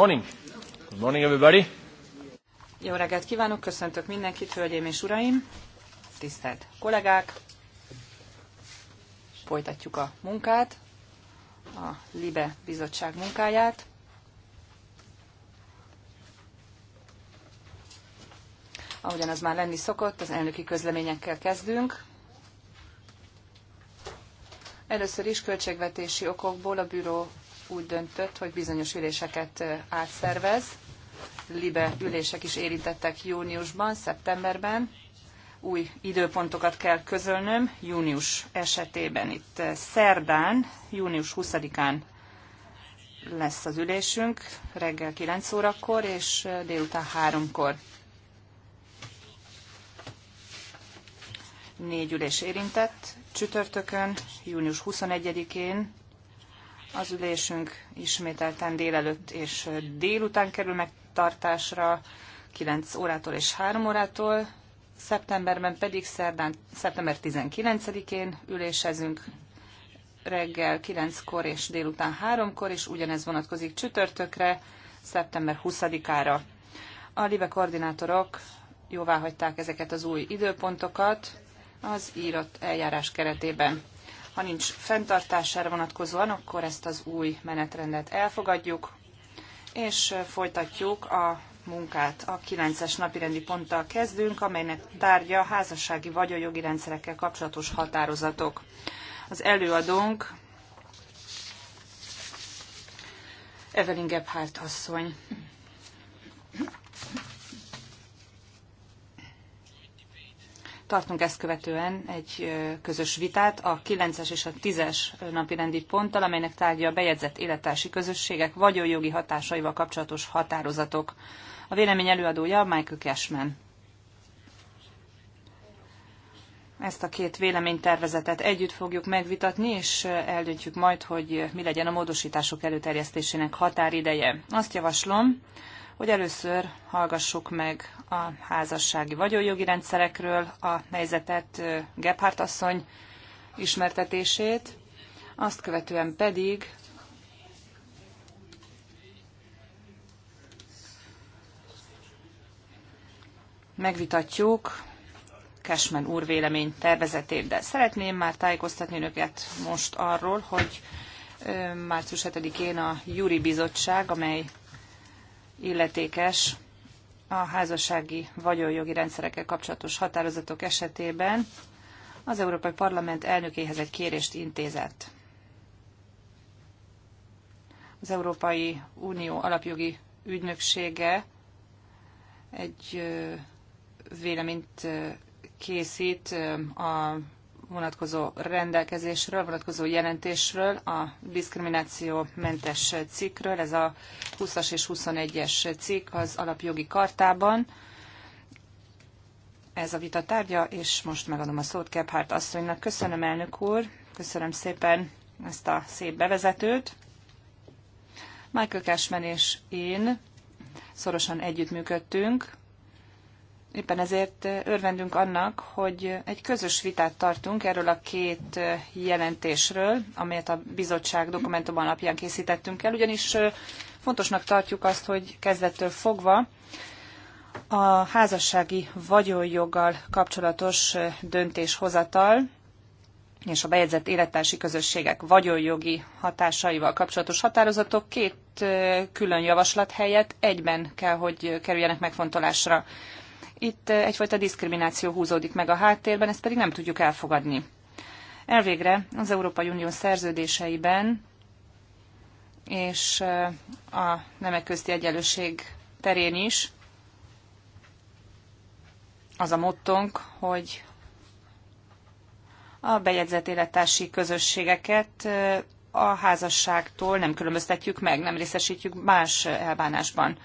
morning. Good morning, everybody. Jó reggelt kívánok, köszöntök mindenkit, hölgyeim és uraim, tisztelt kollégák. Folytatjuk a munkát, a LIBE bizottság munkáját. Ahogyan az már lenni szokott, az elnöki közleményekkel kezdünk. Először is költségvetési okokból a bűró úgy döntött, hogy bizonyos üléseket átszervez. Libe ülések is érintettek júniusban, szeptemberben. Új időpontokat kell közölnöm. Június esetében itt szerdán, június 20-án lesz az ülésünk, reggel 9 órakor és délután 3-kor. Négy ülés érintett, csütörtökön, június 21-én az ülésünk ismételten délelőtt és délután kerül megtartásra, 9 órától és 3 órától, szeptemberben pedig szerdán, szeptember 19-én ülésezünk reggel 9-kor és délután 3-kor, és ugyanez vonatkozik csütörtökre, szeptember 20-ára. A LIBE koordinátorok jóváhagyták ezeket az új időpontokat az írott eljárás keretében. Ha nincs fenntartására vonatkozóan, akkor ezt az új menetrendet elfogadjuk, és folytatjuk a munkát. A 9-es napirendi ponttal kezdünk, amelynek tárgya házassági vagyonjogi rendszerekkel kapcsolatos határozatok. Az előadónk Evelyn Gebhardt asszony. tartunk ezt követően egy közös vitát a 9-es és a 10-es napirendi ponttal, amelynek tárgya a bejegyzett élettársi közösségek vagyonjogi hatásaival kapcsolatos határozatok. A vélemény előadója Michael Cashman. Ezt a két véleménytervezetet együtt fogjuk megvitatni, és eldöntjük majd, hogy mi legyen a módosítások előterjesztésének határideje. Azt javaslom, hogy először hallgassuk meg a házassági vagyonjogi rendszerekről a helyzetet Gebhardt asszony ismertetését, azt követően pedig megvitatjuk Kesmen úr vélemény tervezetét, de szeretném már tájékoztatni önöket most arról, hogy március 7-én a Júri Bizottság, amely illetékes a házassági vagyonjogi rendszerekkel kapcsolatos határozatok esetében az Európai Parlament elnökéhez egy kérést intézett. Az Európai Unió alapjogi ügynöksége egy véleményt készít a vonatkozó rendelkezésről, vonatkozó jelentésről, a diszkriminációmentes mentes cikkről, ez a 20-as és 21-es cikk az alapjogi kartában. Ez a vita tárgya, és most megadom a szót Kephárt asszonynak. Köszönöm, elnök úr, köszönöm szépen ezt a szép bevezetőt. Michael Cashman és én szorosan együttműködtünk Éppen ezért örvendünk annak, hogy egy közös vitát tartunk erről a két jelentésről, amelyet a bizottság dokumentum alapján készítettünk el, ugyanis fontosnak tartjuk azt, hogy kezdettől fogva a házassági vagyonjoggal kapcsolatos döntéshozatal és a bejegyzett élettársi közösségek vagyonjogi hatásaival kapcsolatos határozatok két külön javaslat helyett egyben kell, hogy kerüljenek megfontolásra. Itt eh, egyfajta diszkrimináció húzódik meg a háttérben, ezt pedig nem tudjuk elfogadni. Elvégre az Európai Unió szerződéseiben és eh, a nemek közti egyenlőség terén is az a mottonk, hogy a bejegyzett élettársi közösségeket eh, a házasságtól nem különböztetjük meg, nem részesítjük más elbánásban.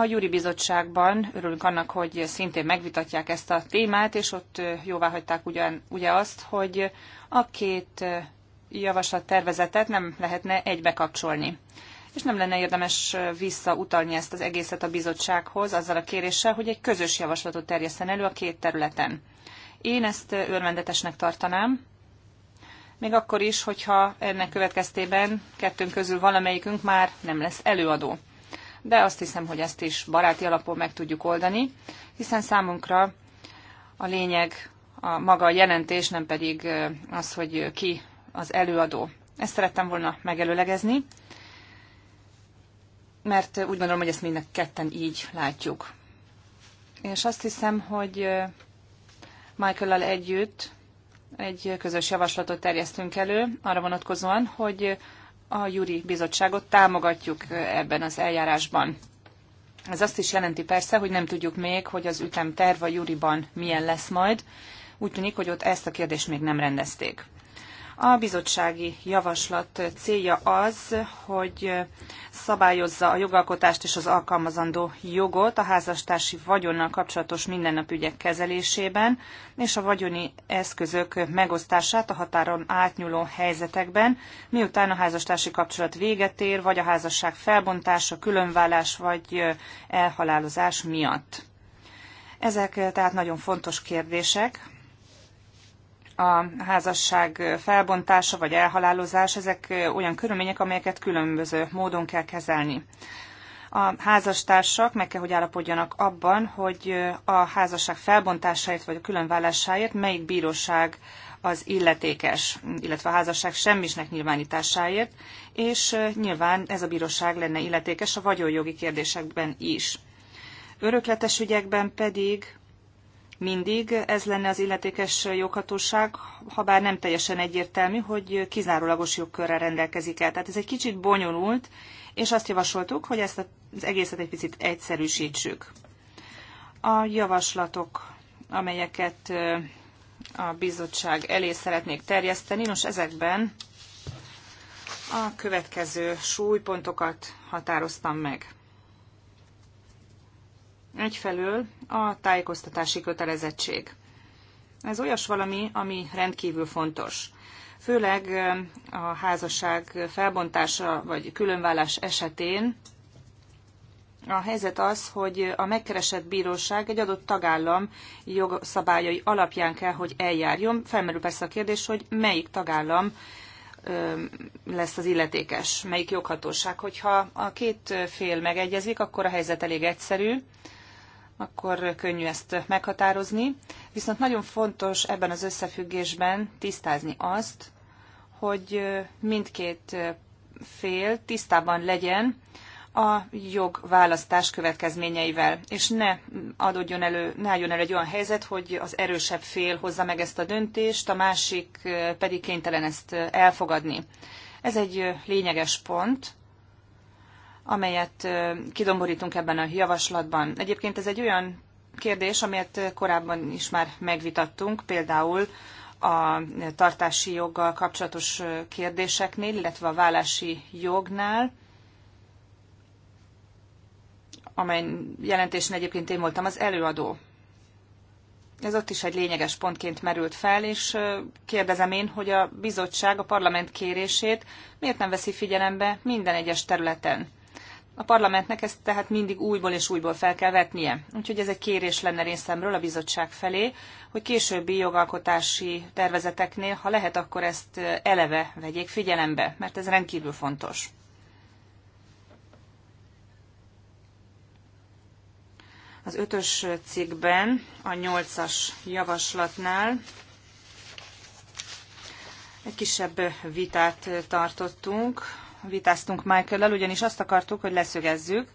A Júri Bizottságban örülünk annak, hogy szintén megvitatják ezt a témát, és ott jóvá hagyták ugyan, ugye azt, hogy a két javaslat tervezetet nem lehetne egybe kapcsolni. És nem lenne érdemes visszautalni ezt az egészet a bizottsághoz azzal a kéréssel, hogy egy közös javaslatot terjeszten elő a két területen. Én ezt örvendetesnek tartanám, még akkor is, hogyha ennek következtében kettőnk közül valamelyikünk már nem lesz előadó de azt hiszem, hogy ezt is baráti alapon meg tudjuk oldani, hiszen számunkra a lényeg a maga a jelentés, nem pedig az, hogy ki az előadó. Ezt szerettem volna megelőlegezni, mert úgy gondolom, hogy ezt mind ketten így látjuk. És azt hiszem, hogy Michael-al együtt egy közös javaslatot terjesztünk elő arra vonatkozóan, hogy a Juri Bizottságot támogatjuk ebben az eljárásban. Ez azt is jelenti persze, hogy nem tudjuk még, hogy az ütemterv a Juriban milyen lesz majd. Úgy tűnik, hogy ott ezt a kérdést még nem rendezték. A bizottsági javaslat célja az, hogy szabályozza a jogalkotást és az alkalmazandó jogot a házastársi vagyonnal kapcsolatos mindennapi ügyek kezelésében, és a vagyoni eszközök megosztását a határon átnyúló helyzetekben, miután a házastársi kapcsolat véget ér, vagy a házasság felbontása, különválás vagy elhalálozás miatt. Ezek tehát nagyon fontos kérdések, a házasság felbontása vagy elhalálozás, ezek olyan körülmények, amelyeket különböző módon kell kezelni. A házastársak meg kell, hogy állapodjanak abban, hogy a házasság felbontásáért vagy a különvállásáért melyik bíróság az illetékes, illetve a házasság semmisnek nyilvánításáért, és nyilván ez a bíróság lenne illetékes a vagyonjogi kérdésekben is. Örökletes ügyekben pedig mindig ez lenne az illetékes joghatóság, ha bár nem teljesen egyértelmű, hogy kizárólagos jogkörrel rendelkezik el. Tehát ez egy kicsit bonyolult, és azt javasoltuk, hogy ezt az egészet egy picit egyszerűsítsük. A javaslatok, amelyeket a bizottság elé szeretnék terjeszteni, nos ezekben a következő súlypontokat határoztam meg. Egyfelől a tájékoztatási kötelezettség. Ez olyas valami, ami rendkívül fontos. Főleg a házasság felbontása vagy különvállás esetén a helyzet az, hogy a megkeresett bíróság egy adott tagállam jogszabályai alapján kell, hogy eljárjon. Felmerül persze a kérdés, hogy melyik tagállam lesz az illetékes, melyik joghatóság. Hogyha a két fél megegyezik, akkor a helyzet elég egyszerű, akkor könnyű ezt meghatározni. Viszont nagyon fontos ebben az összefüggésben tisztázni azt, hogy mindkét fél tisztában legyen a jogválasztás következményeivel, és ne adódjon elő, ne álljon elő egy olyan helyzet, hogy az erősebb fél hozza meg ezt a döntést, a másik pedig kénytelen ezt elfogadni. Ez egy lényeges pont, amelyet kidomborítunk ebben a javaslatban. Egyébként ez egy olyan kérdés, amelyet korábban is már megvitattunk, például a tartási joggal kapcsolatos kérdéseknél, illetve a vállási jognál, amely jelentésen egyébként én voltam az előadó. Ez ott is egy lényeges pontként merült fel, és kérdezem én, hogy a bizottság a parlament kérését miért nem veszi figyelembe minden egyes területen. A parlamentnek ezt tehát mindig újból és újból fel kell vetnie. Úgyhogy ez egy kérés lenne részemről a bizottság felé, hogy későbbi jogalkotási tervezeteknél, ha lehet, akkor ezt eleve vegyék figyelembe, mert ez rendkívül fontos. Az ötös cikkben, a nyolcas javaslatnál egy kisebb vitát tartottunk vitáztunk Michael-el, ugyanis azt akartuk, hogy leszögezzük,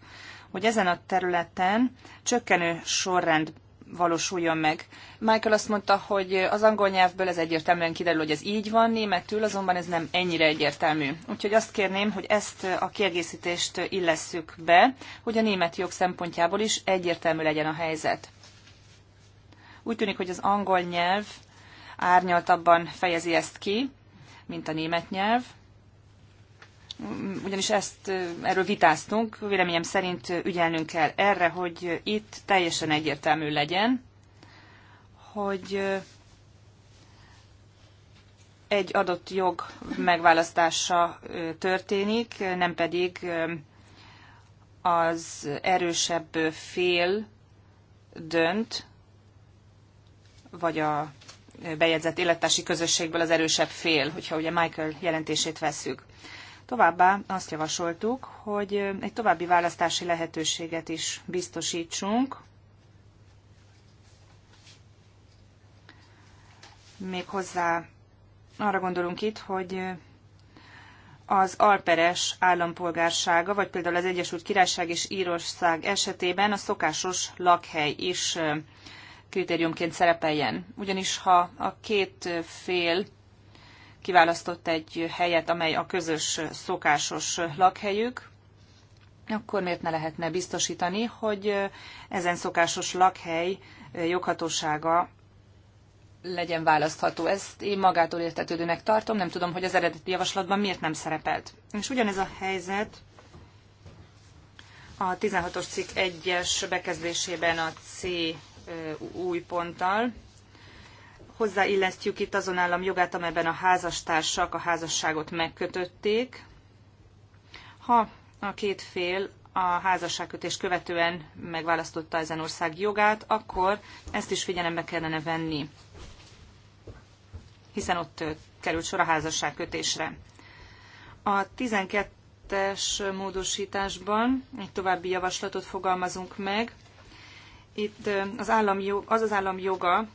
hogy ezen a területen csökkenő sorrend valósuljon meg. Michael azt mondta, hogy az angol nyelvből ez egyértelműen kiderül, hogy ez így van, németül azonban ez nem ennyire egyértelmű. Úgyhogy azt kérném, hogy ezt a kiegészítést illesszük be, hogy a német jog szempontjából is egyértelmű legyen a helyzet. Úgy tűnik, hogy az angol nyelv árnyaltabban fejezi ezt ki, mint a német nyelv, ugyanis ezt erről vitáztunk, véleményem szerint ügyelnünk kell erre, hogy itt teljesen egyértelmű legyen, hogy egy adott jog megválasztása történik, nem pedig az erősebb fél dönt, vagy a bejegyzett élettársi közösségből az erősebb fél, hogyha ugye Michael jelentését veszük. Továbbá azt javasoltuk, hogy egy további választási lehetőséget is biztosítsunk, még hozzá arra gondolunk itt, hogy az alperes állampolgársága, vagy például az Egyesült Királyság és Írország esetében a szokásos lakhely is kritériumként szerepeljen. Ugyanis ha a két fél kiválasztott egy helyet, amely a közös szokásos lakhelyük, akkor miért ne lehetne biztosítani, hogy ezen szokásos lakhely joghatósága legyen választható. Ezt én magától értetődőnek tartom, nem tudom, hogy az eredeti javaslatban miért nem szerepelt. És ugyanez a helyzet a 16-os cikk 1-es bekezdésében a C új ponttal, hozzáillesztjük itt azon állam jogát, amelyben a házastársak a házasságot megkötötték. Ha a két fél a házasságkötés követően megválasztotta ezen ország jogát, akkor ezt is figyelembe kellene venni, hiszen ott került sor a házasságkötésre. A 12-es módosításban egy további javaslatot fogalmazunk meg. Itt az, állam jog, az az állam joga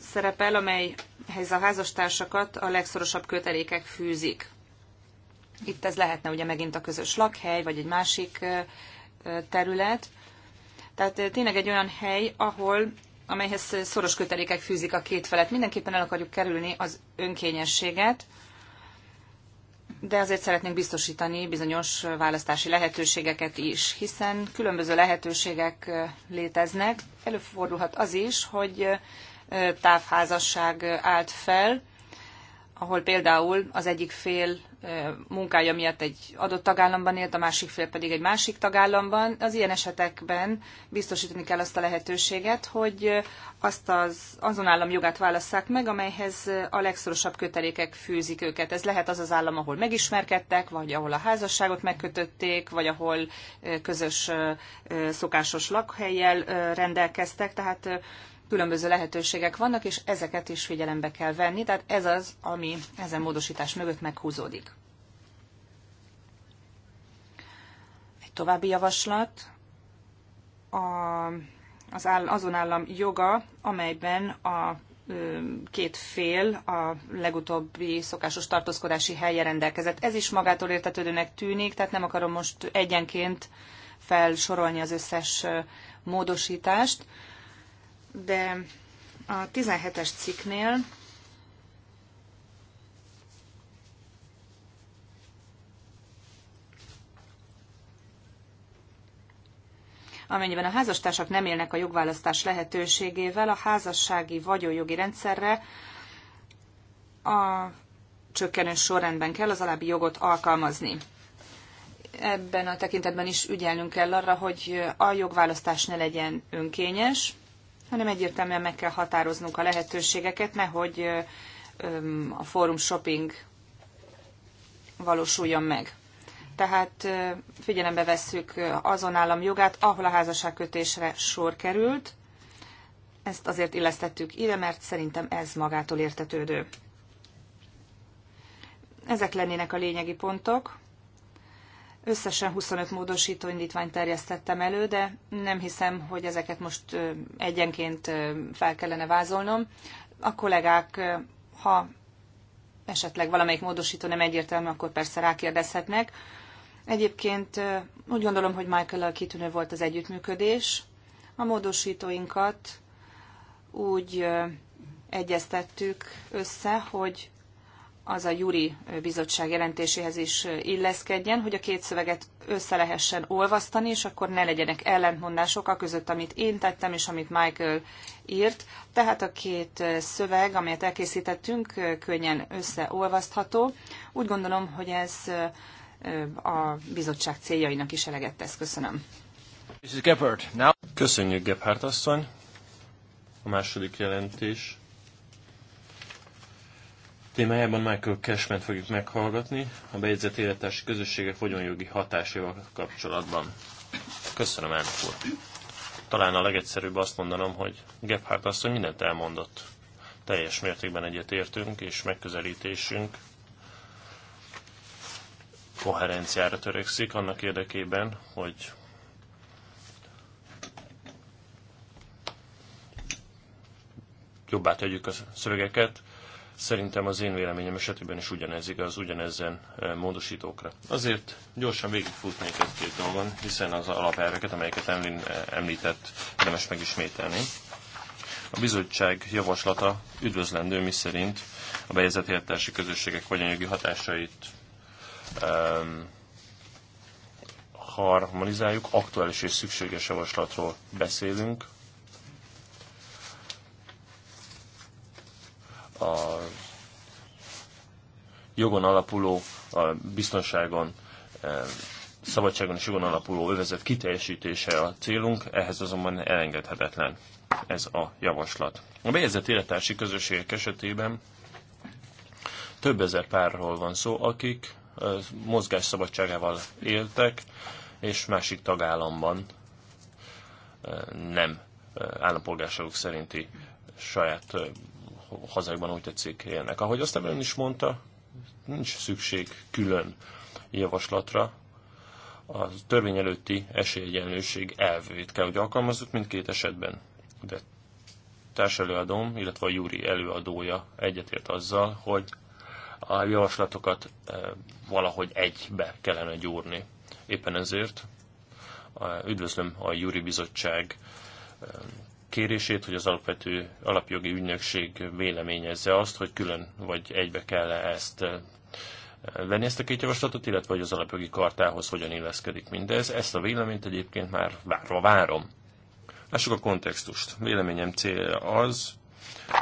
szerepel, amelyhez a házastársakat a legszorosabb kötelékek fűzik. Itt ez lehetne ugye megint a közös lakhely, vagy egy másik terület. Tehát tényleg egy olyan hely, ahol amelyhez szoros kötelékek fűzik a két felet. Mindenképpen el akarjuk kerülni az önkényességet, de azért szeretnénk biztosítani bizonyos választási lehetőségeket is, hiszen különböző lehetőségek léteznek. Előfordulhat az is, hogy távházasság állt fel, ahol például az egyik fél munkája miatt egy adott tagállamban élt, a másik fél pedig egy másik tagállamban. Az ilyen esetekben biztosítani kell azt a lehetőséget, hogy azt az azon állam jogát válasszák meg, amelyhez a legszorosabb kötelékek fűzik őket. Ez lehet az az állam, ahol megismerkedtek, vagy ahol a házasságot megkötötték, vagy ahol közös szokásos lakhelyjel rendelkeztek. Tehát különböző lehetőségek vannak, és ezeket is figyelembe kell venni, tehát ez az, ami ezen módosítás mögött meghúzódik. Egy további javaslat a, az áll, azon állam joga, amelyben a két fél a legutóbbi szokásos tartózkodási helye rendelkezett. Ez is magától értetődőnek tűnik, tehát nem akarom most egyenként felsorolni az összes módosítást de a 17-es cikknél amennyiben a házastársak nem élnek a jogválasztás lehetőségével, a házassági vagyonjogi rendszerre a csökkenő sorrendben kell az alábbi jogot alkalmazni. Ebben a tekintetben is ügyelnünk kell arra, hogy a jogválasztás ne legyen önkényes, hanem egyértelműen meg kell határoznunk a lehetőségeket, nehogy a fórum shopping valósuljon meg. Tehát figyelembe vesszük azon állam jogát, ahol a házasságkötésre sor került. Ezt azért illesztettük ide, mert szerintem ez magától értetődő. Ezek lennének a lényegi pontok. Összesen 25 módosító indítványt terjesztettem elő, de nem hiszem, hogy ezeket most egyenként fel kellene vázolnom. A kollégák, ha esetleg valamelyik módosító nem egyértelmű, akkor persze rákérdezhetnek. Egyébként úgy gondolom, hogy Michael-al kitűnő volt az együttműködés. A módosítóinkat úgy egyeztettük össze, hogy az a Juri Bizottság jelentéséhez is illeszkedjen, hogy a két szöveget össze lehessen olvasztani, és akkor ne legyenek ellentmondások a között, amit én tettem, és amit Michael írt. Tehát a két szöveg, amelyet elkészítettünk, könnyen összeolvasztható. Úgy gondolom, hogy ez a bizottság céljainak is eleget tesz. Köszönöm. Köszönjük, Gebhardt asszony. A második jelentés témájában Michael Cashman fogjuk meghallgatni a bejegyzett élettársi közösségek vagyonjogi hatásaival kapcsolatban. Köszönöm, elnök úr. Talán a legegyszerűbb azt mondanom, hogy Gebhardt hogy mindent elmondott. Teljes mértékben egyetértünk, és megközelítésünk koherenciára törekszik annak érdekében, hogy jobbá tegyük a szövegeket, Szerintem az én véleményem esetében is ugyanez igaz, ugyanezen eh, módosítókra. Azért gyorsan végigfutnék egy két dolgon, hiszen az alapelveket, amelyeket Emlin eh, említett, érdemes megismételni. A bizottság javaslata üdvözlendő, szerint a bejezetértási közösségek vagyonjogi hatásait um, harmonizáljuk, aktuális és szükséges javaslatról beszélünk, a jogon alapuló, a biztonságon, e, szabadságon és jogon alapuló övezet kiteljesítése a célunk, ehhez azonban elengedhetetlen ez a javaslat. A bejegyzett élettársi közösségek esetében több ezer párról van szó, akik e, mozgás éltek, és másik tagállamban e, nem állampolgárságok szerinti saját hazákban úgy tetszik élnek. Ahogy aztán ön is mondta, nincs szükség külön javaslatra. A törvény előtti esélyegyenlőség elvét kell, hogy alkalmazzuk mindkét esetben. De társelőadóm, illetve a Júri előadója egyetért azzal, hogy a javaslatokat e, valahogy egybe kellene gyúrni. Éppen ezért üdvözlöm a Júri Bizottság e, kérését, hogy az alapvető alapjogi ügynökség véleményezze azt, hogy külön vagy egybe kell -e ezt eh, venni ezt a két javaslatot, illetve hogy az alapjogi kartához hogyan illeszkedik mindez. Ezt a véleményt egyébként már várva várom. Lássuk a kontextust. Véleményem célja az,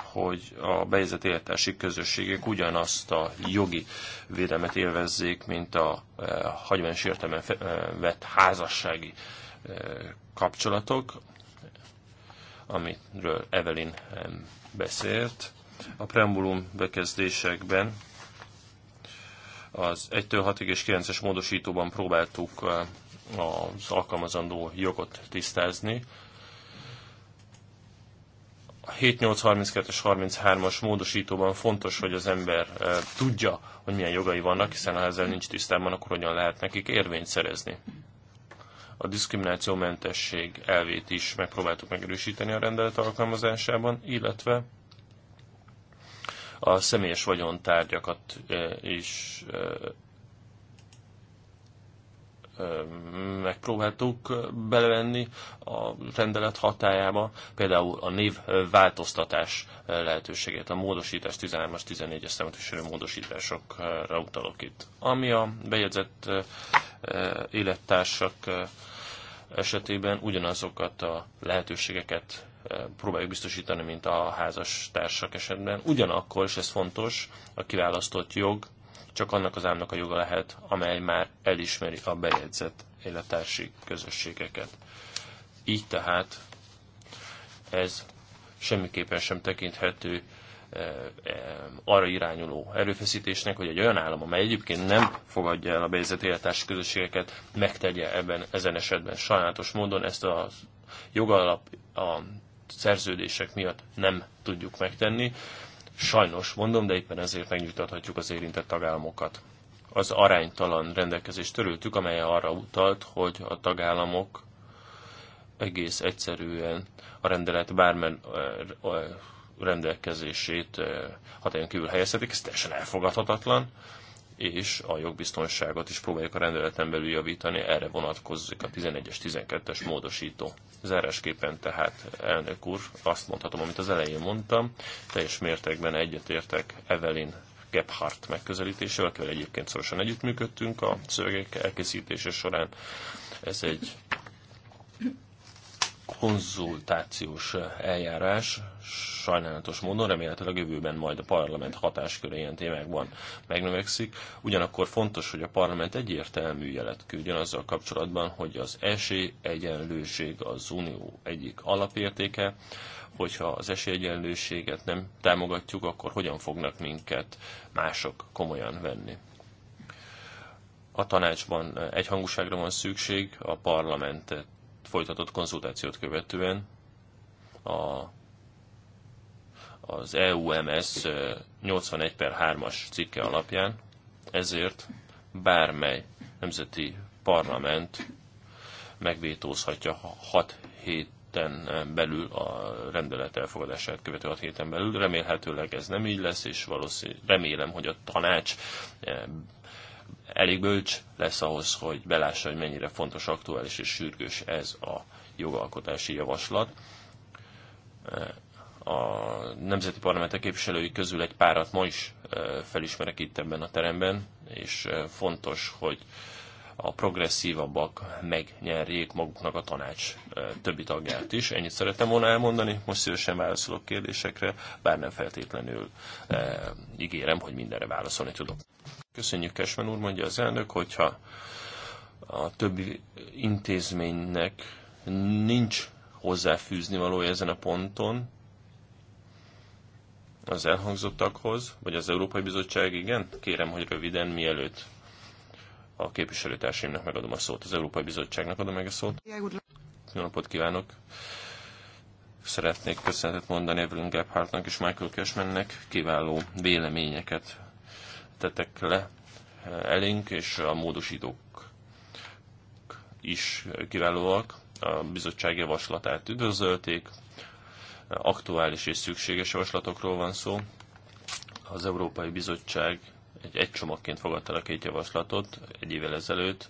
hogy a bejegyzett életási közösségek ugyanazt a jogi védelmet élvezzék, mint a e, hagyományos értelemben eh, vett házassági e, kapcsolatok amiről Evelyn beszélt. A preambulum bekezdésekben az 1-től 6-ig és 9-es módosítóban próbáltuk eh, az alkalmazandó jogot tisztázni. A 7-8-32-es 33-as módosítóban fontos, hogy az ember eh, tudja, hogy milyen jogai vannak, hiszen ha ezzel nincs tisztában, akkor hogyan lehet nekik érvényt szerezni a diszkriminációmentesség elvét is megpróbáltuk megerősíteni a rendelet alkalmazásában, illetve a személyes vagyontárgyakat is megpróbáltuk belevenni a rendelet hatájába, például a név változtatás lehetőségét, a módosítás 13-as, 14-es számot módosításokra utalok itt. Ami a bejegyzett élettársak esetében ugyanazokat a lehetőségeket próbáljuk biztosítani, mint a házas társak esetben. Ugyanakkor, és ez fontos, a kiválasztott jog csak annak az államnak a joga lehet, amely már elismeri a bejegyzett élettársi közösségeket. Így tehát ez semmiképpen sem tekinthető Eh, arra irányuló erőfeszítésnek, hogy egy olyan állam, amely egyébként nem fogadja el a bejegyzett közösségeket, megtegye ebben, ezen esetben sajátos módon ezt a jogalap a szerződések miatt nem tudjuk megtenni. Sajnos mondom, de éppen ezért megnyugtathatjuk az érintett tagállamokat. Az aránytalan rendelkezést törültük, amely arra utalt, hogy a tagállamok egész egyszerűen a rendelet bármely eh, rendelkezését eh, hatályon kívül helyezhetik, ez teljesen elfogadhatatlan, és a jogbiztonságot is próbáljuk a rendeleten belül javítani, erre vonatkozik a 11-es, 12-es módosító. Zárásképpen tehát, elnök úr, azt mondhatom, amit az elején mondtam, teljes mértékben egyetértek Evelyn Gebhardt megközelítésével, akivel egyébként szorosan együttműködtünk a szövegek elkészítése során. Ez egy konzultációs eljárás sajnálatos módon remélhetőleg jövőben majd a parlament hatásköre ilyen témákban megnövekszik. Ugyanakkor fontos, hogy a parlament egyértelmű jelet küldjön azzal kapcsolatban, hogy az esélyegyenlőség az unió egyik alapértéke, hogyha az esélyegyenlőséget nem támogatjuk, akkor hogyan fognak minket mások komolyan venni. A tanácsban egyhangúságra van szükség, a parlamentet folytatott konzultációt követően a, az EUMS 81 per 3-as cikke alapján, ezért bármely nemzeti parlament megvétózhatja 6 héten belül a rendelet elfogadását követő 6 héten belül. Remélhetőleg ez nem így lesz, és valószínű, remélem, hogy a tanács eh, elég bölcs lesz ahhoz, hogy belássa, hogy mennyire fontos, aktuális és sürgős ez a jogalkotási javaslat. Eh, a nemzeti parlamentek képviselői közül egy párat ma is eh, felismerek itt ebben a teremben, és eh, fontos, hogy a progresszívabbak megnyerjék maguknak a tanács többi tagját is. Ennyit szeretem volna elmondani, most szívesen válaszolok kérdésekre, bár nem feltétlenül e, ígérem, hogy mindenre válaszolni tudok. Köszönjük, Kesmen úr, mondja az elnök, hogyha a többi intézménynek nincs hozzáfűzni valója ezen a ponton, az elhangzottakhoz, vagy az Európai Bizottság, igen? Kérem, hogy röviden, mielőtt a képviselőtársaimnak megadom a szót, az Európai Bizottságnak adom meg a szót. Jó napot kívánok! Szeretnék köszönetet mondani Evelyn Gebhardtnak és Michael Cashmannek, kiváló véleményeket tettek le eh, elénk, és a módosítók is kiválóak. A bizottság javaslatát üdvözölték, aktuális és szükséges javaslatokról van szó. Az Európai Bizottság egy, egy csomagként fogadta el a két javaslatot egy évvel ezelőtt.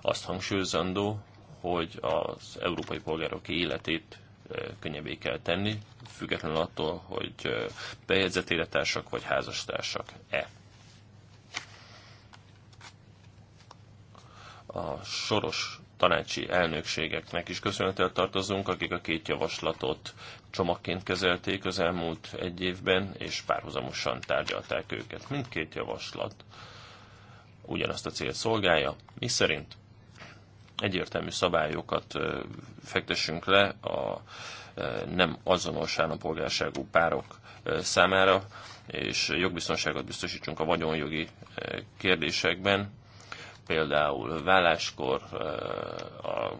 Azt hangsúlyozandó, hogy az európai polgárok életét e, könnyebbé kell tenni, függetlenül attól, hogy e, bejegyzett élettársak vagy házastársak-e. A soros tanácsi elnökségeknek is köszönetet tartozunk, akik a két javaslatot csomagként kezelték az elmúlt egy évben, és párhuzamosan tárgyalták őket. Mindkét javaslat ugyanazt a célt szolgálja, mi szerint egyértelmű szabályokat fektessünk le a nem azonos állampolgárságú párok számára, és jogbiztonságot biztosítsunk a vagyonjogi kérdésekben, például válláskor, a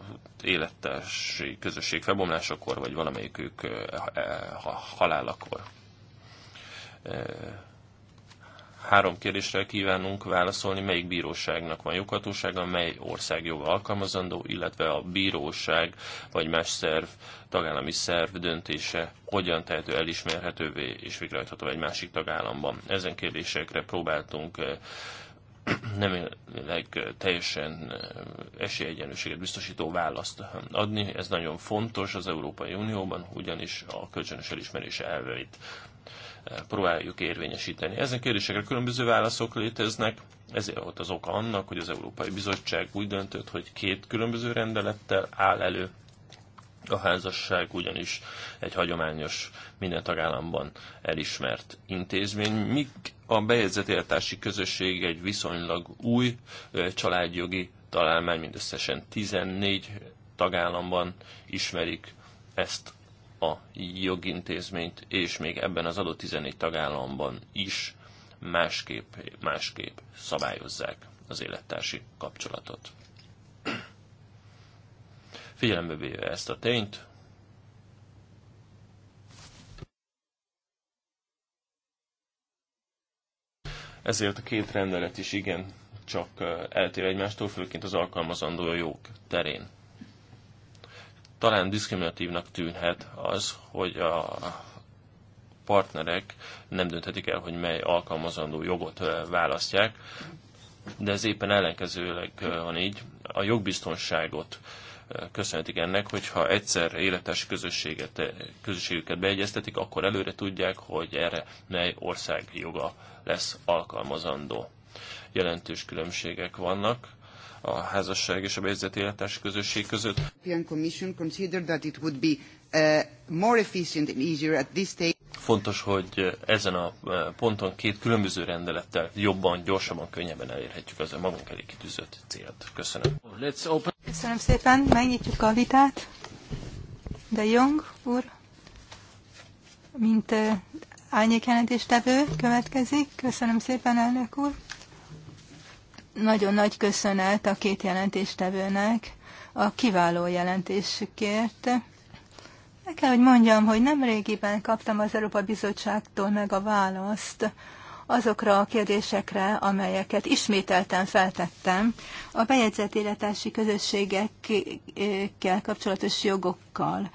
élettársi közösség felbomlásakor, vagy valamelyikük e, halálakor. Három kérdésre kívánunk válaszolni, melyik bíróságnak van joghatósága, mely ország joga alkalmazandó, illetve a bíróság vagy más szerv, tagállami szerv döntése hogyan tehető elismerhetővé és végrehajtható egy másik tagállamban. Ezen kérdésekre próbáltunk nem élek teljesen eh, esélyegyenlőséget biztosító választ adni. Ez nagyon fontos az Európai Unióban, ugyanis a kölcsönös elismerés elveit eh, próbáljuk érvényesíteni. Ezen kérdésekre különböző válaszok léteznek, ezért volt az oka annak, hogy az Európai Bizottság úgy döntött, hogy két különböző rendelettel áll elő a házasság ugyanis egy hagyományos, minden tagállamban elismert intézmény, míg a bejegyzett közösség egy viszonylag új családjogi találmány, mindösszesen 14 tagállamban ismerik ezt a jogintézményt, és még ebben az adott 14 tagállamban is másképp, másképp szabályozzák az élettársi kapcsolatot. Figyelembe véve ezt a tényt, ezért a két rendelet is igen csak eltér egymástól, főként az alkalmazandó jog terén. Talán diszkriminatívnak tűnhet az, hogy a partnerek nem dönthetik el, hogy mely alkalmazandó jogot választják, de ez éppen ellenkezőleg van így. A jogbiztonságot köszönhetik ennek, hogyha egyszer életes közösséget, közösségüket beegyeztetik, akkor előre tudják, hogy erre mely ország joga lesz alkalmazandó. Jelentős különbségek vannak a házasság és a bejegyzett életes közösség között. Commission that it would be Uh, more efficient and easier at this stage. Fontos, hogy uh, ezen a uh, ponton két különböző rendelettel jobban, gyorsabban, könnyebben elérhetjük az a magunk elé kitűzött célt. Köszönöm. Let's open. Köszönöm szépen, megnyitjuk a vitát. De Jong úr, mint uh, árnyékjelentéstevő következik. Köszönöm szépen, elnök úr. Nagyon nagy köszönet a két jelentéstevőnek a kiváló jelentésükért. El kell, hogy mondjam, hogy nem régiben kaptam az Európa Bizottságtól meg a választ azokra a kérdésekre, amelyeket ismételten feltettem a bejegyzett életási közösségekkel kapcsolatos jogokkal.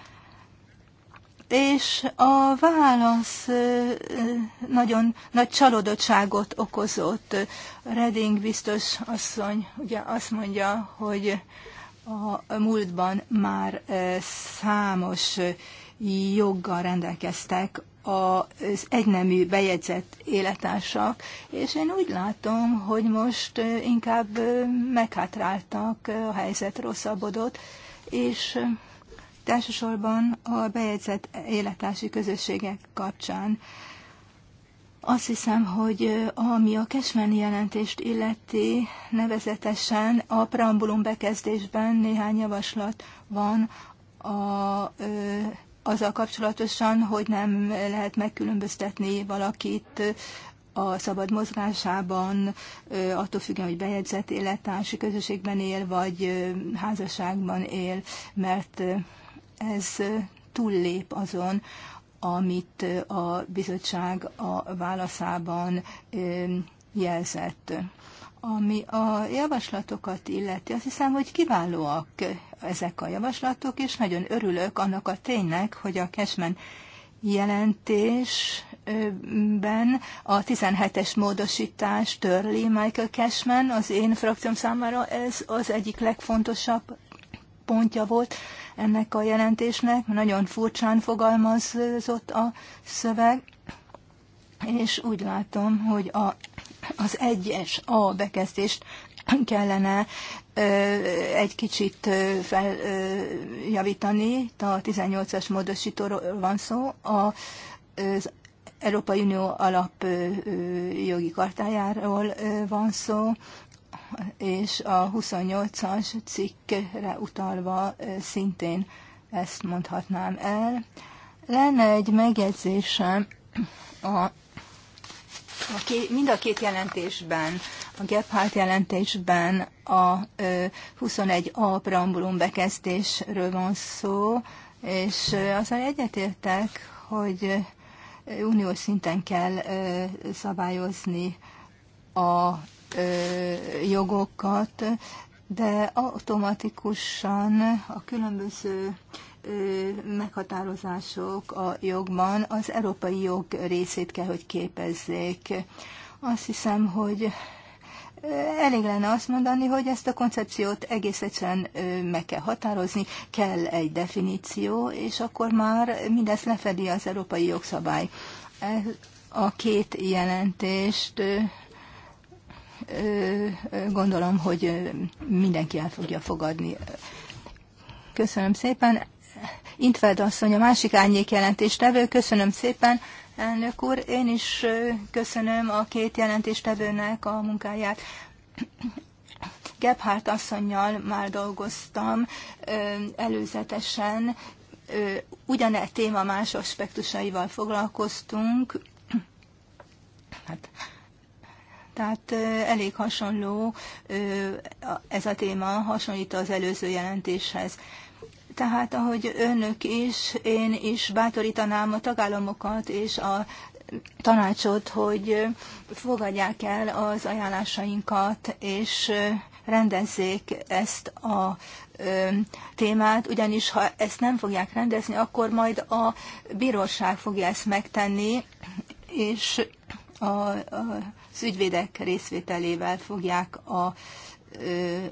És a válasz nagyon nagy csalódottságot okozott. Reding biztos asszony ugye azt mondja, hogy a múltban már számos joggal rendelkeztek az egynemű bejegyzett életársak, és én úgy látom, hogy most inkább meghátráltak, a helyzet rosszabbodott, és Társasorban a bejegyzett életási közösségek kapcsán azt hiszem, hogy ami a kesmeni jelentést illeti, nevezetesen a preambulum bekezdésben néhány javaslat van a, ö, azzal kapcsolatosan, hogy nem lehet megkülönböztetni valakit a szabad mozgásában, attól függően, hogy bejegyzett élettársi közösségben él, vagy házasságban él, mert ez túllép azon, amit a bizottság a válaszában jelzett. Ami a javaslatokat illeti, azt hiszem, hogy kiválóak ezek a javaslatok, és nagyon örülök annak a ténynek, hogy a Cashman jelentésben a 17-es módosítás törli Michael Cashman, az én frakcióm számára ez az egyik legfontosabb pontja volt ennek a jelentésnek, nagyon furcsán fogalmazott a szöveg, és úgy látom, hogy a, az egyes A bekezdést kellene ö, egy kicsit feljavítani, a 18-as módosítóról van szó, a, az Európai Unió alap jogi kartájáról van szó, és a 28-as cikkre utalva szintén ezt mondhatnám el. Lenne egy megjegyzésem a a ké, mind a két jelentésben, a Gephardt jelentésben a 21a preambulum bekezdésről van szó, és azzal egyetértek, hogy uniós szinten kell szabályozni a jogokat, de automatikusan a különböző meghatározások a jogban az európai jog részét kell, hogy képezzék. Azt hiszem, hogy elég lenne azt mondani, hogy ezt a koncepciót egész egyszerűen meg kell határozni, kell egy definíció, és akkor már mindezt lefedi az európai jogszabály. A két jelentést gondolom, hogy mindenki el fogja fogadni. Köszönöm szépen. Intved asszony, a másik árnyék jelentéstevő, köszönöm szépen. Elnök úr, én is köszönöm a két jelentéstevőnek a munkáját. Gebhardt asszonynal már dolgoztam előzetesen, ugyane téma más aspektusaival foglalkoztunk, tehát elég hasonló ez a téma, hasonlít az előző jelentéshez. Tehát, ahogy önök is, én is bátorítanám a tagállamokat és a tanácsot, hogy fogadják el az ajánlásainkat, és rendezzék ezt a témát, ugyanis ha ezt nem fogják rendezni, akkor majd a bíróság fogja ezt megtenni, és a, a az ügyvédek részvételével fogják a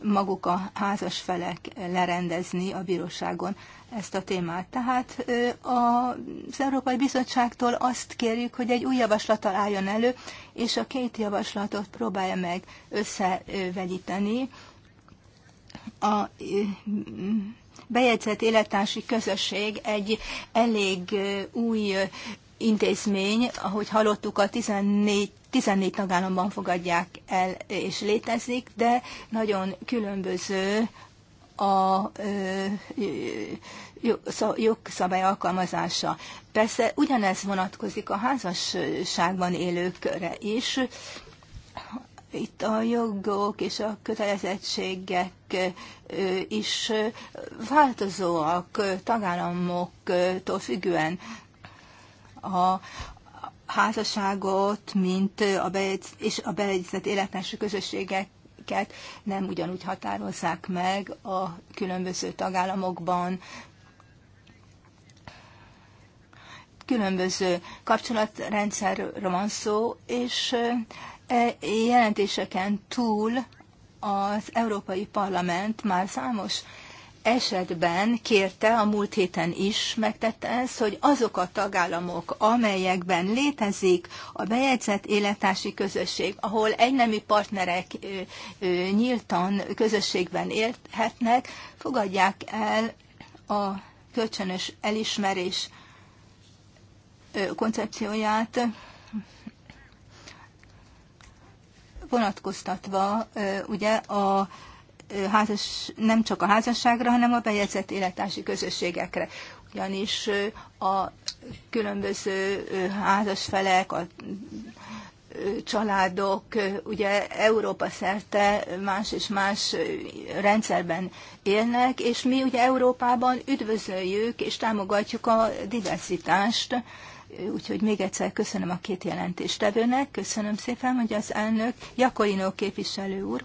maguk a házas felek lerendezni a bíróságon ezt a témát. Tehát az Európai Bizottságtól azt kérjük, hogy egy új javaslat álljon elő, és a két javaslatot próbálja meg összevegyíteni. A bejegyzett élettársi közösség egy elég új intézmény, ahogy hallottuk a 14 14 tagállamban fogadják el és létezik, de nagyon különböző a jogszabály alkalmazása. Persze ugyanez vonatkozik a házasságban élőkre is. Itt a jogok és a kötelezettségek is változóak tagállamoktól függően. A, házasságot, mint a bejegyz, és a bejegyzett élettársi közösségeket nem ugyanúgy határozzák meg a különböző tagállamokban. Különböző kapcsolatrendszerről van szó, és e jelentéseken túl az Európai Parlament már számos esetben kérte, a múlt héten is megtette ez, hogy azok a tagállamok, amelyekben létezik a bejegyzett élettársi közösség, ahol egynemi partnerek nyíltan közösségben élhetnek, fogadják el a kölcsönös elismerés koncepcióját, vonatkoztatva ugye a házas, nem csak a házasságra, hanem a bejegyzett élettársi közösségekre. Ugyanis a különböző házasfelek, a családok, ugye Európa szerte más és más rendszerben élnek, és mi ugye Európában üdvözöljük és támogatjuk a diversitást, Úgyhogy még egyszer köszönöm a két jelentéstevőnek, köszönöm szépen, hogy az elnök Jakolino képviselő úr.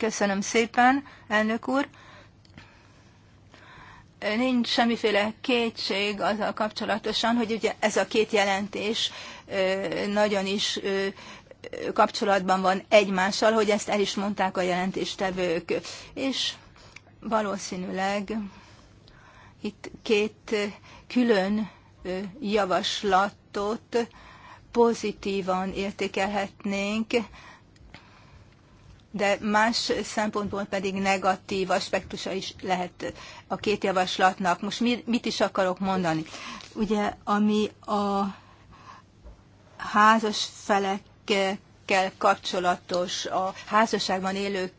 Köszönöm szépen, elnök úr. Nincs semmiféle kétség azzal kapcsolatosan, hogy ugye ez a két jelentés nagyon is kapcsolatban van egymással, hogy ezt el is mondták a jelentéstevők. És valószínűleg itt két külön javaslatot pozitívan értékelhetnénk, de más szempontból pedig negatív aspektusa is lehet a két javaslatnak. Most mit is akarok mondani? Ugye, ami a házas felekkel kapcsolatos, a házasságban élők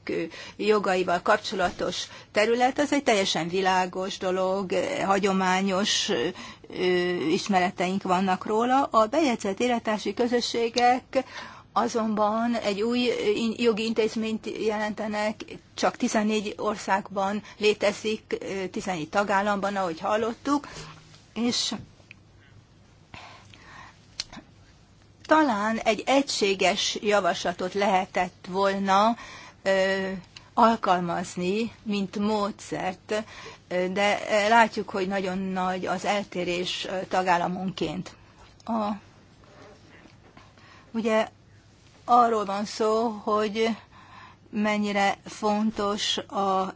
jogaival kapcsolatos terület, az egy teljesen világos dolog, hagyományos ismereteink vannak róla. A bejegyzett életási közösségek azonban egy új jogi intézményt jelentenek, csak 14 országban létezik, 14 tagállamban, ahogy hallottuk, és talán egy egységes javaslatot lehetett volna ö, alkalmazni, mint módszert, de látjuk, hogy nagyon nagy az eltérés tagállamonként. A, ugye arról van szó, hogy mennyire fontos a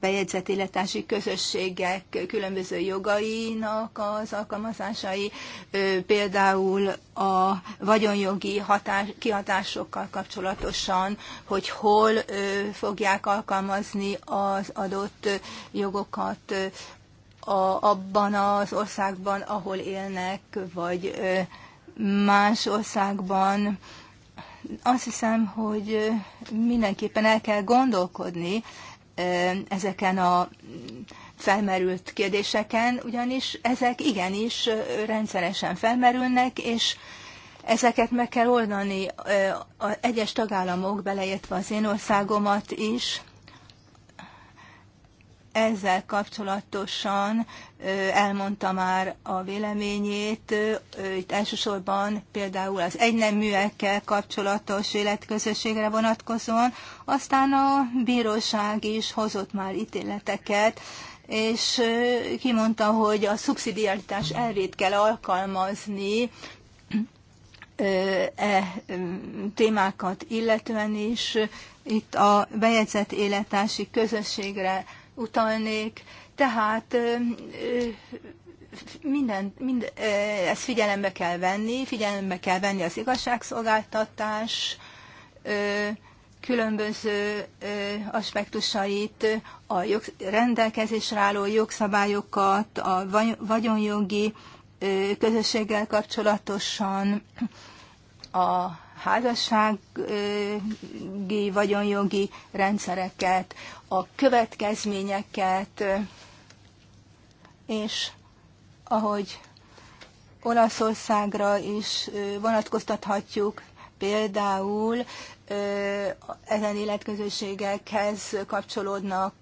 bejegyzett illetási közösségek különböző jogainak az alkalmazásai, például a vagyonjogi hatás, kihatásokkal kapcsolatosan, hogy hol fogják alkalmazni az adott jogokat a, abban az országban, ahol élnek, vagy más országban. Azt hiszem, hogy mindenképpen el kell gondolkodni ezeken a felmerült kérdéseken, ugyanis ezek igenis rendszeresen felmerülnek, és ezeket meg kell oldani. az egyes tagállamok, beleértve az én országomat is, ezzel kapcsolatosan elmondta már a véleményét, itt elsősorban például az egyneműekkel kapcsolatos életközösségre vonatkozóan, aztán a bíróság is hozott már ítéleteket, és kimondta, hogy a szubszidiaritás elvét kell alkalmazni e témákat illetően is, itt a bejegyzett életási közösségre utalnék, tehát minden, mind, ezt figyelembe kell venni, figyelembe kell venni az igazságszolgáltatás különböző aspektusait, a jog, rendelkezésre álló jogszabályokat, a vagyonjogi közösséggel kapcsolatosan, a házassági, vagyonjogi rendszereket, a következményeket, és ahogy Olaszországra is vonatkoztathatjuk, például ezen életközösségekhez kapcsolódnak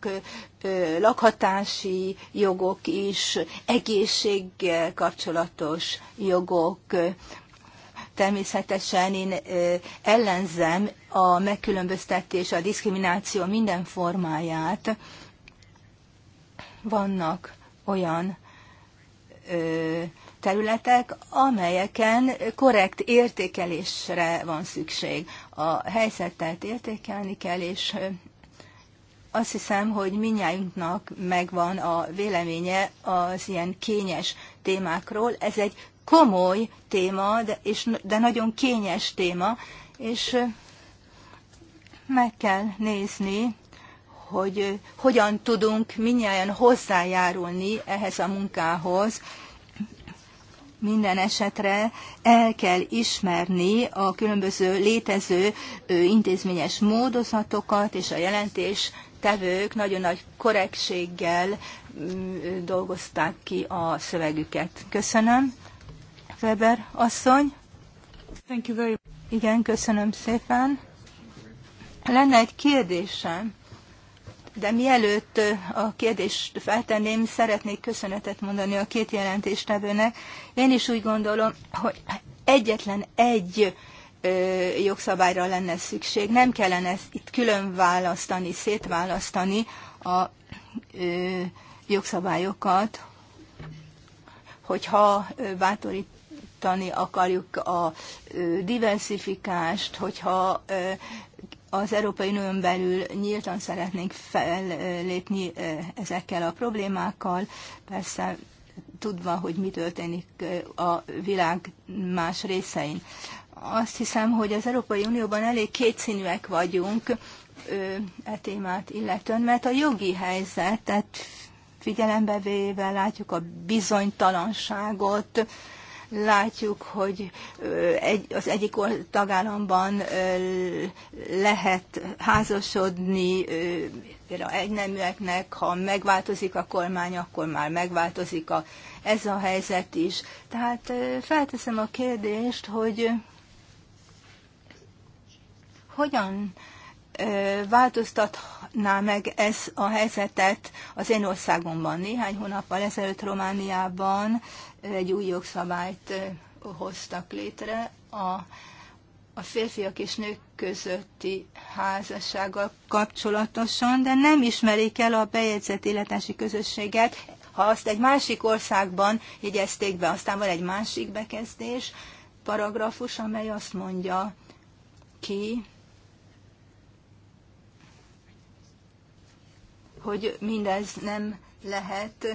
lakhatási jogok is, egészséggel kapcsolatos jogok, Természetesen én ellenzem a megkülönböztetés, a diszkrimináció minden formáját. Vannak olyan területek, amelyeken korrekt értékelésre van szükség. A helyzetet értékelni kell, és azt hiszem, hogy minnyájunknak megvan a véleménye az ilyen kényes témákról. Ez egy komoly téma, de, és, de nagyon kényes téma, és meg kell nézni, hogy hogyan tudunk minnyáján hozzájárulni ehhez a munkához. Minden esetre el kell ismerni a különböző létező intézményes módozatokat, és a jelentés tevők nagyon nagy korrektséggel dolgozták ki a szövegüket. Köszönöm. Weber asszony. Thank you very much. Igen, köszönöm szépen. Lenne egy kérdésem, de mielőtt a kérdést feltenném, szeretnék köszönetet mondani a két jelentéstevőnek. Én is úgy gondolom, hogy egyetlen egy jogszabályra lenne szükség. Nem kellene ezt itt külön választani, szétválasztani a jogszabályokat, hogyha bátorít javítani akarjuk a diversifikást, hogyha az Európai Unión belül nyíltan szeretnénk fellépni ezekkel a problémákkal, persze tudva, hogy mi történik a világ más részein. Azt hiszem, hogy az Európai Unióban elég kétszínűek vagyunk e témát illetően, mert a jogi helyzetet figyelembe véve látjuk a bizonytalanságot, Látjuk, hogy az egyik tagállamban lehet házasodni, például neműeknek, ha megváltozik a kormány, akkor már megváltozik a, ez a helyzet is. Tehát felteszem a kérdést, hogy hogyan változtatná meg ez a helyzetet az én országomban. Néhány hónappal ezelőtt Romániában egy új jogszabályt hoztak létre a, a férfiak és nők közötti házassággal kapcsolatosan, de nem ismerik el a bejegyzett életási közösséget, ha azt egy másik országban jegyezték be. Aztán van egy másik bekezdés, paragrafus, amely azt mondja ki, hogy mindez nem lehet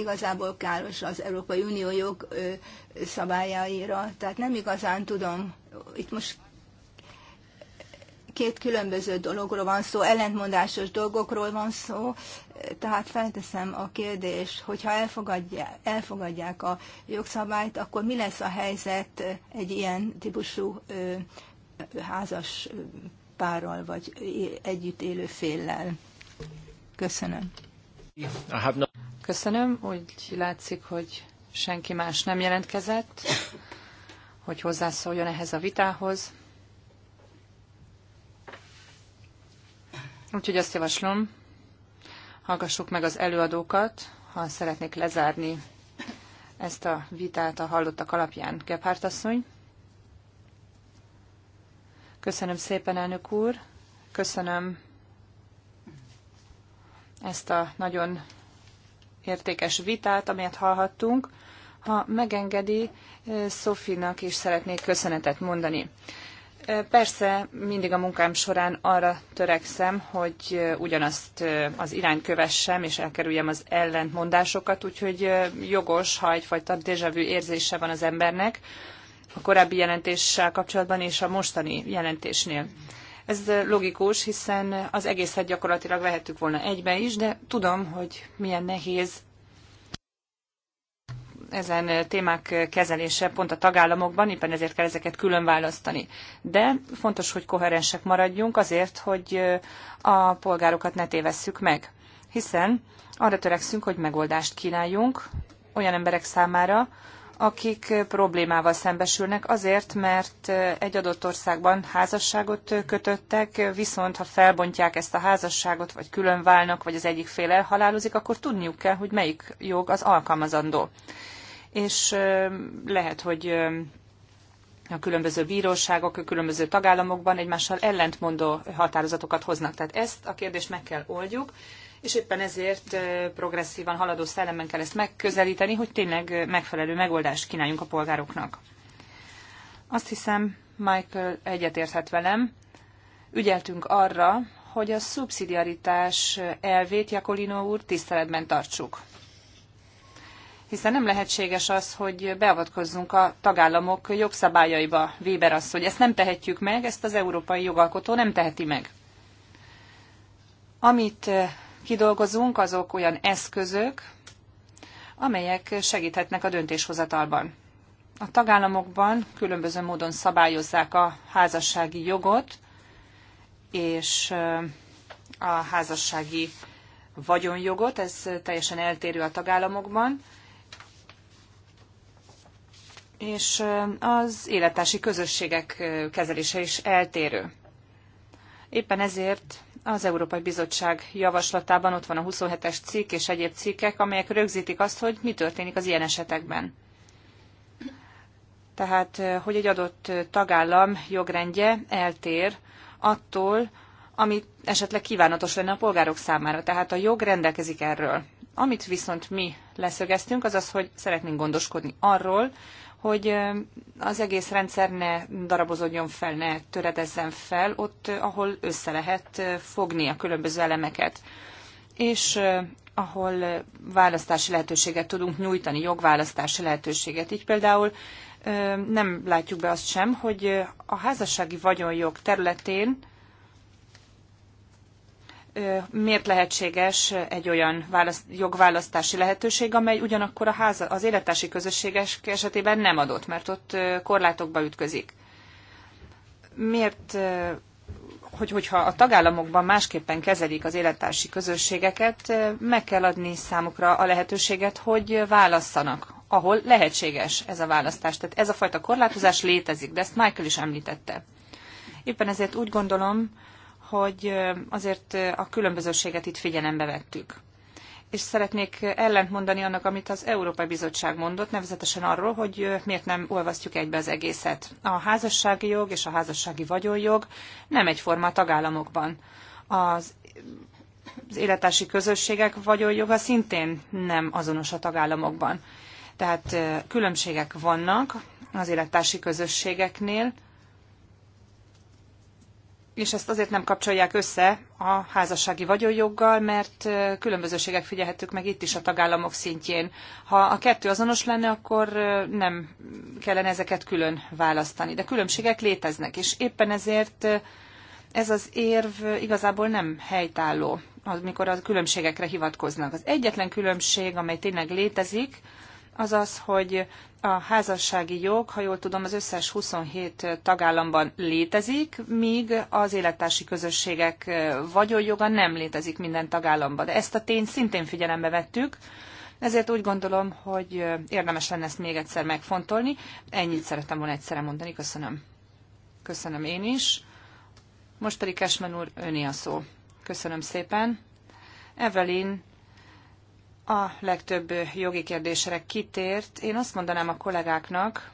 igazából káros az Európai Unió jog szabályaira. Tehát nem igazán tudom, itt most két különböző dologról van szó, ellentmondásos dolgokról van szó, tehát felteszem a kérdést, hogyha elfogadják, elfogadják a jogszabályt, akkor mi lesz a helyzet egy ilyen típusú ö, házas párral, vagy együtt élő féllel? Köszönöm. Köszönöm. Úgy látszik, hogy senki más nem jelentkezett, hogy hozzászóljon ehhez a vitához. Úgyhogy azt javaslom, hallgassuk meg az előadókat, ha szeretnék lezárni ezt a vitát a hallottak alapján. Gephárt asszony. Köszönöm szépen, elnök úr. Köszönöm ezt a nagyon értékes vitát, amelyet hallhattunk. Ha megengedi, Szofinak is szeretnék köszönetet mondani. Persze mindig a munkám során arra törekszem, hogy ugyanazt az irányt kövessem, és elkerüljem az ellentmondásokat, úgyhogy jogos, ha egyfajta vu érzése van az embernek a korábbi jelentéssel kapcsolatban és a mostani jelentésnél. Mm. Ez logikus, hiszen az egészet gyakorlatilag vehettük volna egybe is, de tudom, hogy milyen nehéz ezen témák kezelése pont a tagállamokban, éppen ezért kell ezeket külön választani. De fontos, hogy koherensek maradjunk azért, hogy a polgárokat ne tévesszük meg. Hiszen arra törekszünk, hogy megoldást kínáljunk olyan emberek számára, akik problémával szembesülnek azért, mert egy adott országban házasságot kötöttek, viszont ha felbontják ezt a házasságot, vagy külön válnak, vagy az egyik fél elhalálozik, akkor tudniuk kell, hogy melyik jog az alkalmazandó. És lehet, hogy a különböző bíróságok, a különböző tagállamokban egymással ellentmondó határozatokat hoznak. Tehát ezt a kérdést meg kell oldjuk, és éppen ezért progresszívan haladó szellemben kell ezt megközelíteni, hogy tényleg megfelelő megoldást kínáljunk a polgároknak. Azt hiszem, Michael egyetérthet velem. Ügyeltünk arra, hogy a szubszidiaritás elvét Jakolino úr tiszteletben tartsuk. Hiszen nem lehetséges az, hogy beavatkozzunk a tagállamok jogszabályaiba, Weber azt, hogy ezt nem tehetjük meg, ezt az európai jogalkotó nem teheti meg. Amit kidolgozunk, azok olyan eszközök, amelyek segíthetnek a döntéshozatalban. A tagállamokban különböző módon szabályozzák a házassági jogot és a házassági vagyonjogot, ez teljesen eltérő a tagállamokban, és az élettársi közösségek kezelése is eltérő. Éppen ezért az Európai Bizottság javaslatában ott van a 27-es cikk és egyéb cikkek, amelyek rögzítik azt, hogy mi történik az ilyen esetekben. Tehát, eh, hogy egy adott eh, tagállam jogrendje eltér attól, ami esetleg kívánatos lenne a polgárok számára. Tehát a jog rendelkezik erről. Amit viszont mi leszögeztünk, az az, hogy szeretnénk gondoskodni arról, hogy az egész rendszer ne darabozódjon fel, ne töredezzen fel, ott, ahol össze lehet fogni a különböző elemeket. És ahol választási lehetőséget tudunk nyújtani, jogválasztási lehetőséget. Így például nem látjuk be azt sem, hogy a házassági vagyonjog területén miért lehetséges egy olyan jogválasztási lehetőség, amely ugyanakkor a háza az élettársi közösséges esetében nem adott, mert ott korlátokba ütközik. Miért, hogy, hogyha a tagállamokban másképpen kezelik az élettársi közösségeket, meg kell adni számukra a lehetőséget, hogy válasszanak, ahol lehetséges ez a választás. Tehát ez a fajta korlátozás létezik, de ezt Michael is említette. Éppen ezért úgy gondolom, hogy azért a különbözőséget itt figyelembe vettük. És szeretnék ellentmondani annak, amit az Európai Bizottság mondott, nevezetesen arról, hogy miért nem olvasztjuk egybe az egészet. A házassági jog és a házassági vagyonjog nem egyforma a tagállamokban. Az az élettársi közösségek vagyonjoga szintén nem azonos a tagállamokban. Tehát különbségek vannak az élettársi közösségeknél, és ezt azért nem kapcsolják össze a házassági vagyonjoggal, mert különbözőségek figyelhetők meg itt is a tagállamok szintjén. Ha a kettő azonos lenne, akkor nem kellene ezeket külön választani. De különbségek léteznek, és éppen ezért ez az érv igazából nem helytálló, amikor a különbségekre hivatkoznak. Az egyetlen különbség, amely tényleg létezik, az az, hogy a házassági jog, ha jól tudom, az összes 27 tagállamban létezik, míg az élettársi közösségek vagyonjoga nem létezik minden tagállamban. De ezt a tényt szintén figyelembe vettük, ezért úgy gondolom, hogy érdemes lenne ezt még egyszer megfontolni. Ennyit szerettem volna egyszerre mondani. Köszönöm. Köszönöm én is. Most pedig Kesmen úr, öné a szó. Köszönöm szépen. Evelyn a legtöbb jogi kérdésre kitért. Én azt mondanám a kollégáknak,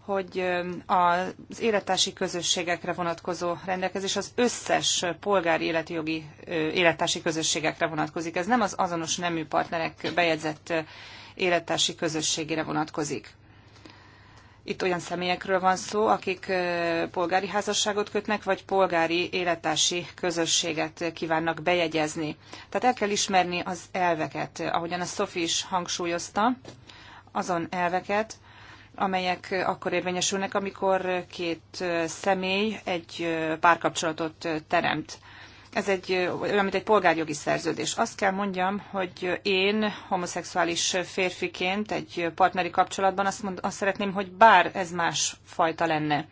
hogy az élettársi közösségekre vonatkozó rendelkezés az összes polgári életi jogi élettársi közösségekre vonatkozik. Ez nem az azonos nemű partnerek bejegyzett élettársi közösségére vonatkozik. Itt olyan személyekről van szó, akik polgári házasságot kötnek, vagy polgári élettársi közösséget kívánnak bejegyezni. Tehát el kell ismerni az elveket, ahogyan a Sophie is hangsúlyozta, azon elveket, amelyek akkor érvényesülnek, amikor két személy egy párkapcsolatot teremt ez egy, olyan, mint egy polgárjogi szerződés. Azt kell mondjam, hogy én homoszexuális férfiként egy partneri kapcsolatban azt, mond, azt szeretném, hogy bár ez más fajta lenne.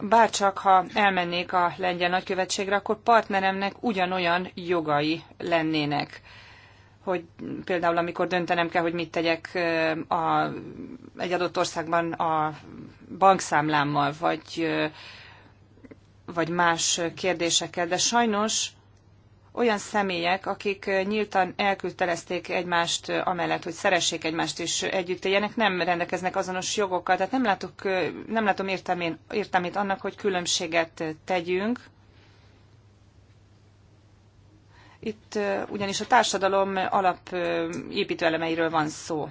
bár csak ha elmennék a lengyel nagykövetségre, akkor partneremnek ugyanolyan jogai lennének hogy például amikor döntenem kell, hogy mit tegyek a, egy adott országban a bankszámlámmal, vagy vagy más kérdésekkel, de sajnos olyan személyek, akik nyíltan elküldtelezték egymást amellett, hogy szeressék egymást és együtt éljenek, nem rendelkeznek azonos jogokkal. Tehát nem, látok, nem látom értelmét, értelmét annak, hogy különbséget tegyünk. Itt eh, ugyanis a társadalom építőelemeiről van szó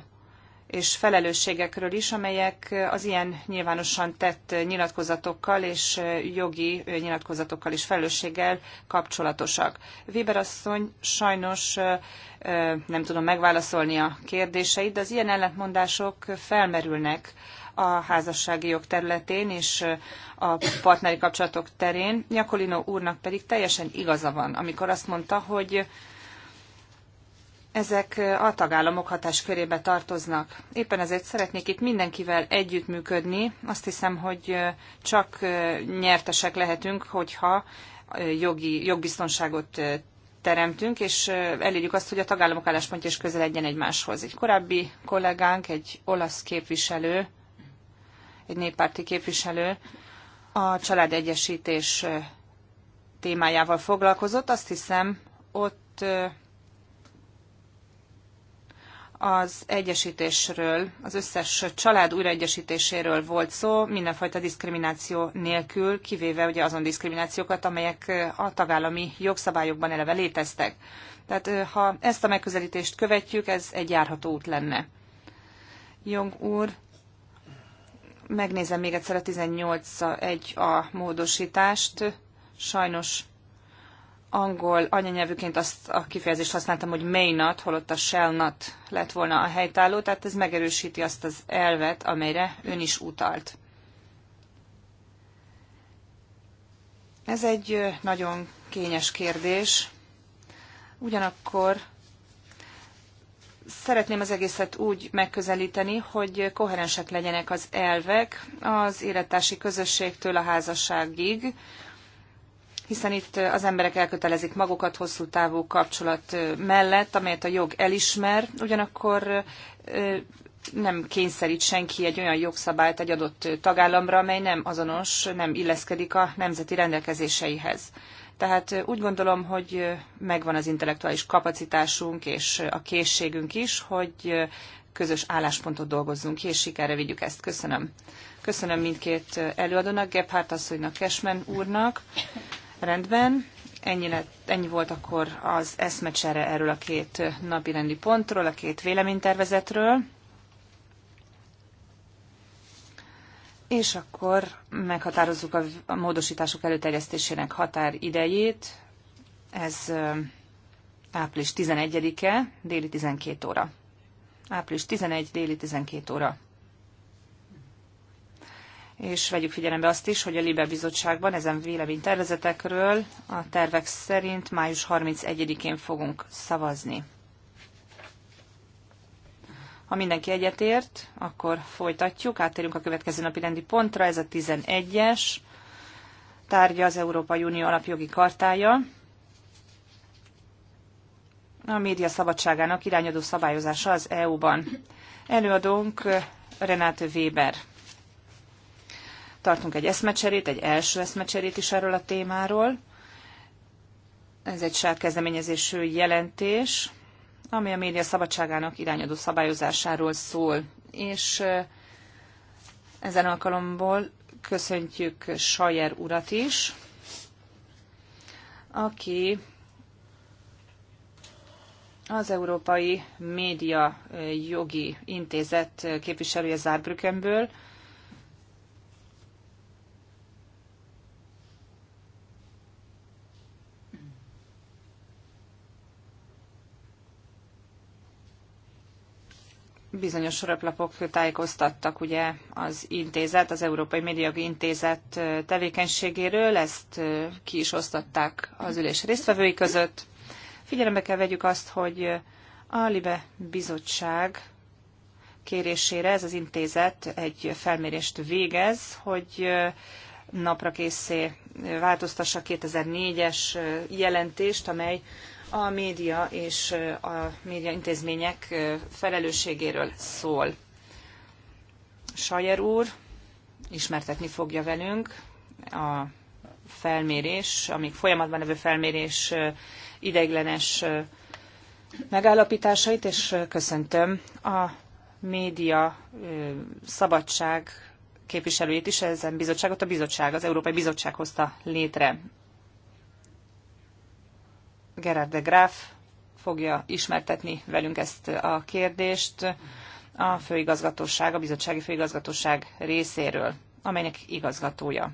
és felelősségekről is, amelyek az ilyen nyilvánosan tett nyilatkozatokkal és jogi nyilatkozatokkal és felelősséggel kapcsolatosak. Weber asszony sajnos nem tudom megválaszolni a kérdéseit, de az ilyen ellentmondások felmerülnek a házassági jog területén és a partneri kapcsolatok terén. Nyakolino úrnak pedig teljesen igaza van, amikor azt mondta, hogy ezek a tagállamok hatáskörébe tartoznak. Éppen ezért szeretnék itt mindenkivel együttműködni. Azt hiszem, hogy csak nyertesek lehetünk, hogyha jogi, jogbiztonságot teremtünk, és elérjük azt, hogy a tagállamok álláspontja is közel legyen egymáshoz. Egy korábbi kollégánk, egy olasz képviselő, egy néppárti képviselő a családegyesítés témájával foglalkozott. Azt hiszem, ott az egyesítésről, az összes család újraegyesítéséről volt szó, mindenfajta diszkrimináció nélkül, kivéve ugye azon diszkriminációkat, amelyek a tagállami jogszabályokban eleve léteztek. Tehát ha ezt a megközelítést követjük, ez egy járható út lenne. Jong úr, megnézem még egyszer a 18 egy a módosítást. Sajnos angol anyanyelvüként azt a kifejezést használtam, hogy may not, holott a shall not lett volna a helytálló, tehát ez megerősíti azt az elvet, amelyre ön is utalt. Ez egy nagyon kényes kérdés. Ugyanakkor szeretném az egészet úgy megközelíteni, hogy koherensek legyenek az elvek az élettársi közösségtől a házasságig, hiszen itt az emberek elkötelezik magukat hosszú távú kapcsolat mellett, amelyet a jog elismer, ugyanakkor nem kényszerít senki egy olyan jogszabályt egy adott tagállamra, amely nem azonos, nem illeszkedik a nemzeti rendelkezéseihez. Tehát úgy gondolom, hogy megvan az intellektuális kapacitásunk és a készségünk is, hogy közös álláspontot dolgozzunk ki, és sikerre vigyük ezt. Köszönöm. Köszönöm mindkét előadónak, Gebhardt asszonynak, Kesmen úrnak. Rendben, ennyi, lett, ennyi volt akkor az eszmecsere erről a két napi rendi pontról, a két véleménytervezetről. És akkor meghatározzuk a, módosítások előterjesztésének határidejét. Ez április 11-e, déli 12 óra. Április 11, déli 12 óra és vegyük figyelembe azt is, hogy a Libe Bizottságban ezen tervezetekről a tervek szerint május 31-én fogunk szavazni. Ha mindenki egyetért, akkor folytatjuk, áttérünk a következő napi rendi pontra, ez a 11-es tárgya az Európai Unió alapjogi kartája, a média szabadságának irányadó szabályozása az EU-ban. Előadónk Renát Weber tartunk egy eszmecserét, egy első eszmecserét is erről a témáról. Ez egy saját kezdeményezésű jelentés, ami a média szabadságának irányadó szabályozásáról szól. És eh, ezen alkalomból köszöntjük Sajer urat is, aki az Európai Média eh, Jogi Intézet eh, képviselője Zárbrükenből, bizonyos röplapok tájékoztattak ugye az intézet, az Európai Médiagi Intézet tevékenységéről, ezt ki is osztották az ülés résztvevői között. Figyelembe kell vegyük azt, hogy a Libe Bizottság kérésére ez az intézet egy felmérést végez, hogy napra készé változtassa 2004-es jelentést, amely a média és a média intézmények felelősségéről szól. Sajer úr ismertetni fogja velünk a felmérés, amíg folyamatban levő felmérés ideiglenes megállapításait, és köszöntöm a média szabadság képviselőjét is, ezen bizottságot a bizottság, az Európai Bizottság hozta létre. Gerard de Graaf fogja ismertetni velünk ezt a kérdést a főigazgatóság, a bizottsági főigazgatóság részéről, amelynek igazgatója.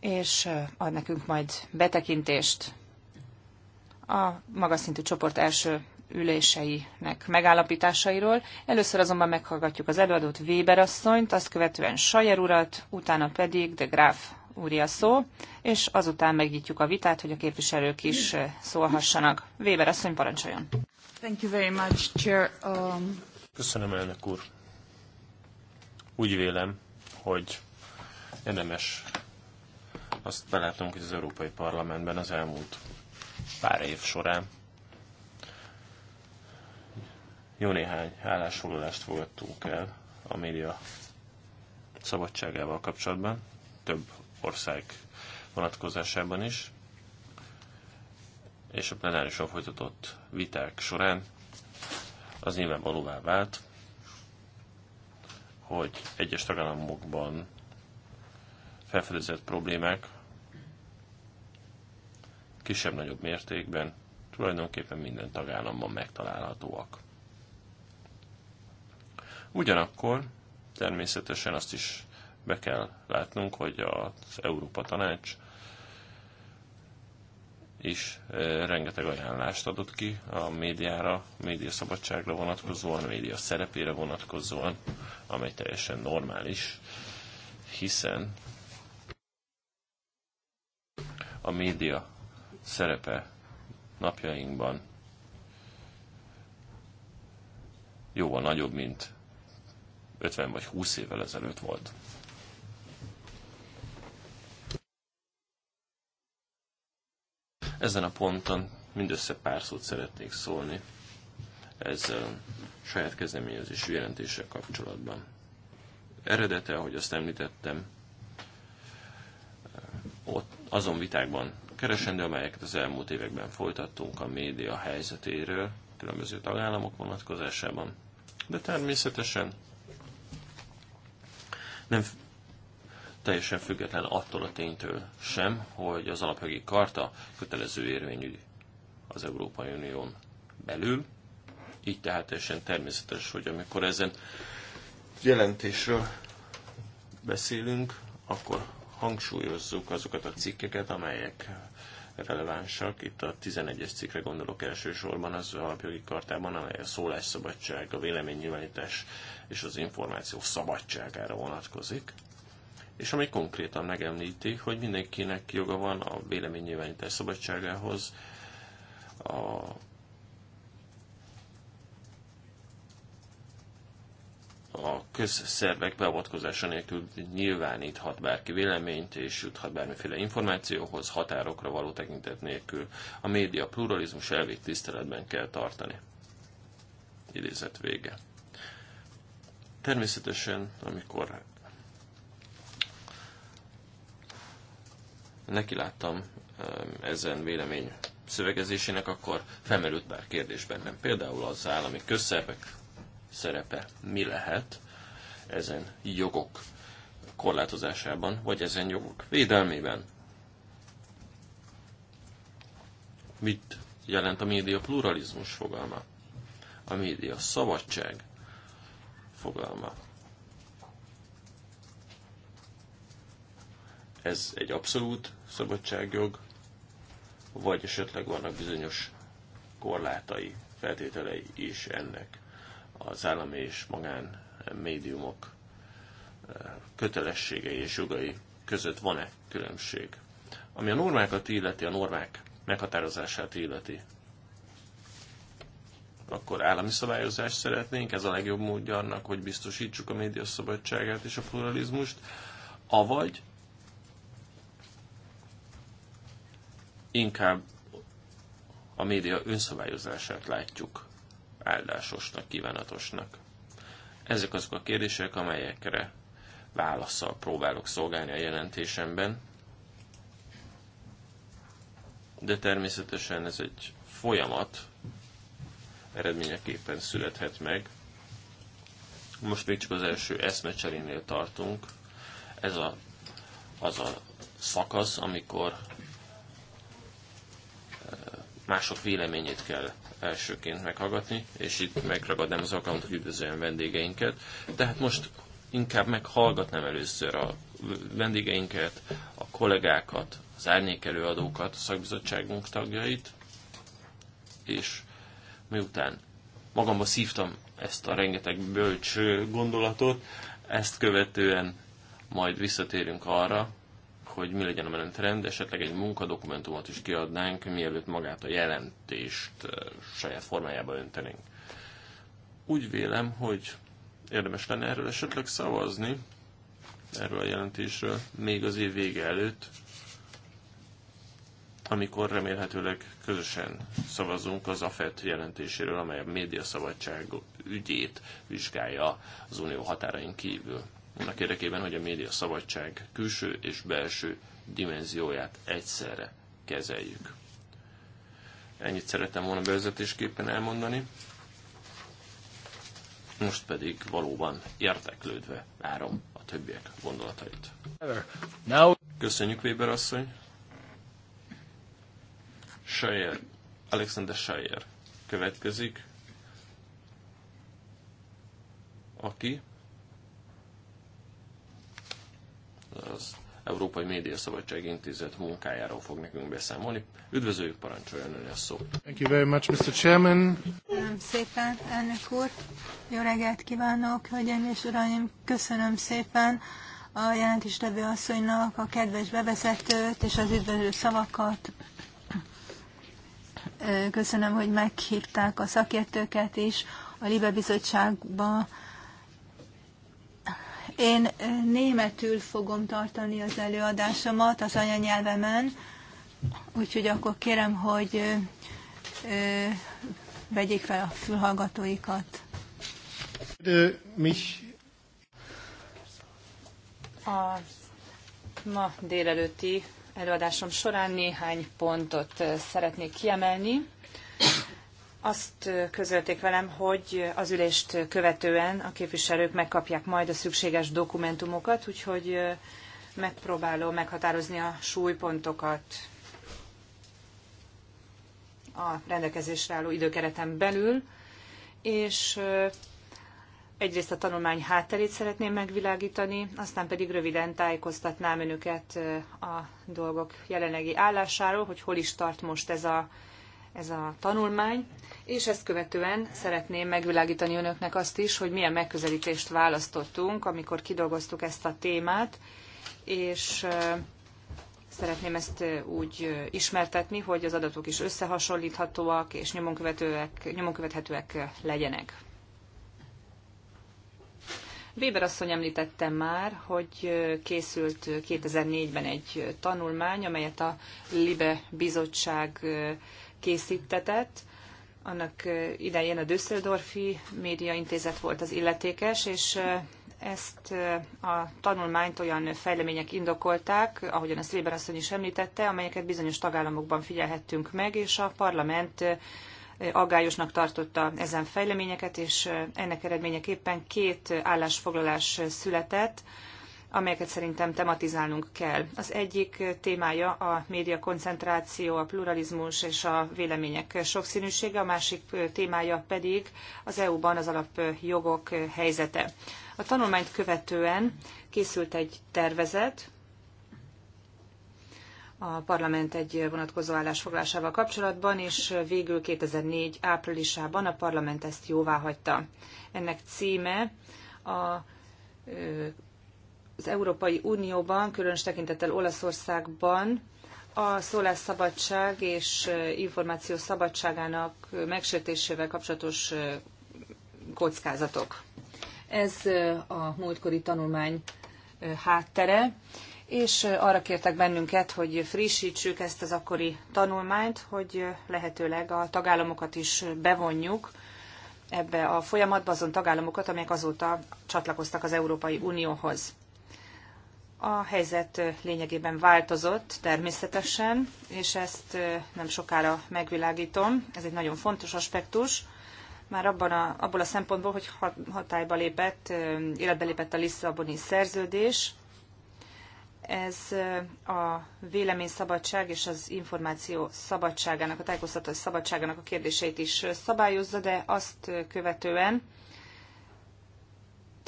És ad nekünk majd betekintést a magas szintű csoport első üléseinek megállapításairól. Először azonban meghallgatjuk az előadót Weber asszonyt, azt követően Sajer urat, utána pedig de Graf úria szó, és azután megnyitjuk a vitát, hogy a képviselők is szólhassanak. Weber asszony, parancsoljon! Thank you very much, Chair. Um... Köszönöm, elnök úr. Úgy vélem, hogy érdemes azt belátunk, hogy az Európai Parlamentben az elmúlt pár év során jó néhány állásfoglalást fogadtunk el a média szabadságával kapcsolatban, több ország vonatkozásában is, és a plenárisan folytatott viták során az nyilvánvalóvá vált, hogy egyes tagállamokban felfedezett problémák kisebb-nagyobb mértékben tulajdonképpen minden tagállamban megtalálhatóak. Ugyanakkor természetesen azt is be kell látnunk, hogy az Európa Tanács is eh, rengeteg ajánlást adott ki a médiára, szabadságra vonatkozóan, média szerepére vonatkozóan, amely teljesen normális, hiszen a média szerepe napjainkban jóval nagyobb, mint 50 vagy 20 évvel ezelőtt volt. Ezen a ponton mindössze pár szót szeretnék szólni ezzel saját kezdeményezésű jelentéssel kapcsolatban. Eredete, ahogy azt említettem, ott azon vitákban keresendő, amelyeket az elmúlt években folytattunk a média helyzetéről, különböző tagállamok vonatkozásában, de természetesen nem teljesen független attól a ténytől sem, hogy az alapjogi karta kötelező érvényű az Európai Unión belül. Így tehát teljesen természetes, hogy amikor ezen jelentésről beszélünk, akkor hangsúlyozzuk azokat a cikkeket, amelyek relevánsak. Itt a 11-es cikkre gondolok elsősorban az alapjogi kartában, amely a szólásszabadság, a véleménynyilvánítás és az információ szabadságára vonatkozik és ami konkrétan megemlíti, hogy mindenkinek joga van a véleménynyilvánítás szabadságához, a a közszervek beavatkozása nélkül nyilváníthat bárki véleményt, és juthat bármiféle információhoz, határokra való tekintet nélkül. A média pluralizmus elvét tiszteletben kell tartani. Idézet vége. Természetesen, amikor nekiláttam ezen vélemény szövegezésének, akkor felmerült bár kérdés bennem. Például az állami közszervek szerepe mi lehet ezen jogok korlátozásában, vagy ezen jogok védelmében. Mit jelent a média pluralizmus fogalma? A média szabadság fogalma. Ez egy abszolút szabadságjog, vagy esetleg vannak bizonyos korlátai, feltételei is ennek az állami és magán médiumok eh, kötelességei és jogai között van-e különbség. Ami a normákat illeti, a normák meghatározását illeti, akkor állami szabályozást szeretnénk, ez a legjobb módja annak, hogy biztosítsuk a média szabadságát és a pluralizmust, avagy inkább a média önszabályozását látjuk áldásosnak, kívánatosnak? Ezek azok a kérdések, amelyekre válaszsal próbálok szolgálni a jelentésemben. De természetesen ez egy folyamat, eredményeképpen születhet meg. Most még csak az első eszmecserénél tartunk. Ez a, az a szakasz, amikor eh, mások véleményét kell elsőként meghallgatni, és itt megragadnám az alkalmat, hogy üdvözöljön vendégeinket. Tehát most inkább meghallgatnám először a vendégeinket, a kollégákat, az árnyékelőadókat, a szakbizottságunk tagjait, és miután magamba szívtam ezt a rengeteg bölcs gondolatot, ezt követően majd visszatérünk arra, hogy mi legyen a menetrend, esetleg egy munkadokumentumot is kiadnánk, mielőtt magát a jelentést saját formájába öntenénk. Úgy vélem, hogy érdemes lenne erről esetleg szavazni, erről a jelentésről, még az év vége előtt, amikor remélhetőleg közösen szavazunk az AFET jelentéséről, amely a médiaszabadság ügyét vizsgálja az unió határain kívül annak érdekében, hogy a média szabadság külső és belső dimenzióját egyszerre kezeljük. Ennyit szerettem volna bevezetésképpen elmondani. Most pedig valóban érteklődve várom a többiek gondolatait. Köszönjük, Weber asszony! Sayer, Alexander Sayer következik, aki az Európai Média Szabadság Intézet munkájáról fog nekünk beszámolni. Üdvözöljük, parancsoljon ön a szó. Thank you very much, Mr. Chairman. Köszönöm szépen, elnök úr. Jó reggelt kívánok, hölgyeim és uraim. Köszönöm szépen a jelentéstevő asszonynak a kedves bevezetőt és az üdvözlő szavakat. Köszönöm, hogy meghívták a szakértőket is a Libe Bizottságba én németül fogom tartani az előadásomat az anyanyelvemen, úgyhogy akkor kérem, hogy ö, ö, vegyék fel a fülhallgatóikat. Mich. A ma délelőtti előadásom során néhány pontot szeretnék kiemelni azt közölték velem, hogy az ülést követően a képviselők megkapják majd a szükséges dokumentumokat, úgyhogy megpróbálom meghatározni a súlypontokat a rendelkezésre álló időkereten belül, és egyrészt a tanulmány hátterét szeretném megvilágítani, aztán pedig röviden tájékoztatnám önöket a dolgok jelenlegi állásáról, hogy hol is tart most ez a ez a tanulmány, és ezt követően szeretném megvilágítani önöknek azt is, hogy milyen megközelítést választottunk, amikor kidolgoztuk ezt a témát, és szeretném ezt úgy ismertetni, hogy az adatok is összehasonlíthatóak és nyomon követhetőek legyenek. Weber asszony említette már, hogy készült 2004-ben egy tanulmány, amelyet a LIBE bizottság készítetett. Annak idején a Düsseldorfi Média Intézet volt az illetékes, és ezt a tanulmányt olyan fejlemények indokolták, ahogyan ezt Weber asszony is említette, amelyeket bizonyos tagállamokban figyelhettünk meg, és a parlament aggályosnak tartotta ezen fejleményeket, és ennek eredményeképpen két állásfoglalás született, amelyeket szerintem tematizálnunk kell. Az egyik témája a média koncentráció, a pluralizmus és a vélemények sokszínűsége, a másik témája pedig az EU-ban az alapjogok helyzete. A tanulmányt követően készült egy tervezet, a parlament egy vonatkozó állásfoglalásával kapcsolatban, és végül 2004 áprilisában a parlament ezt jóváhagyta. Ennek címe a az Európai Unióban, különös tekintettel Olaszországban a szólásszabadság és információ szabadságának megsértésével kapcsolatos kockázatok. Ez a múltkori tanulmány háttere, és arra kértek bennünket, hogy frissítsük ezt az akkori tanulmányt, hogy lehetőleg a tagállamokat is bevonjuk ebbe a folyamatba, azon tagállamokat, amelyek azóta csatlakoztak az Európai Unióhoz. A helyzet lényegében változott természetesen, és ezt nem sokára megvilágítom. Ez egy nagyon fontos aspektus. Már abban a, abból a szempontból, hogy hatályba lépett, életbe lépett a Lisszaboni szerződés, ez a véleményszabadság és az információ szabadságának, a tájékoztatás szabadságának a kérdéseit is szabályozza, de azt követően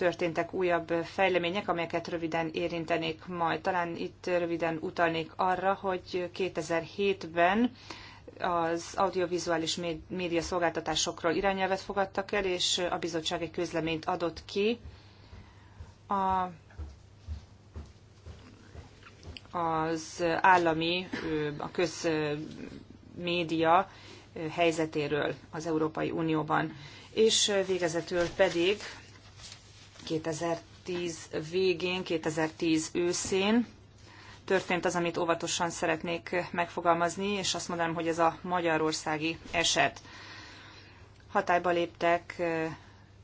történtek újabb fejlemények, amelyeket röviden érintenék majd. Talán itt röviden utalnék arra, hogy 2007-ben az audiovizuális média szolgáltatásokról irányelvet fogadtak el, és a bizottság egy közleményt adott ki a, az állami, a közmédia helyzetéről az Európai Unióban. És végezetül pedig 2010 végén, 2010 őszén történt az, amit óvatosan szeretnék megfogalmazni, és azt mondanám, hogy ez a magyarországi eset. Hatályba léptek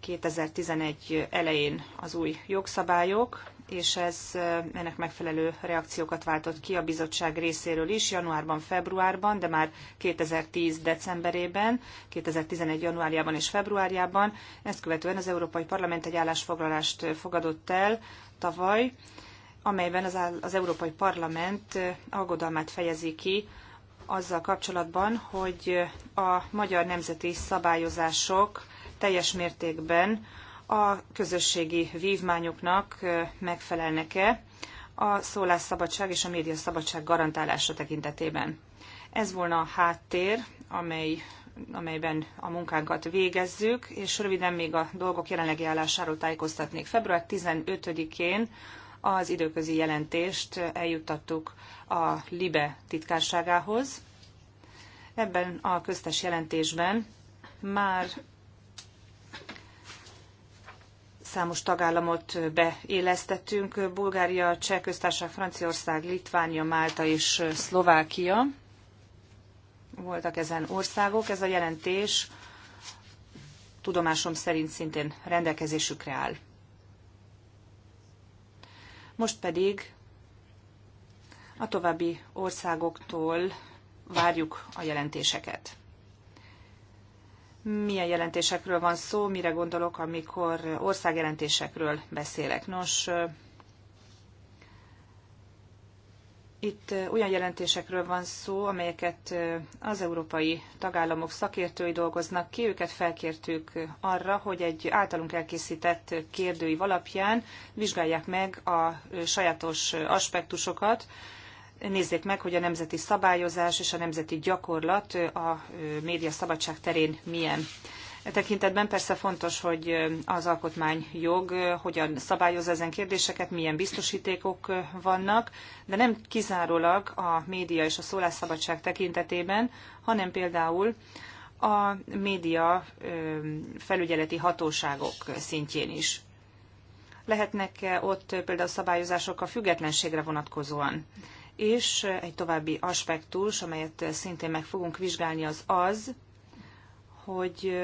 2011 eh, elején az új jogszabályok, és ez ennek megfelelő reakciókat váltott ki a bizottság részéről is januárban, februárban, de már 2010 decemberében, 2011 januárjában és februárjában. Ezt követően az Európai Parlament egy állásfoglalást fogadott el tavaly, amelyben az, az Európai Parlament aggodalmát fejezi ki azzal kapcsolatban, hogy a magyar nemzeti szabályozások teljes mértékben a közösségi vívmányoknak megfelelnek-e a szólásszabadság és a médiaszabadság garantálása tekintetében. Ez volna a háttér, amely, amelyben a munkánkat végezzük, és röviden még a dolgok jelenlegi állásáról tájékoztatnék. Február 15-én az időközi jelentést eljuttattuk a LIBE titkárságához. Ebben a köztes jelentésben már számos tagállamot beélesztettünk, Bulgária, Cseh köztársaság, Franciaország, Litvánia, Málta és Szlovákia voltak ezen országok. Ez a jelentés tudomásom szerint szintén rendelkezésükre áll. Most pedig a további országoktól várjuk a jelentéseket milyen jelentésekről van szó, mire gondolok, amikor országjelentésekről beszélek. Nos, itt olyan jelentésekről van szó, amelyeket az európai tagállamok szakértői dolgoznak ki. Őket felkértük arra, hogy egy általunk elkészített kérdői alapján vizsgálják meg a sajátos aspektusokat, nézzék meg, hogy a nemzeti szabályozás és a nemzeti gyakorlat a média szabadság terén milyen. E tekintetben persze fontos, hogy az alkotmányjog hogyan szabályozza ezen kérdéseket, milyen biztosítékok vannak, de nem kizárólag a média és a szólásszabadság tekintetében, hanem például a média felügyeleti hatóságok szintjén is. Lehetnek -e ott például szabályozások a függetlenségre vonatkozóan? És egy további aspektus, amelyet szintén meg fogunk vizsgálni, az az, hogy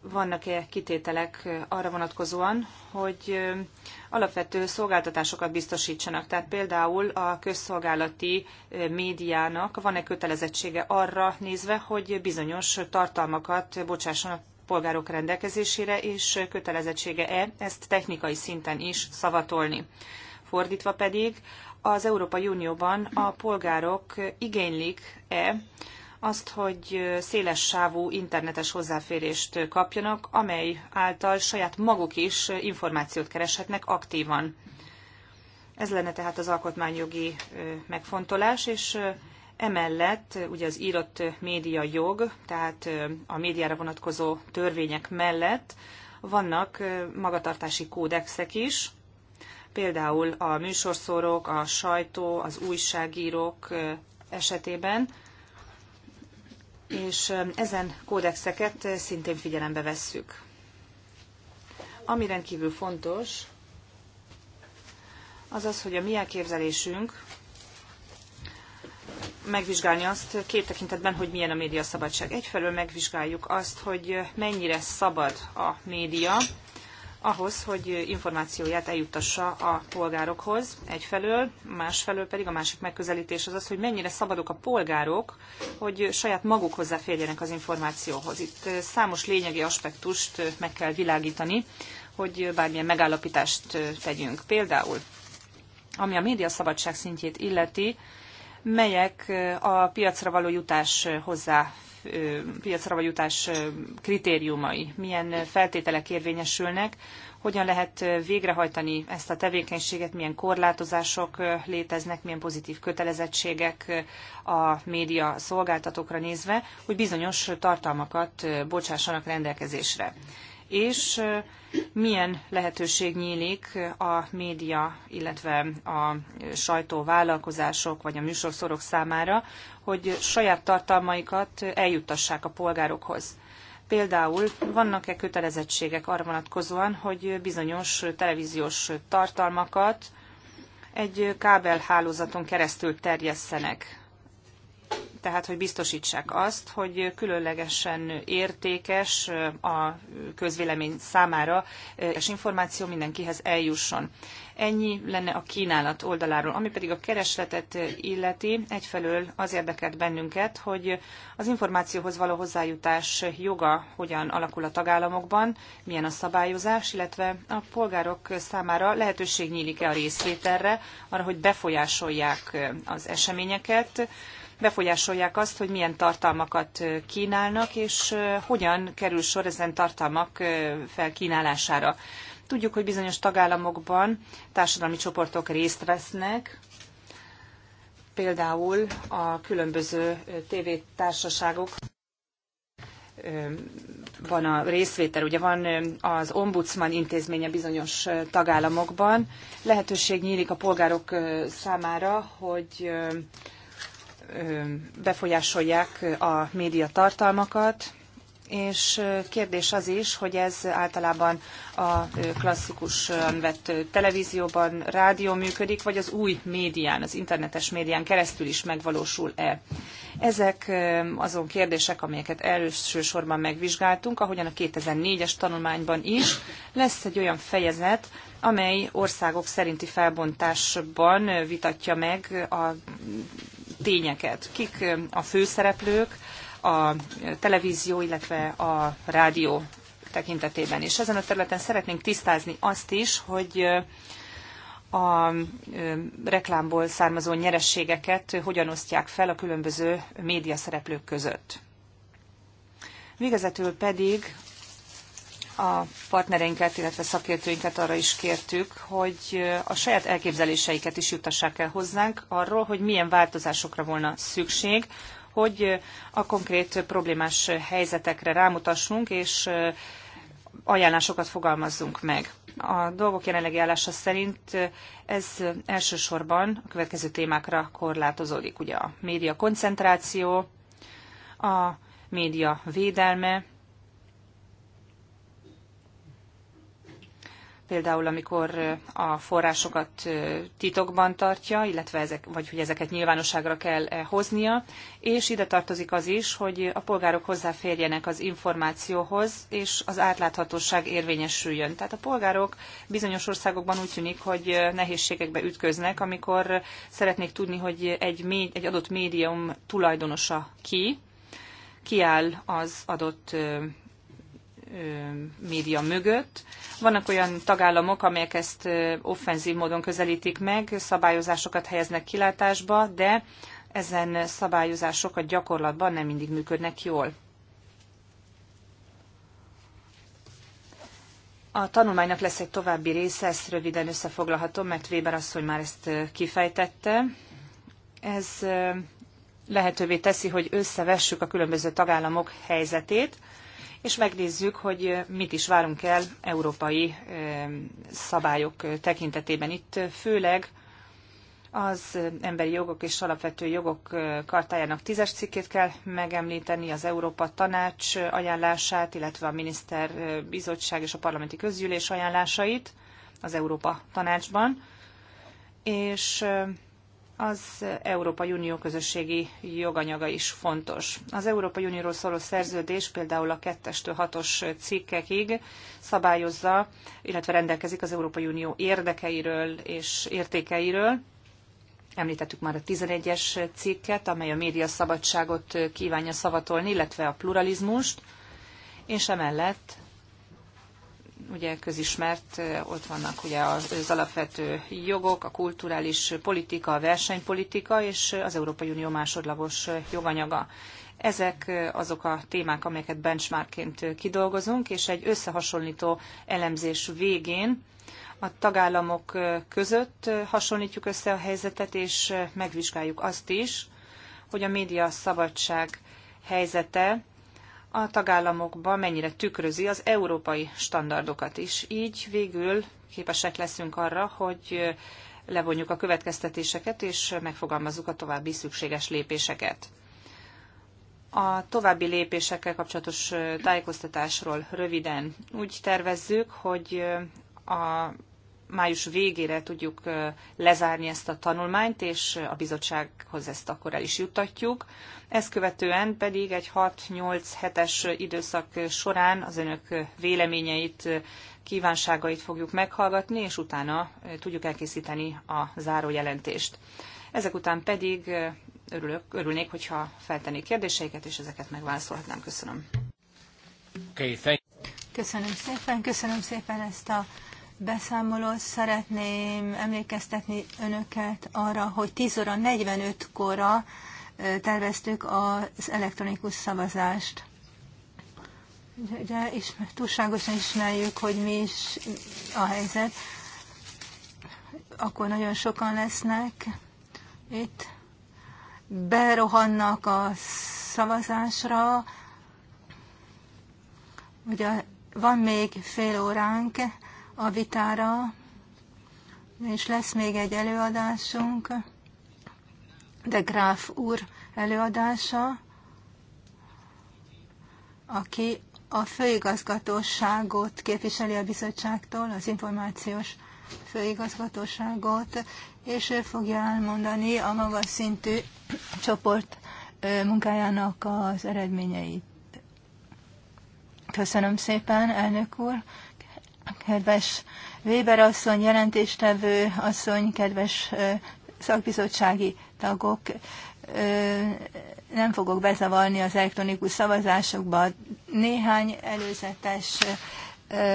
vannak-e kitételek arra vonatkozóan, hogy alapvető szolgáltatásokat biztosítsanak. Tehát például a közszolgálati médiának van-e kötelezettsége arra nézve, hogy bizonyos tartalmakat bocsásson a polgárok rendelkezésére, és kötelezettsége-e ezt technikai szinten is szavatolni. Fordítva pedig az Európai Unióban a polgárok igénylik-e azt, hogy széles sávú internetes hozzáférést kapjanak, amely által saját maguk is információt kereshetnek aktívan. Ez lenne tehát az alkotmányjogi megfontolás, és emellett ugye az írott média jog, tehát a médiára vonatkozó törvények mellett vannak magatartási kódexek is, például a műsorszórók, a sajtó, az újságírók esetében, és ezen kódexeket szintén figyelembe vesszük. Ami rendkívül fontos, az az, hogy a mi elképzelésünk megvizsgálni azt két tekintetben, hogy milyen a média szabadság. Egyfelől megvizsgáljuk azt, hogy mennyire szabad a média, ahhoz, hogy információját eljuttassa a polgárokhoz egyfelől, másfelől pedig a másik megközelítés az az, hogy mennyire szabadok a polgárok, hogy saját maguk hozzáférjenek az információhoz. Itt eh, számos lényegi aspektust eh, meg kell világítani, hogy bármilyen megállapítást eh, tegyünk. Például, ami a médiaszabadság szintjét illeti, melyek a piacra való jutás hozzá piacra vagy jutás kritériumai, milyen feltételek érvényesülnek, hogyan lehet végrehajtani ezt a tevékenységet, milyen korlátozások léteznek, milyen pozitív kötelezettségek a média szolgáltatókra nézve, hogy bizonyos tartalmakat bocsássanak rendelkezésre és milyen lehetőség nyílik a média, illetve a sajtóvállalkozások vagy a műsorszorok számára, hogy saját tartalmaikat eljuttassák a polgárokhoz. Például vannak-e kötelezettségek arra vonatkozóan, hogy bizonyos televíziós tartalmakat egy kábelhálózaton keresztül terjesszenek tehát hogy biztosítsák azt, hogy különlegesen értékes a közvélemény számára, és információ mindenkihez eljusson. Ennyi lenne a kínálat oldaláról. Ami pedig a keresletet illeti, egyfelől az érdekelt bennünket, hogy az információhoz való hozzájutás joga hogyan alakul a tagállamokban, milyen a szabályozás, illetve a polgárok számára lehetőség nyílik-e a részvételre, arra, hogy befolyásolják az eseményeket, befolyásolják azt, hogy milyen tartalmakat kínálnak, és hogyan kerül sor ezen tartalmak felkínálására. Tudjuk, hogy bizonyos tagállamokban társadalmi csoportok részt vesznek, például a különböző tévétársaságok van a részvétel, ugye van az ombudsman intézménye bizonyos tagállamokban. Lehetőség nyílik a polgárok számára, hogy befolyásolják a média tartalmakat, és kérdés az is, hogy ez általában a klasszikusan vett televízióban, rádió működik, vagy az új médián, az internetes médián keresztül is megvalósul-e. Ezek azon kérdések, amelyeket elsősorban megvizsgáltunk, ahogyan a 2004-es tanulmányban is lesz egy olyan fejezet, amely országok szerinti felbontásban vitatja meg a tényeket. Kik a főszereplők a televízió, illetve a rádió tekintetében is. Ezen a területen szeretnénk tisztázni azt is, hogy a reklámból származó nyerességeket hogyan osztják fel a különböző média szereplők között. Végezetül pedig a partnereinket, illetve szakértőinket arra is kértük, hogy a saját elképzeléseiket is juttassák el hozzánk arról, hogy milyen változásokra volna szükség, hogy a konkrét problémás helyzetekre rámutassunk, és ajánlásokat fogalmazzunk meg. A dolgok jelenlegi állása szerint ez elsősorban a következő témákra korlátozódik, ugye a média koncentráció, a média védelme, például amikor a forrásokat titokban tartja, illetve ezek, vagy hogy ezeket nyilvánosságra kell e, hoznia, és ide tartozik az is, hogy a polgárok hozzáférjenek az információhoz, és az átláthatóság érvényesüljön. Tehát a polgárok bizonyos országokban úgy tűnik, hogy nehézségekbe ütköznek, amikor szeretnék tudni, hogy egy, egy adott médium tulajdonosa ki, kiáll az adott média mögött. Vannak olyan tagállamok, amelyek ezt offenzív módon közelítik meg, szabályozásokat helyeznek kilátásba, de ezen szabályozások a gyakorlatban nem mindig működnek jól. A tanulmánynak lesz egy további része, ezt röviden összefoglalhatom, mert Weber asszony már ezt kifejtette. Ez lehetővé teszi, hogy összevessük a különböző tagállamok helyzetét, és megnézzük, hogy mit is várunk el európai szabályok tekintetében. Itt főleg az emberi jogok és alapvető jogok kartájának tízes cikkét kell megemlíteni, az Európa Tanács ajánlását, illetve a Miniszter Bizottság és a Parlamenti Közgyűlés ajánlásait az Európa Tanácsban. És az Európai Unió közösségi joganyaga is fontos. Az Európai Unióról szóló szerződés például a 2-től 6-os cikkekig szabályozza, illetve rendelkezik az Európai Unió érdekeiről és értékeiről. Említettük már a 11-es cikket, amely a médiaszabadságot kívánja szavatolni, illetve a pluralizmust, és emellett ugye közismert, ott vannak ugye az alapvető jogok, a kulturális politika, a versenypolitika és az Európai Unió másodlagos joganyaga. Ezek azok a témák, amelyeket benchmarkként kidolgozunk, és egy összehasonlító elemzés végén a tagállamok között hasonlítjuk össze a helyzetet, és megvizsgáljuk azt is, hogy a média szabadság helyzete a tagállamokban mennyire tükrözi az európai standardokat is. Így végül képesek leszünk arra, hogy levonjuk a következtetéseket és megfogalmazzuk a további szükséges lépéseket. A további lépésekkel kapcsolatos tájékoztatásról röviden úgy tervezzük, hogy a május végére tudjuk lezárni ezt a tanulmányt, és a bizottsághoz ezt akkor el is juttatjuk. Ezt követően pedig egy 6-8 hetes időszak során az önök véleményeit, kívánságait fogjuk meghallgatni, és utána tudjuk elkészíteni a zárójelentést. Ezek után pedig örülök, örülnék, hogyha feltennék kérdéseiket, és ezeket megválaszolhatnám. Köszönöm. Okay, thank- köszönöm szépen, köszönöm szépen ezt a beszámolót szeretném emlékeztetni önöket arra, hogy 10 óra 45-kora terveztük az elektronikus szavazást. De, de ismer, túlságosan ismerjük, hogy mi is a helyzet. Akkor nagyon sokan lesznek itt. Berohannak a szavazásra. Ugye van még fél óránk, a vitára, és lesz még egy előadásunk, de Gráf úr előadása, aki a főigazgatóságot képviseli a bizottságtól, az információs főigazgatóságot, és ő fogja elmondani a magas szintű csoport munkájának az eredményeit. Köszönöm szépen, elnök úr, kedves Weber asszony, jelentéstevő asszony, kedves szakbizottsági tagok, nem fogok bezavarni az elektronikus szavazásokba. Néhány előzetes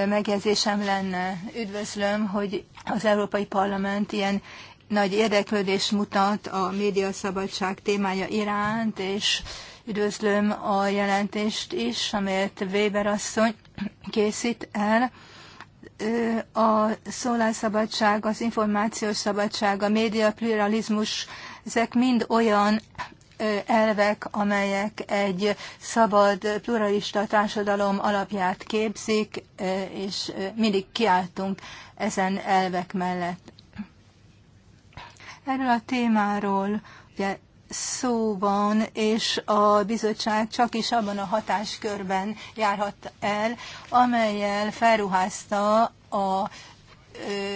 megjegyzésem lenne. Üdvözlöm, hogy az Európai Parlament ilyen nagy érdeklődést mutat a médiaszabadság témája iránt, és üdvözlöm a jelentést is, amelyet Weber asszony készít el a szólásszabadság, az információs szabadság, a média pluralizmus, ezek mind olyan elvek, amelyek egy szabad, pluralista társadalom alapját képzik, és mindig kiálltunk ezen elvek mellett. Erről a témáról ugye van, és a bizottság csak is abban a hatáskörben járhat el, amelyel felruházta a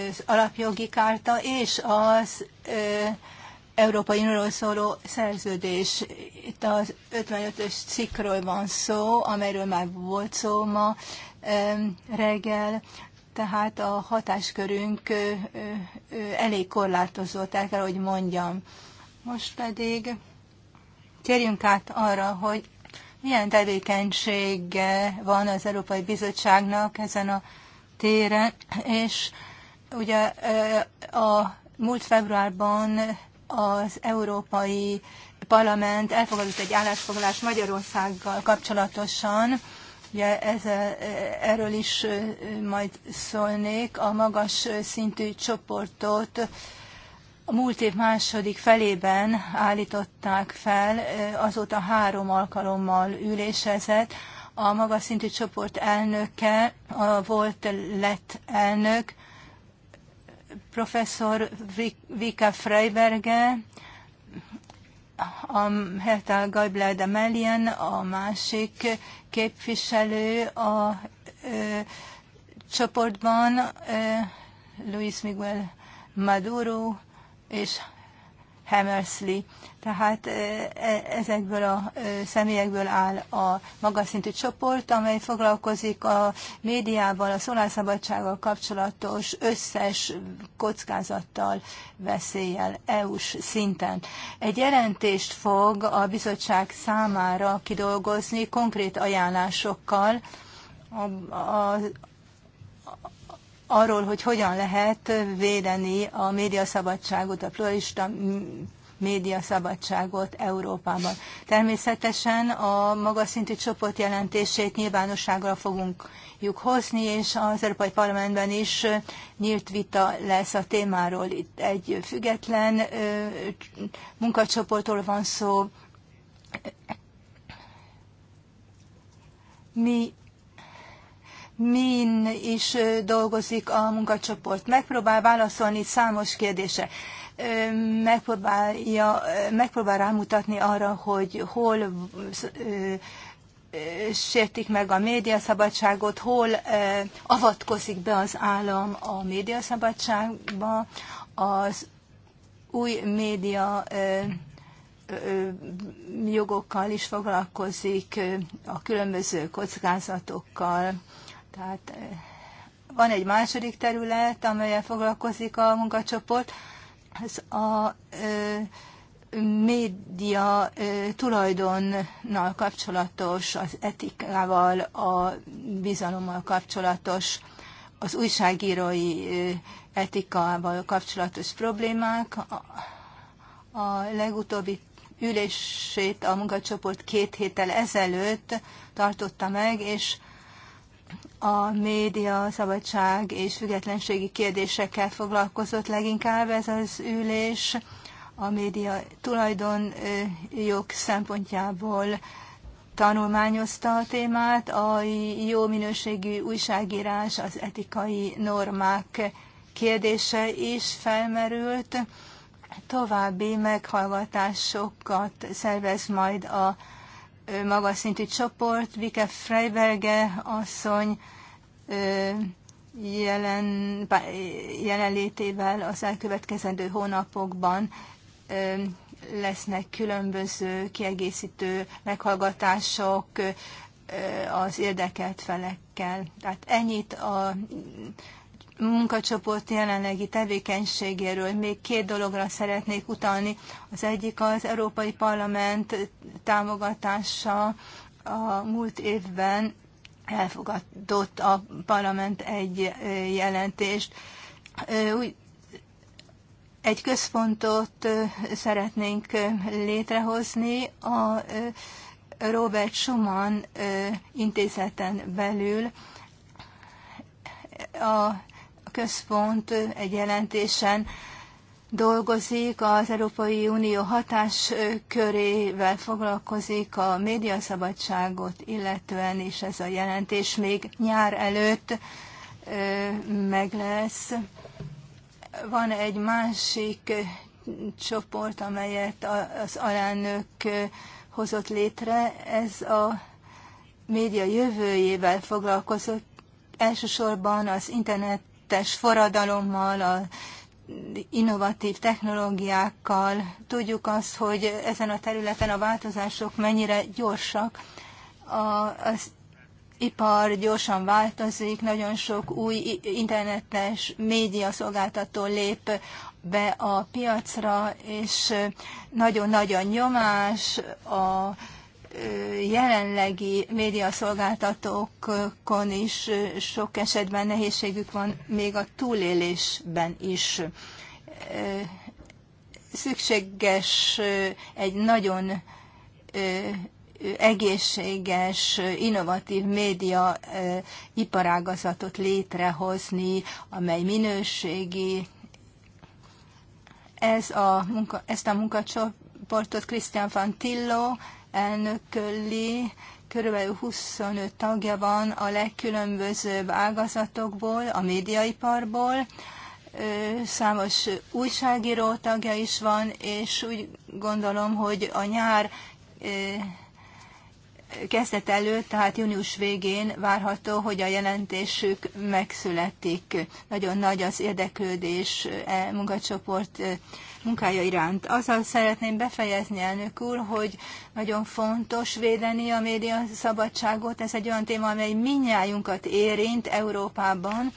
az alapjogi kárta és az ö, Európai Unióról szóló szerződés. Itt az 55-ös cikkről van szó, amelyről már volt szó ma ö, reggel, tehát a hatáskörünk ö, ö, elég korlátozott, el kell, hogy mondjam. Ö, most pedig térjünk át arra, hogy milyen tevékenysége van az Európai Bizottságnak ezen a téren, és ugye a múlt februárban az Európai Parlament elfogadott egy állásfoglalás Magyarországgal kapcsolatosan, Ugye ez, erről is majd szólnék, a magas szintű csoportot a múlt év második felében állították fel, azóta három alkalommal ülésezett, a magas szintű csoport elnöke, a volt lett elnök, professzor Vika Freiberge, a Herta Gajbler de Melien, a másik képviselő a ö, csoportban, ö, Luis Miguel Maduro, és Hammersley. Tehát e, ezekből a személyekből áll a magas szintű csoport, amely foglalkozik a médiával, a szólásszabadsággal kapcsolatos összes kockázattal, veszéllyel EU-s szinten. Egy jelentést fog a bizottság számára kidolgozni konkrét ajánlásokkal, a, a, arról, hogy hogyan lehet védeni a médiaszabadságot, a pluralista médiaszabadságot Európában. Természetesen a magas szintű csoport jelentését nyilvánosságra fogunk hozni, és az Európai Parlamentben is nyílt vita lesz a témáról. Itt egy független munkacsoportról van szó. Mi min is dolgozik a munkacsoport. Megpróbál válaszolni számos kérdése. Megpróbálja, megpróbál rámutatni arra, hogy hol sértik meg a médiaszabadságot, hol avatkozik be az állam a médiaszabadságba, az új média jogokkal is foglalkozik, a különböző kockázatokkal, tehát eh, van egy második terület, amelyen foglalkozik a munkacsoport, ez a ö, eh, média ö, eh, tulajdonnal kapcsolatos, az etikával, a bizalommal kapcsolatos, az újságírói ö, etikával kapcsolatos problémák. A, a legutóbbi ülését a munkacsoport két héttel ezelőtt tartotta meg, és a média szabadság és függetlenségi kérdésekkel foglalkozott leginkább ez az ülés a média tulajdon jog szempontjából tanulmányozta a témát, a jó minőségű újságírás, az etikai normák kérdése is felmerült. További meghallgatásokat szervez majd a magas szintű csoport, Vike Freiberge asszony jelen, jelenlétével az elkövetkezendő hónapokban lesznek különböző kiegészítő meghallgatások az érdekelt felekkel. Tehát ennyit a munkacsoport jelenlegi tevékenységéről még két dologra szeretnék utalni. Az egyik az Európai Parlament támogatása a múlt évben elfogadott a parlament egy jelentést. Úgy, egy központot szeretnénk létrehozni a Robert Schumann intézeten belül. A központ egy jelentésen dolgozik, az Európai Unió hatáskörével foglalkozik a médiaszabadságot, illetően is ez a jelentés még nyár előtt meg lesz. Van egy másik csoport, amelyet az alelnök hozott létre. Ez a média jövőjével foglalkozott, elsősorban az internet kettes forradalommal, a innovatív technológiákkal. Tudjuk azt, hogy ezen a területen a változások mennyire gyorsak. A, az ipar gyorsan változik, nagyon sok új internetes média szolgáltató lép be a piacra, és nagyon nagy a nyomás, a jelenlegi médiaszolgáltatókon is sok esetben nehézségük van, még a túlélésben is. Szükséges egy nagyon egészséges, innovatív média iparágazatot létrehozni, amely minőségi. Ez a munka, ezt a munkacsoportot Christian van Tillo elnököli, körülbelül 25 tagja van a legkülönbözőbb ágazatokból, a médiaiparból, számos újságíró tagja is van, és úgy gondolom, hogy a nyár kezdet előtt, tehát június végén várható, hogy a jelentésük megszületik. Nagyon nagy az érdeklődés e munkacsoport munkája iránt. Azzal szeretném befejezni, elnök úr, hogy nagyon fontos védeni a média szabadságot. Ez egy olyan téma, amely minnyájunkat érint Európában.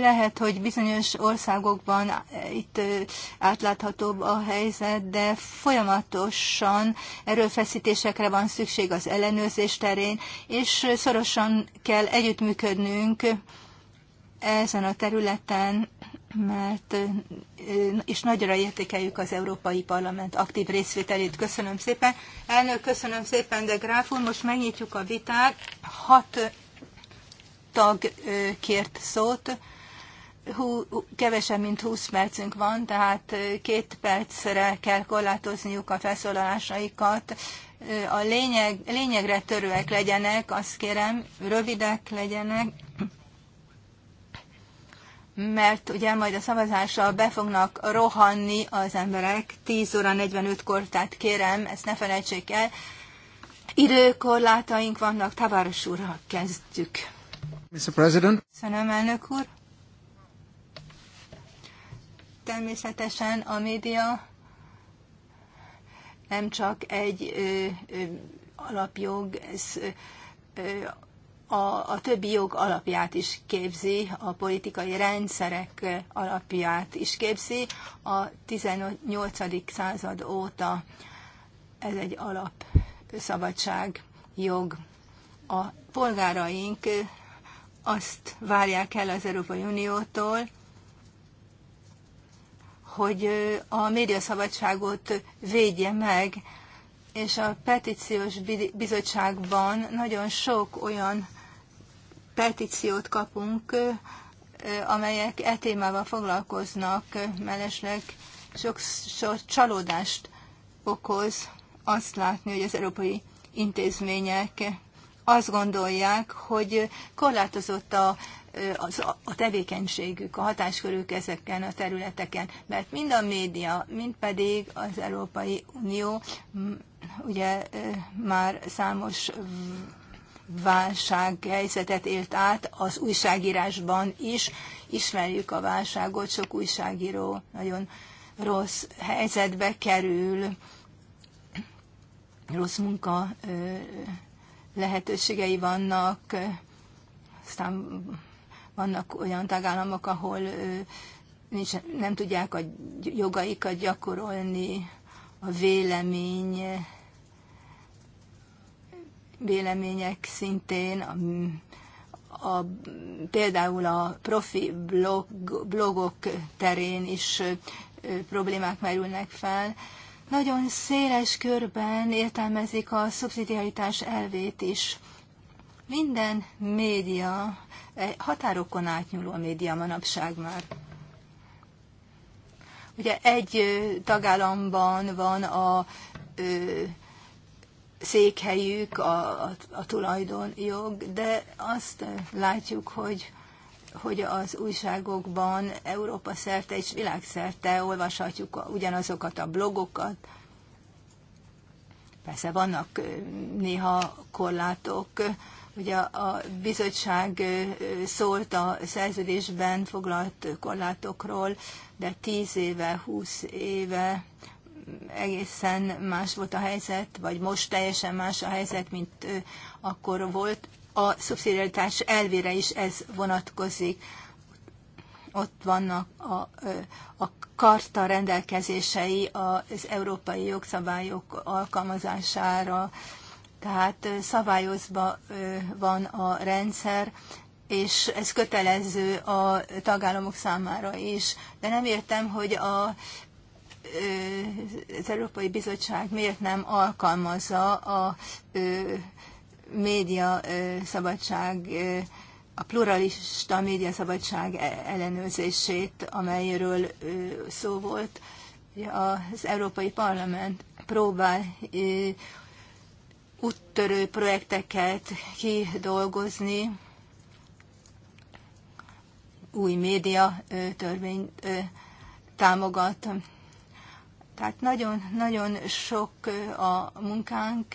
Lehet, hogy bizonyos országokban itt átláthatóbb a helyzet, de folyamatosan erőfeszítésekre van szükség az ellenőrzés terén, és szorosan kell együttműködnünk ezen a területen mert és nagyra értékeljük az Európai Parlament aktív részvételét. Köszönöm szépen. Elnök, köszönöm szépen, de Gráf úr, most megnyitjuk a vitát. Hat tag kért szót. Hú, kevesebb, mint 20 percünk van, tehát két percre kell korlátozniuk a felszólalásaikat. A lényeg, lényegre törőek legyenek, azt kérem, rövidek legyenek mert ugye majd a szavazással be fognak rohanni az emberek 10 óra 45-kor, tehát kérem, ezt ne felejtsék el. Időkorlátaink vannak, Tavares úrral kezdjük. Mr. President. Köszönöm, elnök úr. Természetesen a média nem csak egy ö, ö, alapjog, ez ö, a, a többi jog alapját is képzi, a politikai rendszerek alapját is képzi. A 18. század óta ez egy alap szabadság jog. A polgáraink azt várják el az Európai Uniótól, hogy a médiaszabadságot védje meg, és a petíciós bizottságban nagyon sok olyan petíciót kapunk, amelyek e témával foglalkoznak, mellesleg sokszor csalódást okoz azt látni, hogy az európai intézmények azt gondolják, hogy korlátozott a, az, a tevékenységük, a hatáskörük ezeken a területeken, mert mind a média, mind pedig az Európai Unió ugye már számos válsághelyzetet élt át az újságírásban is. Ismerjük a válságot, sok újságíró nagyon rossz helyzetbe kerül, rossz munka lehetőségei vannak, aztán vannak olyan tagállamok, ahol nincs, nem tudják a jogaikat gyakorolni, a vélemény vélemények szintén, a, a, például a profi blog, blogok terén is problémák merülnek fel. Nagyon széles körben értelmezik a szubszidiaritás elvét is. Minden média, e, határokon átnyúló média manapság már. Ugye egy tagállamban van a székhelyük, a, a, a tulajdonjog, de azt látjuk, hogy hogy az újságokban Európa szerte és világszerte olvashatjuk ugyanazokat a blogokat. Persze vannak néha korlátok. Ugye a bizottság szólt a szerződésben foglalt korlátokról, de 10 éve, 20 éve egészen más volt a helyzet, vagy most teljesen más a helyzet, mint akkor volt. A szubszidiaritás elvére is ez vonatkozik. Ott vannak a, a karta rendelkezései az európai jogszabályok alkalmazására, tehát szabályozva van a rendszer, és ez kötelező a tagállamok számára is. De nem értem, hogy a az Európai Bizottság miért nem alkalmazza a média szabadság, a pluralista média szabadság e, ellenőrzését, amelyről szó volt. Az Európai Parlament próbál úttörő projekteket kidolgozni, új média törvényt támogat tehát nagyon-nagyon sok a munkánk.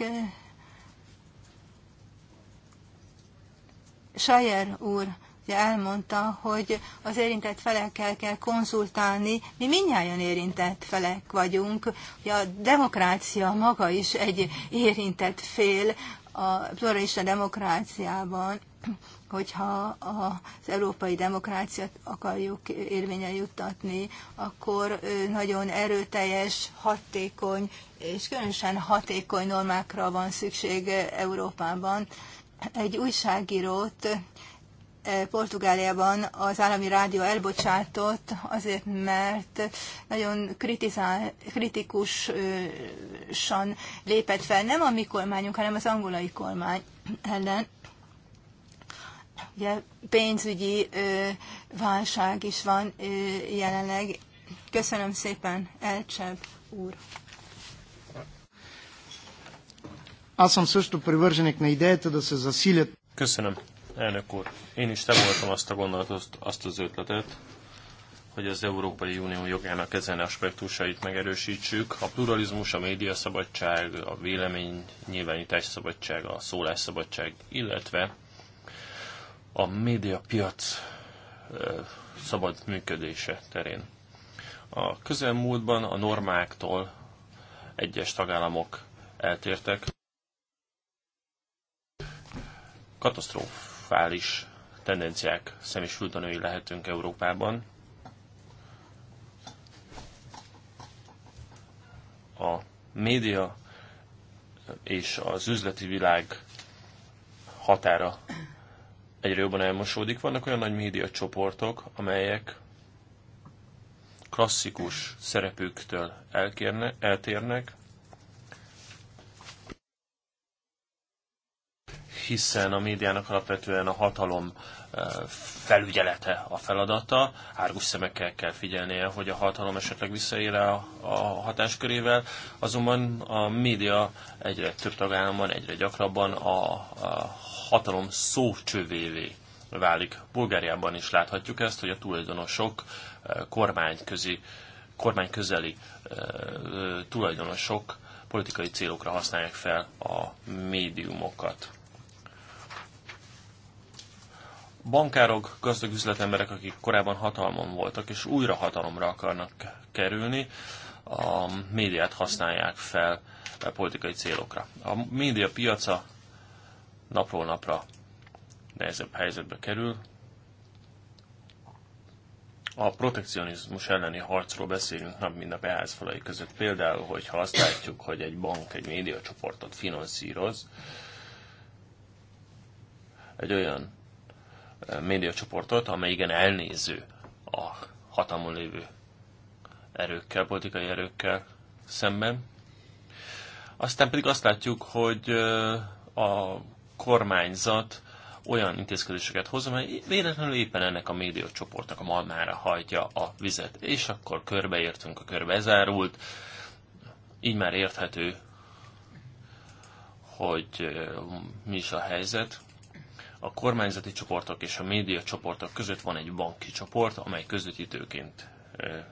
Sajer úr ugye elmondta, hogy az érintett felekkel kell konzultálni. Mi mindnyáján érintett felek vagyunk. Ugye a demokrácia maga is egy érintett fél a pluralista demokráciában hogyha az európai demokráciát akarjuk érvényre juttatni, akkor nagyon erőteljes, hatékony és különösen hatékony normákra van szükség Európában. Egy újságírót Portugáliában az állami rádió elbocsátott, azért mert nagyon kritizál, kritikusan lépett fel, nem a mi kormányunk, hanem az angolai kormány ellen. Ugye pénzügyi válság is van jelenleg. Köszönöm szépen, Elcsebb úr. Köszönöm, elnök úr. Én is voltam azt a gondolatot, azt az ötletet, hogy az Európai Unió jogának ezen aspektusait megerősítsük. A pluralizmus, a médiaszabadság, a vélemény nyilvánítás szabadság, a szólásszabadság, illetve a médiapiac szabad működése terén. A közelmúltban a normáktól egyes tagállamok eltértek. Katasztrofális tendenciák szemisültanői lehetünk Európában. A média és az üzleti világ határa egyre jobban elmosódik. Vannak olyan nagy média csoportok, amelyek klasszikus szerepüktől elkérne, eltérnek, hiszen a médiának alapvetően a hatalom eh, felügyelete a feladata. Árgus szemekkel kell figyelnie, hogy a hatalom esetleg visszaére a, hatáskörével, azonban a média egyre több tagállamban, egyre gyakrabban a, a hatalom szócsövévé válik. Bulgáriában is láthatjuk ezt, hogy a tulajdonosok eh, kormányközi, kormányközeli eh, tulajdonosok politikai célokra használják fel a médiumokat. Bankárok, gazdag üzletemberek, akik korábban hatalmon voltak, és újra hatalomra akarnak kerülni, a médiát használják fel eh, politikai célokra. A média piaca napról napra nehezebb helyzetbe kerül. A protekcionizmus elleni harcról beszélünk nap mind a beházfalai között. Például, hogyha azt látjuk, hogy egy bank egy médiacsoportot finanszíroz, egy olyan eh, médiacsoportot, amely igen elnéző a hatalmon lévő erőkkel, politikai erőkkel szemben. Aztán pedig azt látjuk, hogy eh, a kormányzat olyan intézkedéseket hoz, amely véletlenül éppen ennek a médiacsoportnak a malmára hajtja a vizet. És akkor körbeértünk, a körbe zárult. Így már érthető, hogy mi is a helyzet. A kormányzati csoportok és a média csoportok között van egy banki csoport, amely közvetítőként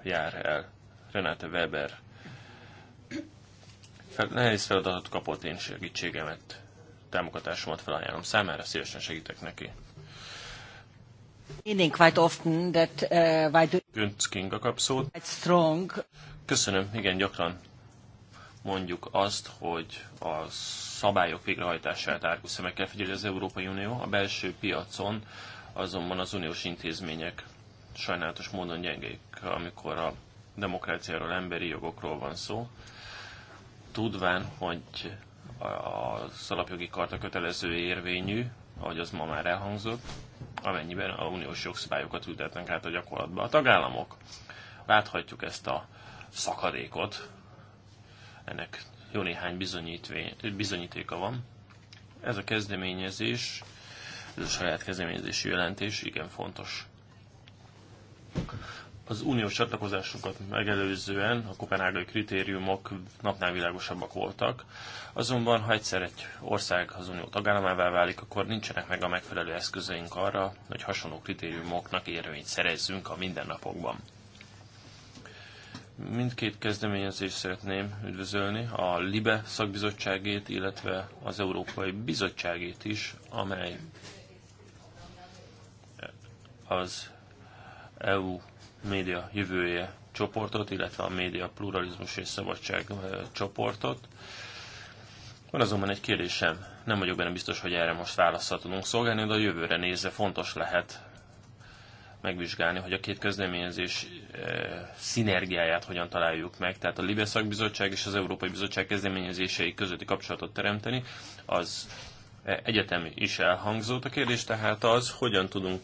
jár el. Renate Weber nehéz feladatot kapott, én segítségemet támogatásomat felajánlom számára, szívesen segítek neki. Meaning quite often that uh, why Gönc Kinga Strong. Köszönöm, igen, gyakran mondjuk azt, hogy a szabályok végrehajtását árgó szemekkel figyeli az Európai Unió, a belső piacon azonban az uniós intézmények sajnálatos módon gyengék, amikor a demokráciáról, emberi jogokról van szó, tudván, hogy az alapjogi karta kötelező érvényű, ahogy az ma már elhangzott, amennyiben a uniós jogszabályokat ültetnek át a gyakorlatba a tagállamok. Láthatjuk ezt a szakadékot, ennek jó néhány bizonyítéka van. Ez a kezdeményezés, ez a saját kezdeményezési jelentés igen fontos az uniós csatlakozásunkat megelőzően a kopenhágai kritériumok napnál világosabbak voltak, azonban ha egyszer egy ország az unió tagállamává válik, akkor nincsenek meg a megfelelő eszközeink arra, hogy hasonló kritériumoknak érvényt szerezzünk a mindennapokban. Mindkét kezdeményezést szeretném üdvözölni, a LIBE szakbizottságét, illetve az Európai Bizottságét is, amely az EU média jövője csoportot, illetve a média pluralizmus és szabadság csoportot. Van azonban egy kérdésem, nem vagyok benne biztos, hogy erre most választhat tudunk szolgálni, de a jövőre nézve fontos lehet megvizsgálni, hogy a két közleményezés szinergiáját hogyan találjuk meg, tehát a Libia Szakbizottság és az Európai Bizottság kezdeményezései közötti kapcsolatot teremteni, az egyetem is elhangzott. A kérdés tehát az, hogyan tudunk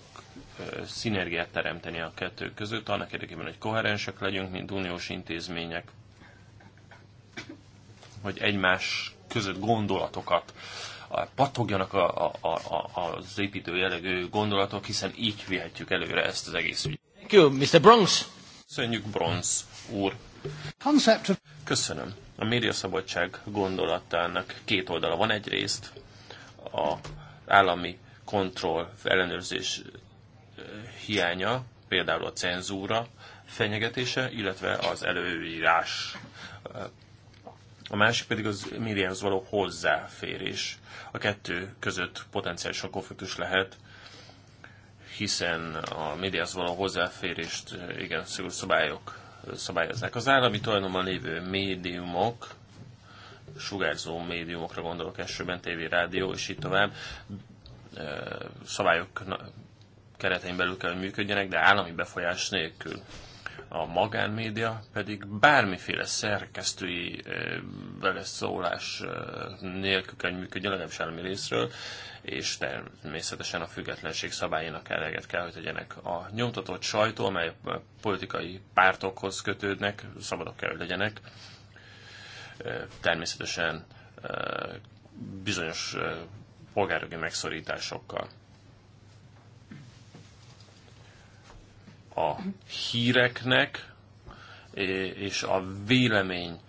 szinergiát teremteni a kettő között, annak érdekében, hogy koherensek legyünk, mint uniós intézmények, hogy egymás között gondolatokat pattogjanak a, a, a, a, az építő jellegű gondolatok, hiszen így vihetjük előre ezt az egész ügyet. Thank you, Mr. Bronx. Köszönjük, Bronx úr. Concept of... Köszönöm. A médiaszabadság gondolatának két oldala van egyrészt, a állami kontroll ellenőrzés hiánya, például a cenzúra fenyegetése, illetve az előírás. A másik pedig az médiához való hozzáférés. A kettő között potenciálisan konfliktus lehet, hiszen a médiához való hozzáférést igen, szigorú szabályok szabályozzák. Az állami tulajdonban lévő médiumok, sugárzó médiumokra gondolok elsőben, tévé, rádió és így tovább, szabályok keretein belül kell, hogy működjenek, de állami befolyás nélkül. A magánmédia pedig bármiféle szerkesztői beleszólás nélkül kell, hogy működjön, legalábbis állami részről, és természetesen a függetlenség szabályának eleget kell, hogy tegyenek. A nyomtatott sajtó, amely politikai pártokhoz kötődnek, szabadok kell, hogy legyenek, természetesen bizonyos polgárjogi megszorításokkal. a híreknek és a vélemény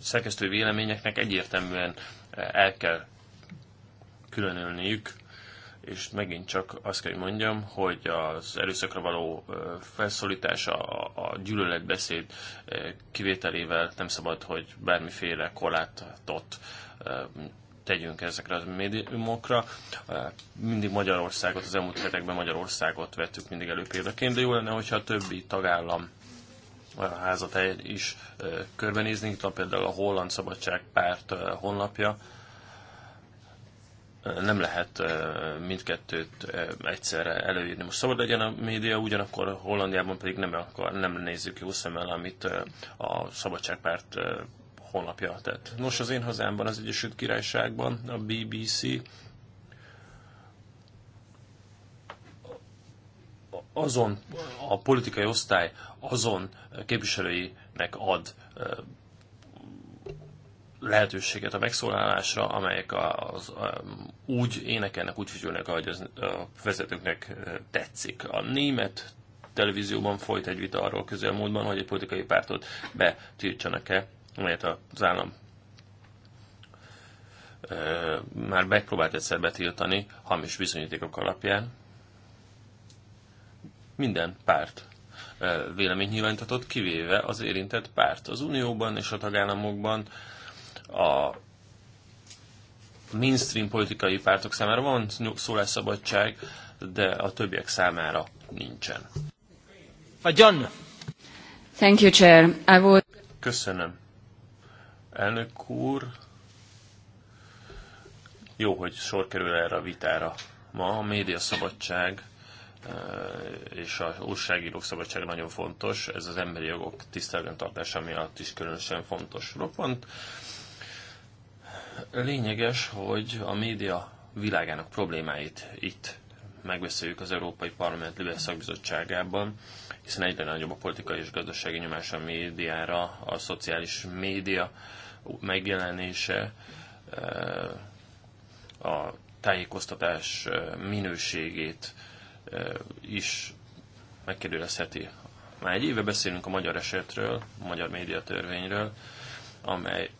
szerkesztő véleményeknek egyértelműen el kell különülniük, és megint csak azt kell, hogy mondjam, hogy az erőszakra való felszólítás a gyűlöletbeszéd kivételével nem szabad, hogy bármiféle korlátot tegyünk ezekre az médiumokra. Mindig Magyarországot, az elmúlt hetekben Magyarországot vettük mindig előpéldaként, de jó lenne, hogyha a többi tagállam a házat is körbenézni, itt például a Holland Szabadságpárt honlapja, nem lehet mindkettőt egyszerre előírni. Most szabad legyen a média, ugyanakkor Hollandiában pedig nem, akar, nem nézzük jó szemmel, amit a szabadságpárt honlapja Tehát Nos, az én hazámban, az Egyesült Királyságban a BBC azon a politikai osztály azon képviselőinek ad lehetőséget a megszólalásra, amelyek az, az, úgy énekelnek, úgy figyelnek, ahogy az, a vezetőknek tetszik. A német televízióban folyt egy vita arról közelmúltban, hogy egy politikai pártot betiltsanak-e amelyet az állam már megpróbált egyszer betiltani, hamis bizonyítékok alapján. Minden párt véleményt nyilvánítatott, kivéve az érintett párt. Az Unióban és a tagállamokban a mainstream politikai pártok számára van szólásszabadság, de a többiek számára nincsen. John. Thank you, Chair. I will... Köszönöm. Elnök úr, jó, hogy sor kerül erre a vitára. Ma a médiaszabadság eh, és a újságírók szabadság nagyon fontos, ez az emberi jogok tiszteletben tartása miatt is különösen fontos roppant. Lényeges, hogy a média világának problémáit itt megbeszéljük az Európai Parlament Libes szakbizottságában, hiszen egyre nagyobb a politikai és gazdasági nyomás a médiára, a szociális média megjelenése eh, a tájékoztatás eh, minőségét eh, is megkérdőjelezheti. Már egy éve beszélünk a magyar esetről, a magyar médiatörvényről, amely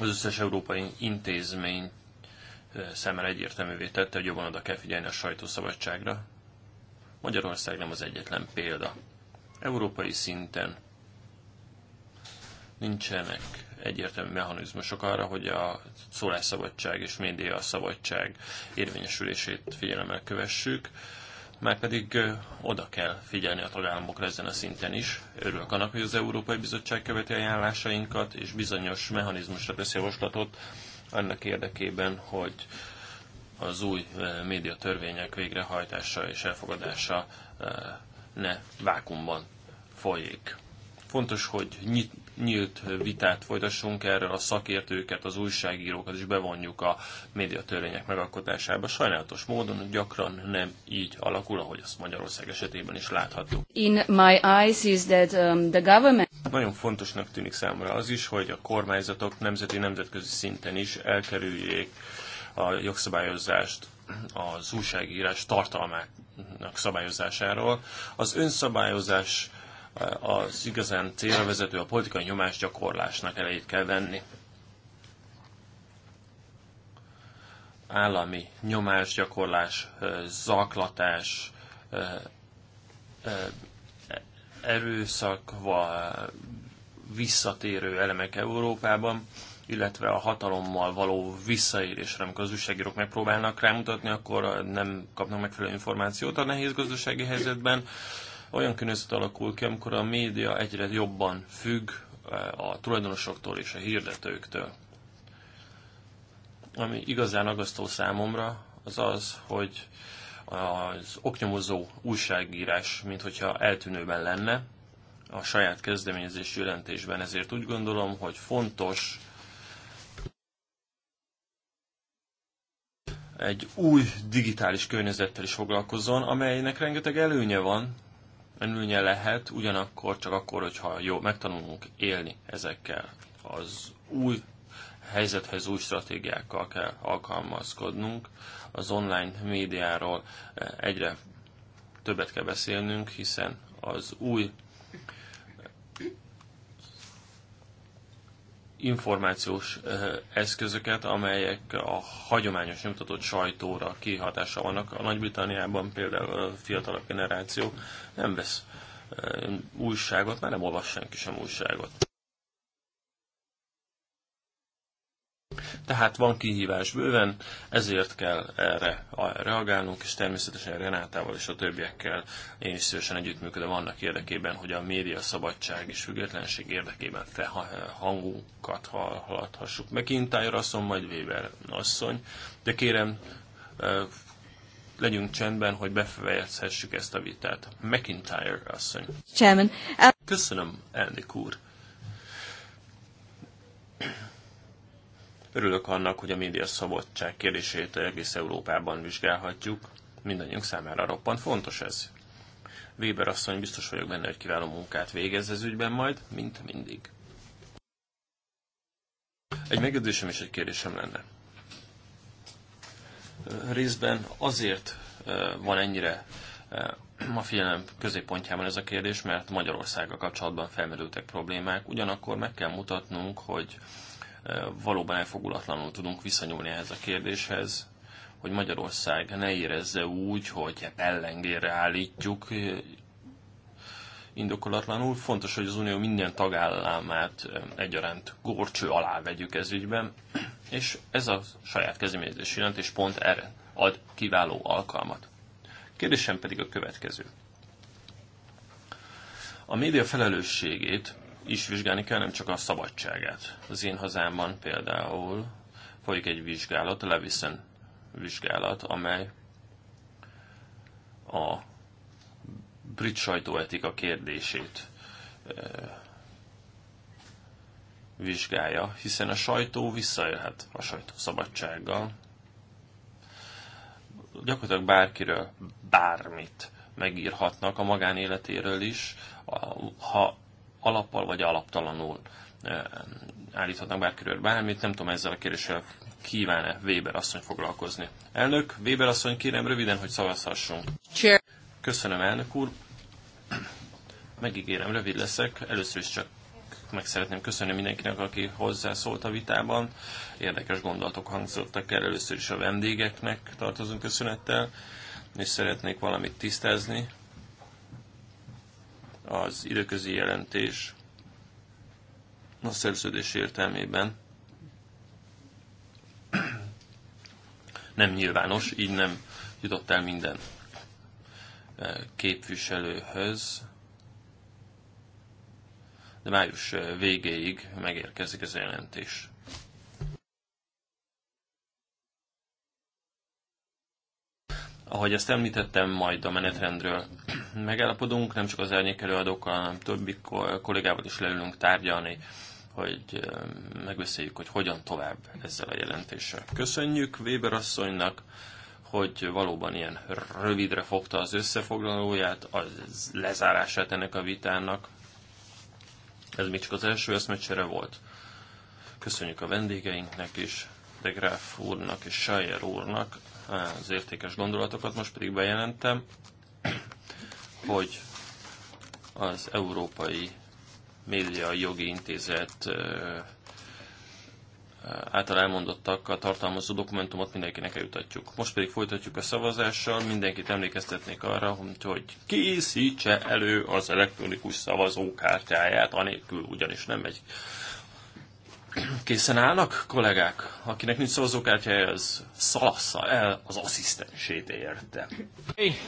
az összes európai intézmény szemmel egyértelművé tette, hogy jobban oda kell figyelni a sajtószabadságra. Magyarország nem az egyetlen példa. Európai szinten nincsenek egyértelmű mechanizmusok arra, hogy a szólásszabadság és média szabadság érvényesülését figyelemmel kövessük, már pedig oda kell figyelni a tagállamokra ezen a szinten is. Örülök annak, hogy az Európai Bizottság követi ajánlásainkat, és bizonyos mechanizmusra tesz javaslatot annak érdekében, hogy az új médiatörvények végrehajtása és elfogadása ne vákumban folyik. Fontos, hogy nyit, nyílt vitát folytassunk erről, a szakértőket, az újságírókat is bevonjuk a médiatörvények megalkotásába. Sajnálatos módon gyakran nem így alakul, ahogy azt Magyarország esetében is látható. In my eyes is that um, the government... Nagyon fontosnak tűnik számomra az is, hogy a kormányzatok nemzeti nemzetközi szinten is elkerüljék a jogszabályozást az újságírás tartalmának szabályozásáról. Az önszabályozás az igazán célra vezető, a politikai nyomás gyakorlásnak elejét kell venni. Állami nyomás gyakorlás, zaklatás, erőszak, visszatérő elemek Európában, illetve a hatalommal való visszaérésre, amikor az újságírók megpróbálnak rámutatni, akkor nem kapnak megfelelő információt a nehéz gazdasági helyzetben olyan környezet alakul ki, amikor a média egyre jobban függ eh, a tulajdonosoktól és a hirdetőktől. Ami igazán agasztó számomra, az az, hogy az oknyomozó újságírás, mint hogyha eltűnőben lenne a saját kezdeményezés jelentésben. Ezért úgy gondolom, hogy fontos egy új digitális környezettel is foglalkozzon, amelynek rengeteg előnye van, előnye lehet, ugyanakkor csak akkor, hogyha jó, megtanulunk élni ezekkel. Az új helyzethez új stratégiákkal kell alkalmazkodnunk. Az online médiáról eh, egyre többet kell beszélnünk, hiszen az új információs eszközöket, amelyek a hagyományos nyomtatott sajtóra kihatása vannak. A Nagy-Britanniában például a fiatalabb generáció nem vesz újságot, már nem olvas senki sem újságot. Tehát van kihívás bőven, ezért kell erre reagálnunk, és természetesen Renátával és a többiekkel én is szívesen együttműködöm annak érdekében, hogy a média szabadság és függetlenség érdekében te hangunkat hallhassuk. McIntyre asszony, majd Weber asszony, de kérem, legyünk csendben, hogy befejezhessük ezt a vitát. McIntyre asszony. Chairman. Köszönöm, Andy úr. Örülök annak, hogy a média szabadság kérdését egész Európában vizsgálhatjuk. Mindannyiunk számára roppant fontos ez. Weber asszony biztos vagyok benne, hogy kiváló munkát végez ez ügyben majd, mint mindig. Egy megjegyzésem és egy kérdésem lenne. Részben azért eh, van ennyire eh, ma figyelem középpontjában ez a kérdés, mert Magyarországgal kapcsolatban felmerültek problémák. Ugyanakkor meg kell mutatnunk, hogy valóban elfogulatlanul tudunk visszanyúlni ehhez a kérdéshez, hogy Magyarország ne érezze úgy, hogy hát ellengére állítjuk eh, indokolatlanul. Fontos, hogy az Unió minden tagállamát eh, egyaránt gorcső alá vegyük ez ügyben, és ez a saját kezdeményezés jelentés pont erre ad kiváló alkalmat. Kérdésem pedig a következő. A média felelősségét is vizsgálni kell, nem csak a szabadságát. Az én hazámban például folyik egy vizsgálat, a Levisen vizsgálat, amely a brit sajtóetika kérdését vizsgálja, hiszen a sajtó visszaélhet a sajtószabadsággal. Gyakorlatilag bárkiről bármit megírhatnak a magánéletéről is, ha alappal vagy alaptalanul állíthatnak bárkiről bármit. Nem tudom, ezzel a kérdéssel kíván-e Weber asszony foglalkozni. Elnök, Weber asszony, kérem röviden, hogy szavazhassunk. Cheer. Köszönöm, elnök úr. Megígérem, rövid leszek. Először is csak meg szeretném köszönni mindenkinek, aki hozzászólt a vitában. Érdekes gondolatok hangzottak el, először is a vendégeknek tartozunk köszönettel, és szeretnék valamit tisztázni az időközi jelentés a szerződés értelmében nem nyilvános, így nem jutott el minden e, képviselőhöz, de május végéig megérkezik ez a jelentés. Ahogy ezt említettem, majd a menetrendről megállapodunk, nem csak az elnyék előadókkal, hanem többi kollégával is leülünk tárgyalni, hogy megbeszéljük, hogy hogyan tovább ezzel a jelentéssel. Köszönjük Weber asszonynak, hogy valóban ilyen rövidre fogta az összefoglalóját, az lezárását ennek a vitának. Ez még csak az első eszmecsere volt. Köszönjük a vendégeinknek is, de Graf úrnak és Sajer úrnak az értékes gondolatokat, most pedig bejelentem, hogy az Európai Média Jogi Intézet által elmondottak a tartalmazó dokumentumot mindenkinek eljutatjuk. Most pedig folytatjuk a szavazással, mindenkit emlékeztetnék arra, hogy készítse elő az elektronikus szavazókártyáját, anélkül ugyanis nem megy Készen állnak, kollégák? Akinek nincs szavazókártyája, az szalassza el az asszisztensét érte. Hey,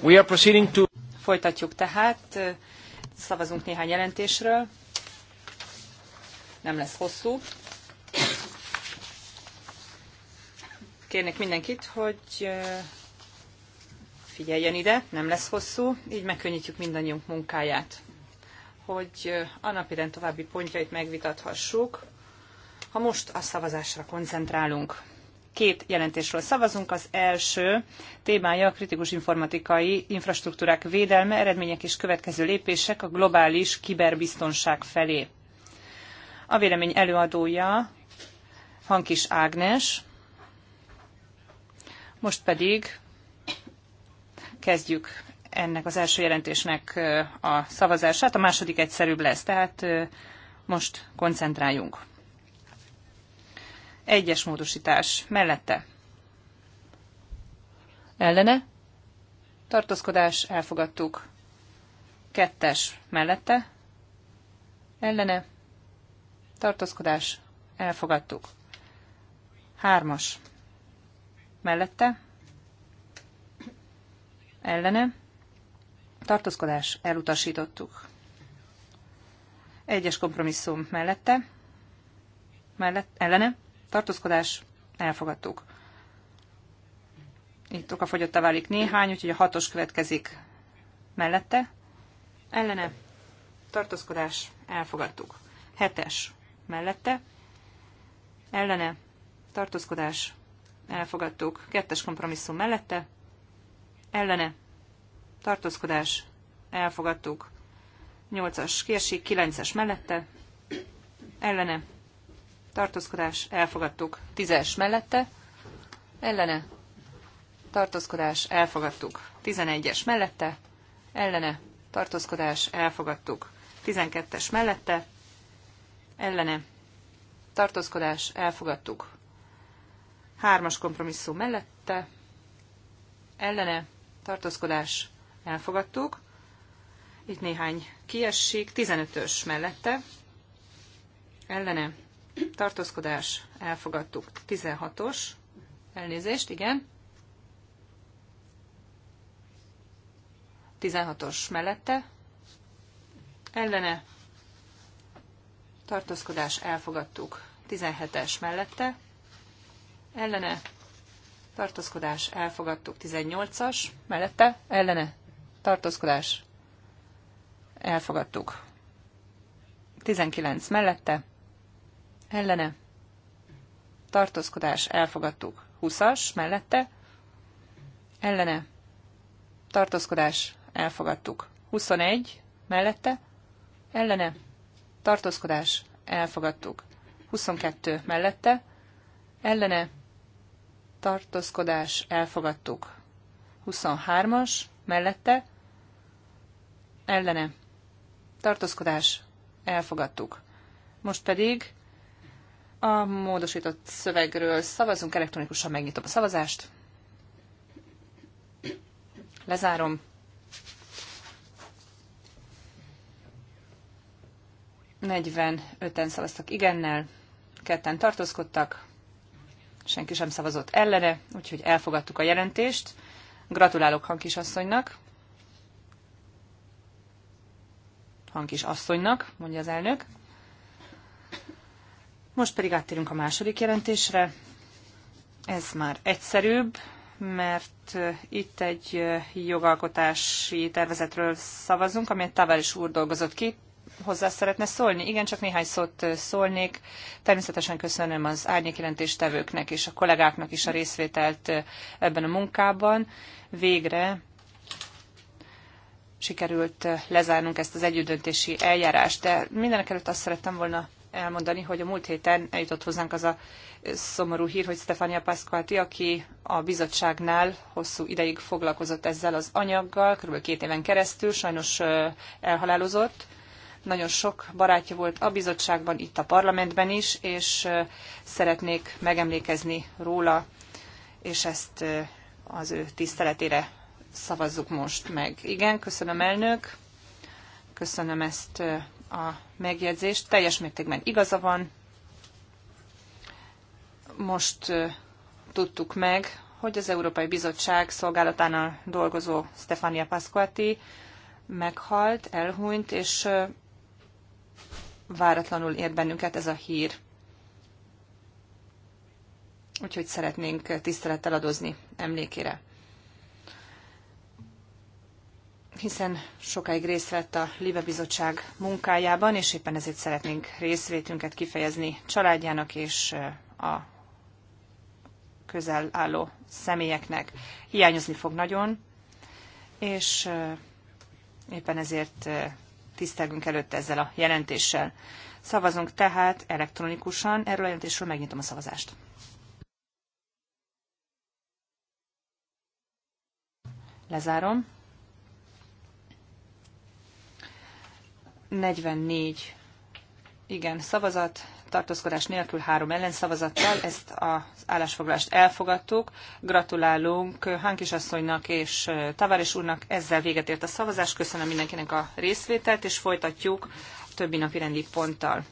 we are proceeding to... Folytatjuk tehát, szavazunk néhány jelentésről. Nem lesz hosszú. Kérnék mindenkit, hogy figyeljen ide, nem lesz hosszú, így megkönnyítjük mindannyiunk munkáját hogy a napirend további pontjait megvitathassuk, ha most a szavazásra koncentrálunk. Két jelentésről szavazunk. Az első témája a kritikus informatikai infrastruktúrák védelme, eredmények és következő lépések a globális kiberbiztonság felé. A vélemény előadója Hankis Ágnes. Most pedig kezdjük ennek az első jelentésnek a szavazását, a második egyszerűbb lesz, tehát most koncentráljunk. Egyes módosítás mellette. Ellene. Tartózkodás, elfogadtuk. Kettes mellette. Ellene. Tartózkodás, elfogadtuk. Hármas. Mellette. Ellene tartózkodás elutasítottuk. Egyes kompromisszum mellette, mellett, ellene, tartózkodás elfogadtuk. Itt okafogyottá válik néhány, úgyhogy a hatos következik mellette, ellene, tartózkodás elfogadtuk. Hetes mellette, ellene, tartózkodás elfogadtuk. Kettes kompromisszum mellette, ellene, tartózkodás, elfogadtuk. 8-as kiesik, 9-es mellette, ellene, tartózkodás, elfogadtuk. 10-es mellette, ellene, tartózkodás, elfogadtuk. 11-es mellette, ellene, tartózkodás, elfogadtuk. 12-es mellette, ellene, tartózkodás, elfogadtuk. 3-as kompromisszum mellette, ellene, tartózkodás, elfogadtuk elfogadtuk. Itt néhány kiesség, 15-ös mellette, ellene, tartózkodás, elfogadtuk, 16-os, elnézést, igen, 16-os mellette, ellene, tartózkodás, elfogadtuk, 17-es mellette, ellene, tartózkodás, elfogadtuk, 18-as mellette, ellene, tartózkodás, elfogadtuk. 19 mellette, ellene, tartózkodás, elfogadtuk. 20-as mellette, ellene, tartózkodás, elfogadtuk. 21 mellette, ellene, tartózkodás, elfogadtuk. 22 mellette, ellene, tartózkodás, elfogadtuk. 23-as mellette, ellene, tartózkodás, elfogadtuk. Most pedig a módosított szövegről szavazunk, elektronikusan megnyitom a szavazást. Lezárom. Negyven öten szavaztak igennel, ketten tartózkodtak, senki sem szavazott ellene, úgyhogy elfogadtuk a jelentést. Gratulálok hangkisasszonynak. Hangkisasszonynak, mondja az elnök. Most pedig áttérünk a második jelentésre. Ez már egyszerűbb, mert uh, itt egy uh, jogalkotási tervezetről szavazunk, amelyet Tavares úr dolgozott ki. Hozzá szeretne szólni? Igen, csak néhány szót uh, szólnék. Természetesen köszönöm az árnyékjelentéstevőknek és a kollégáknak is a részvételt ebben a munkában, végre sikerült eh, lezárnunk ezt az együttdöntési eljárást. De mindenek előtt azt szerettem volna elmondani, hogy a múlt héten eljutott hozzánk az a eh, szomorú hír, hogy Stefania Pasquati, aki a bizottságnál hosszú ideig foglalkozott ezzel az anyaggal, kb. két éven keresztül, sajnos eh, elhalálozott. Nagyon sok barátja volt a bizottságban, itt a parlamentben is, és szeretnék megemlékezni róla, és ezt az ő tiszteletére szavazzuk most meg. Igen, köszönöm elnök, köszönöm ezt a megjegyzést. Teljes mértékben igaza van. Most tudtuk meg, hogy az Európai Bizottság szolgálatánál dolgozó Stefania Pasquati meghalt, elhunyt, és váratlanul ért bennünket ez a hír úgyhogy szeretnénk tisztelettel adozni emlékére. Hiszen sokáig részt vett a Libe Bizottság munkájában, és éppen ezért szeretnénk részvétünket kifejezni családjának és a közel álló személyeknek. Hiányozni fog nagyon, és éppen ezért tisztelgünk előtt ezzel a jelentéssel. Szavazunk tehát elektronikusan, erről a jelentésről megnyitom a szavazást. Lezárom. 44 igen szavazat, tartózkodás nélkül három ellenszavazattal ezt az állásfoglalást elfogadtuk. Gratulálunk Hankis asszonynak és Tavares úrnak, ezzel véget ért a szavazás. Köszönöm mindenkinek a részvételt, és folytatjuk a többi napi rendi ponttal.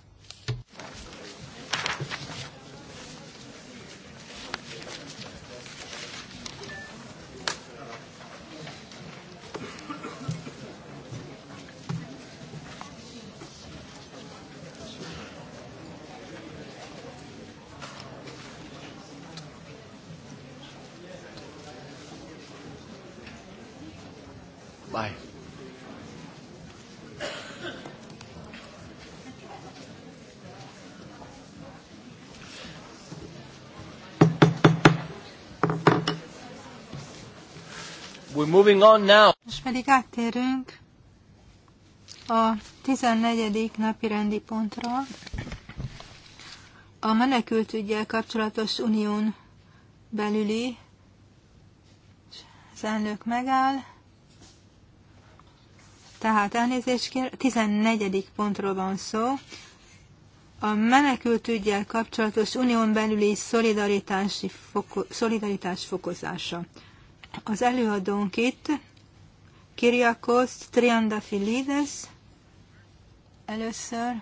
moving on now. Most pedig áttérünk a 14. napi rendi pontra. A menekültügyel kapcsolatos unión belüli az elnök megáll. Tehát elnézést kér, 14. pontról van szó. A menekült kapcsolatos unión belüli szolidaritási szolidaritás fokozása. Az előadónk itt Kiriakos Triandafilides. Először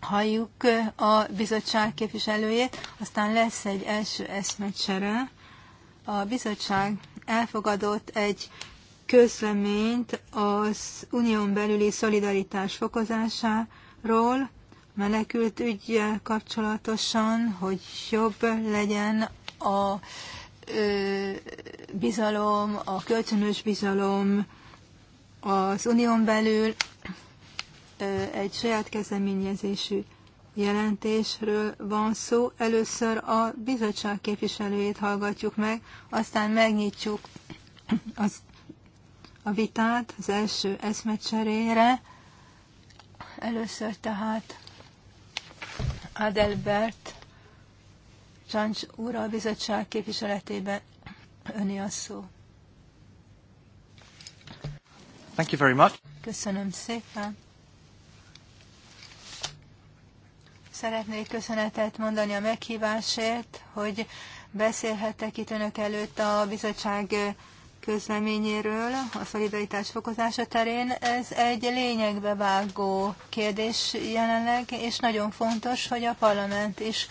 halljuk a bizottság képviselőjét, aztán lesz egy első eszmecsere. A bizottság elfogadott egy közleményt az unión belüli szolidaritás fokozásáról, menekült ügyjel kapcsolatosan, hogy jobb legyen a bizalom, a kölcsönös bizalom az unión belül egy saját kezdeményezésű jelentésről van szó. Először a bizottság képviselőjét hallgatjuk meg, aztán megnyitjuk az, a vitát az első eszmecserére. Először tehát Adelbert Zsáncs úr a bizottság képviseletében öni a szó. Thank you very much. Köszönöm szépen. Szeretnék köszönetet mondani a meghívásért, hogy beszélhettek itt önök előtt a bizottság közleményéről a szolidaritás fokozása terén. Ez egy lényegbe vágó kérdés jelenleg, és nagyon fontos, hogy a parlament is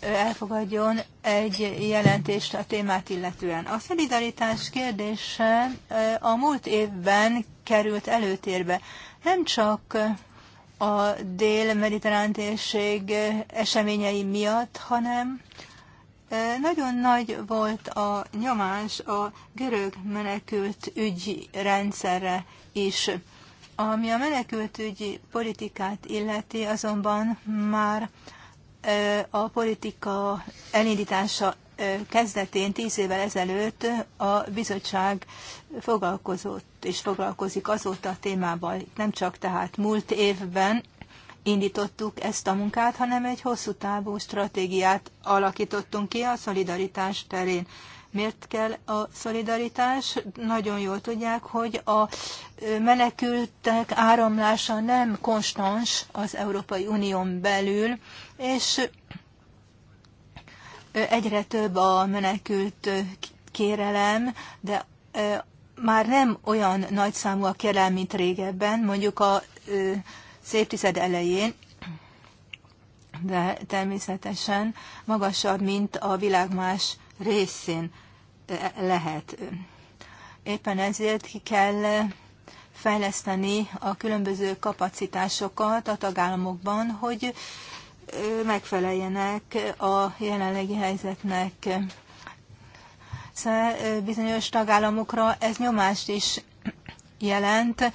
elfogadjon egy jelentést a témát illetően. A szolidaritás kérdése eh, a múlt évben került előtérbe. Nem csak a dél-mediterrán térség eh, eseményei miatt, hanem eh, nagyon nagy volt a nyomás a görög menekült ügyrendszerre is. Ami a menekültügyi politikát illeti, azonban már a politika elindítása kezdetén, tíz évvel ezelőtt a bizottság foglalkozott és foglalkozik azóta a témával. Nem csak tehát múlt évben indítottuk ezt a munkát, hanem egy hosszú távú stratégiát alakítottunk ki a szolidaritás terén. Miért kell a szolidaritás? Nagyon jól tudják, hogy a menekültek áramlása nem konstans az Európai Unión belül, és egyre több a menekült kérelem, de már nem olyan nagy számú a kérelem, mint régebben, mondjuk a tized elején, de természetesen magasabb, mint a világ más részén lehet. Éppen ezért ki kell fejleszteni a különböző kapacitásokat a tagállamokban, hogy megfeleljenek a jelenlegi helyzetnek. Szóval bizonyos tagállamokra ez nyomást is jelent,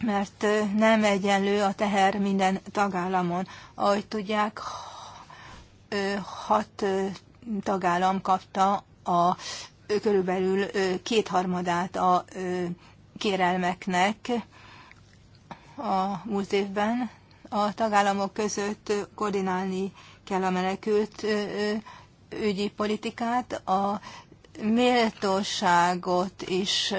mert nem egyenlő a teher minden tagállamon. Ahogy tudják, hat tagállam kapta a körülbelül kétharmadát a kérelmeknek a múlt évben. A tagállamok között koordinálni kell a menekült ügyi politikát, a méltóságot is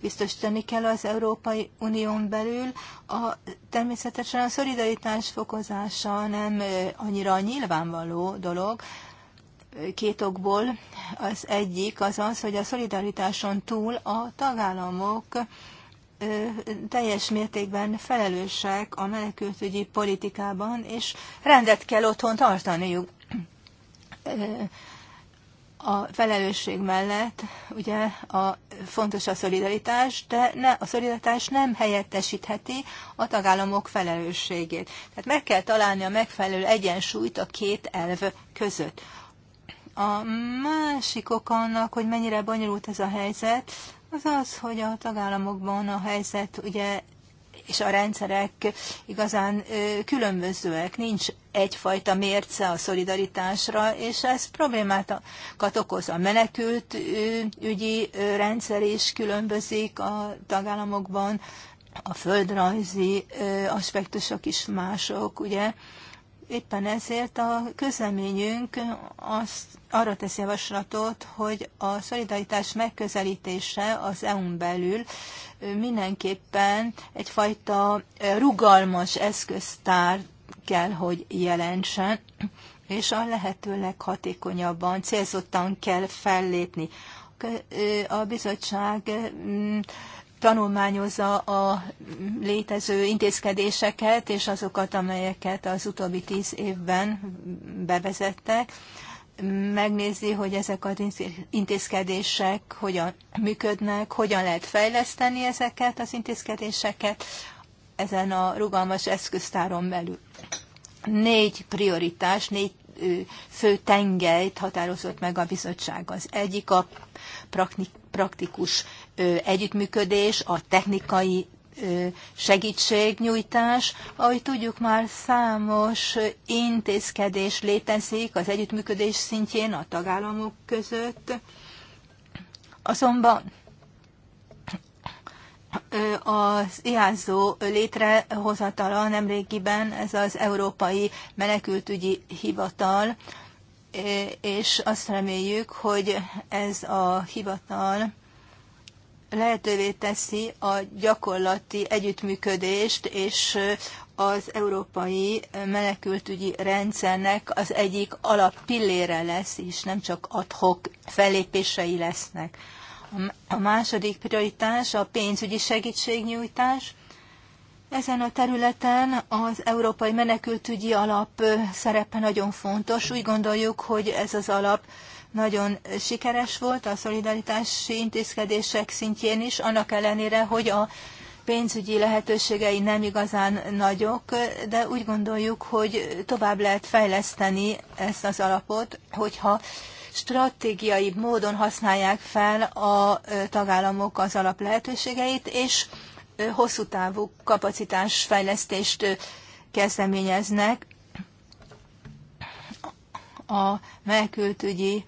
biztosítani kell az Európai Unión belül. A, természetesen a szolidaritás fokozása nem annyira nyilvánvaló dolog, két okból. Az egyik az az, hogy a szolidaritáson túl a tagállamok teljes mértékben felelősek a menekültügyi politikában, és rendet kell otthon tartaniuk a felelősség mellett ugye a, fontos a szolidaritás, de ne, a szolidaritás nem helyettesítheti a tagállamok felelősségét. Tehát meg kell találni a megfelelő egyensúlyt a két elv között. A másik oka annak, hogy mennyire bonyolult ez a helyzet, az az, hogy a tagállamokban a helyzet ugye és a rendszerek igazán különbözőek. Nincs egyfajta mérce a szolidaritásra, és ez problémákat okoz. A menekült ügyi rendszer is különbözik a tagállamokban, a földrajzi aspektusok is mások, ugye. Éppen ezért a közleményünk azt, arra tesz javaslatot, hogy a szolidaritás megközelítése az EU-n belül mindenképpen egyfajta rugalmas eszköztár kell, hogy jelentsen, és a lehető leghatékonyabban, célzottan kell fellépni. A bizottság tanulmányozza a létező intézkedéseket és azokat, amelyeket az utóbbi tíz évben bevezettek. Megnézi, hogy ezek az intézkedések hogyan működnek, hogyan lehet fejleszteni ezeket az intézkedéseket ezen a rugalmas eszköztáron belül. Négy prioritás, négy fő tengelyt határozott meg a bizottság. Az egyik a praktikus együttműködés, a technikai segítségnyújtás. Ahogy tudjuk már, számos intézkedés létezik az együttműködés szintjén a tagállamok között. Azonban az IASZO létrehozatala nemrégiben, ez az Európai Menekültügyi Hivatal, és azt reméljük, hogy ez a hivatal lehetővé teszi a gyakorlati együttműködést, és az európai menekültügyi rendszernek az egyik alappillére lesz, és nem csak adhok fellépései lesznek. A második prioritás a pénzügyi segítségnyújtás. Ezen a területen az Európai Menekültügyi Alap szerepe nagyon fontos. Úgy gondoljuk, hogy ez az alap nagyon sikeres volt a szolidaritási intézkedések szintjén is, annak ellenére, hogy a pénzügyi lehetőségei nem igazán nagyok, de úgy gondoljuk, hogy tovább lehet fejleszteni ezt az alapot, hogyha stratégiai módon használják fel a tagállamok az alap lehetőségeit, és hosszú távú kapacitásfejlesztést kezdeményeznek a menekültügyi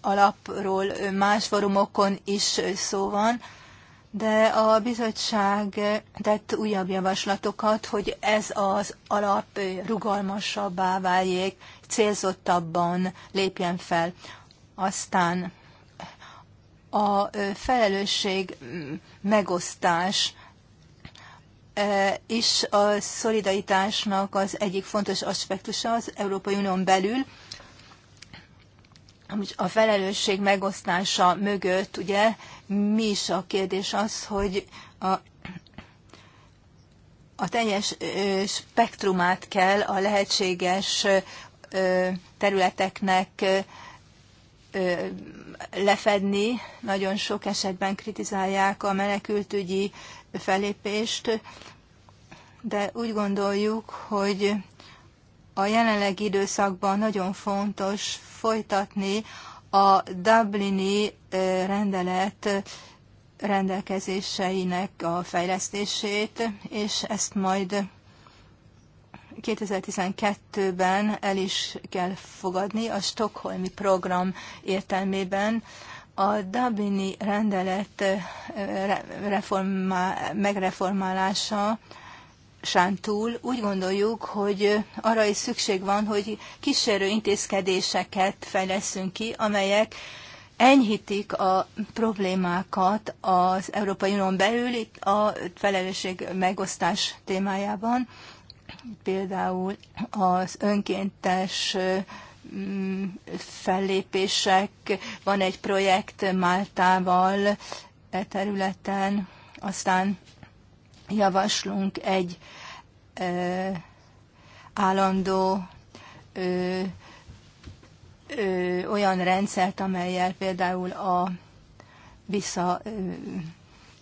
alapról más forumokon is szó van, de a bizottság tett újabb javaslatokat, hogy ez az alap rugalmasabbá váljék, célzottabban lépjen fel. Aztán a felelősség megosztás és a szolidaritásnak az egyik fontos aspektusa az Európai Unión belül, a felelősség megosztása mögött, ugye, mi is a kérdés az, hogy a, a teljes spektrumát kell a lehetséges területeknek lefedni. Nagyon sok esetben kritizálják a menekültügyi felépést, de úgy gondoljuk, hogy a jelenlegi időszakban nagyon fontos folytatni a Dublini rendelet rendelkezéseinek a fejlesztését, és ezt majd 2012-ben el is kell fogadni a Stockholmi program értelmében. A Dublini rendelet reformá, megreformálása sán túl úgy gondoljuk, hogy arra is szükség van, hogy kísérő intézkedéseket fejleszünk ki, amelyek enyhítik a problémákat az Európai Unión belül itt a felelősség megosztás témájában, például az önkéntes mm, fellépések, van egy projekt Máltával e területen, aztán javaslunk egy ö, állandó ö, ö, olyan rendszert, amelyel például a vissza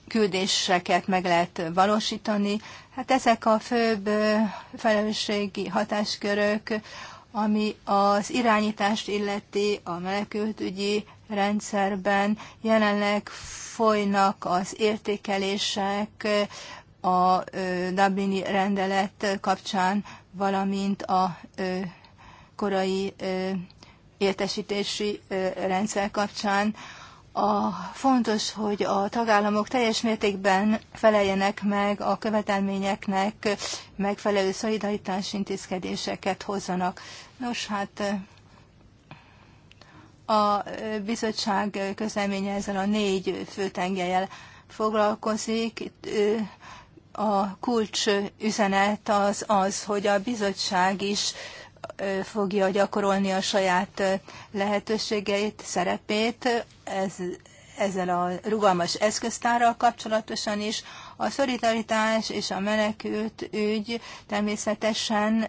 küldéseket meg lehet valósítani. Hát ezek a főbb felelősségi hatáskörök, ami az irányítást illeti a menekültügyi rendszerben. Jelenleg folynak az értékelések, a Dublini rendelet kapcsán, valamint a korai értesítési rendszer kapcsán. A fontos, hogy a tagállamok teljes mértékben feleljenek meg a követelményeknek, megfelelő szolidaritás intézkedéseket hozzanak. Nos, hát a bizottság közleménye ezzel a négy főtengelyel foglalkozik. Itt a kulcs üzenet az az, hogy a bizottság is fogja gyakorolni a saját lehetőségeit, szerepét ez, ezzel a rugalmas eszköztárral kapcsolatosan is. A szolidaritás és a menekült ügy természetesen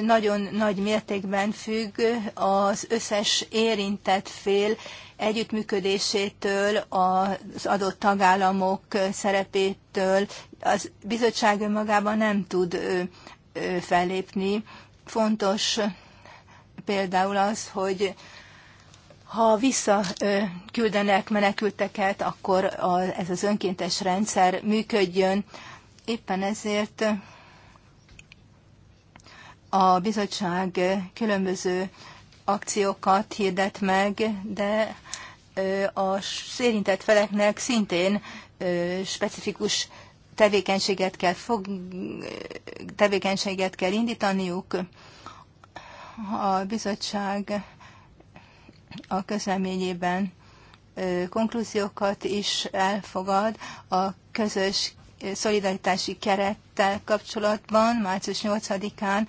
nagyon nagy mértékben függ az összes érintett fél együttműködésétől, az adott tagállamok szerepétől az bizottság önmagában nem tud fellépni. Fontos például az, hogy ha visszaküldenek menekülteket, akkor ez az önkéntes rendszer működjön. Éppen ezért a bizottság különböző akciókat hirdet meg, de a érintett feleknek szintén specifikus tevékenységet kell, fog, tevékenységet kell indítaniuk. A bizottság a közleményében konklúziókat is elfogad a közös szolidaritási kerettel kapcsolatban március 8-án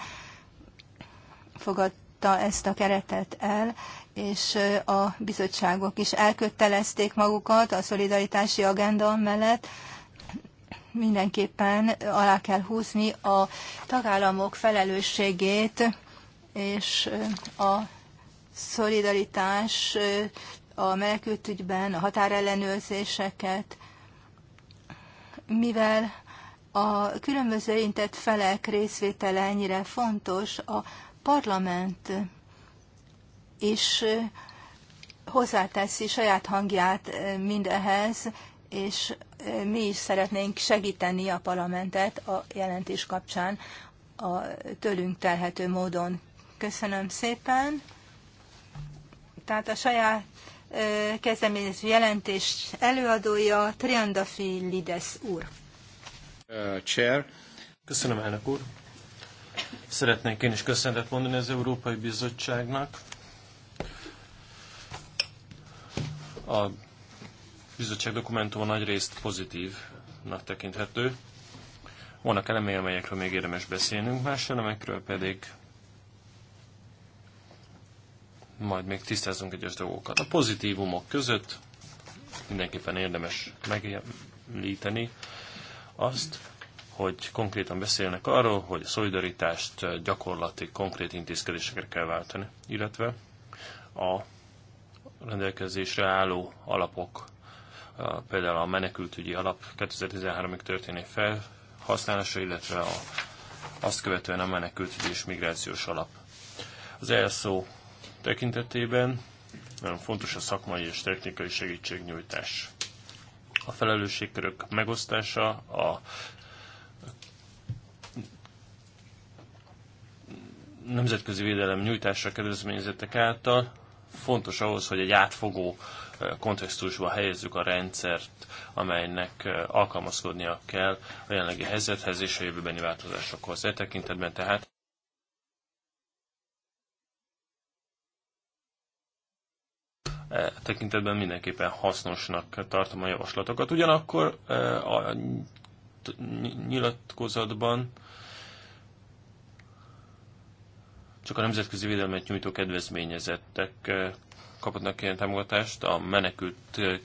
fogad fogadta ezt a keretet el, és a bizottságok is elkötelezték magukat a szolidaritási agenda mellett. Mindenképpen alá kell húzni a tagállamok felelősségét, és a szolidaritás a menekültügyben, a határellenőrzéseket, mivel a különböző intett felek részvétele ennyire fontos, a parlament is hozzáteszi saját hangját mindehhez, és mi is szeretnénk segíteni a parlamentet a jelentés kapcsán a tőlünk telhető módon. Köszönöm szépen. Tehát a saját kezdeményező jelentés előadója Lides úr. Uh, chair. Köszönöm, elnök úr. Szeretnék én is köszönetet mondani az Európai Bizottságnak. A bizottság dokumentuma nagy részt pozitívnak tekinthető. Vannak elemei, amelyekről még érdemes beszélnünk, más elemekről pedig majd még tisztázunk egyes dolgokat. A pozitívumok között mindenképpen érdemes megemlíteni azt, hogy konkrétan beszélnek arról, hogy a szolidaritást gyakorlati, konkrét intézkedésekre kell váltani, illetve a rendelkezésre álló alapok, például a menekültügyi alap 2013-ig történő felhasználása, illetve a, azt követően a menekültügyi és migrációs alap. Az elszó tekintetében nagyon fontos a szakmai és technikai segítségnyújtás. A felelősségkörök megosztása, a nemzetközi védelem nyújtásra kedvezményezettek által fontos ahhoz, hogy egy átfogó eh, kontextusba helyezzük a rendszert, amelynek eh, alkalmazkodnia kell a jelenlegi helyzethez és a jövőbeni változásokhoz. E tekintetben tehát e tekintetben mindenképpen hasznosnak tartom a javaslatokat. Ugyanakkor eh, a nyilatkozatban Csak a nemzetközi védelmet nyújtó kedvezményezettek eh, kapnak ilyen támogatást, a menekült eh,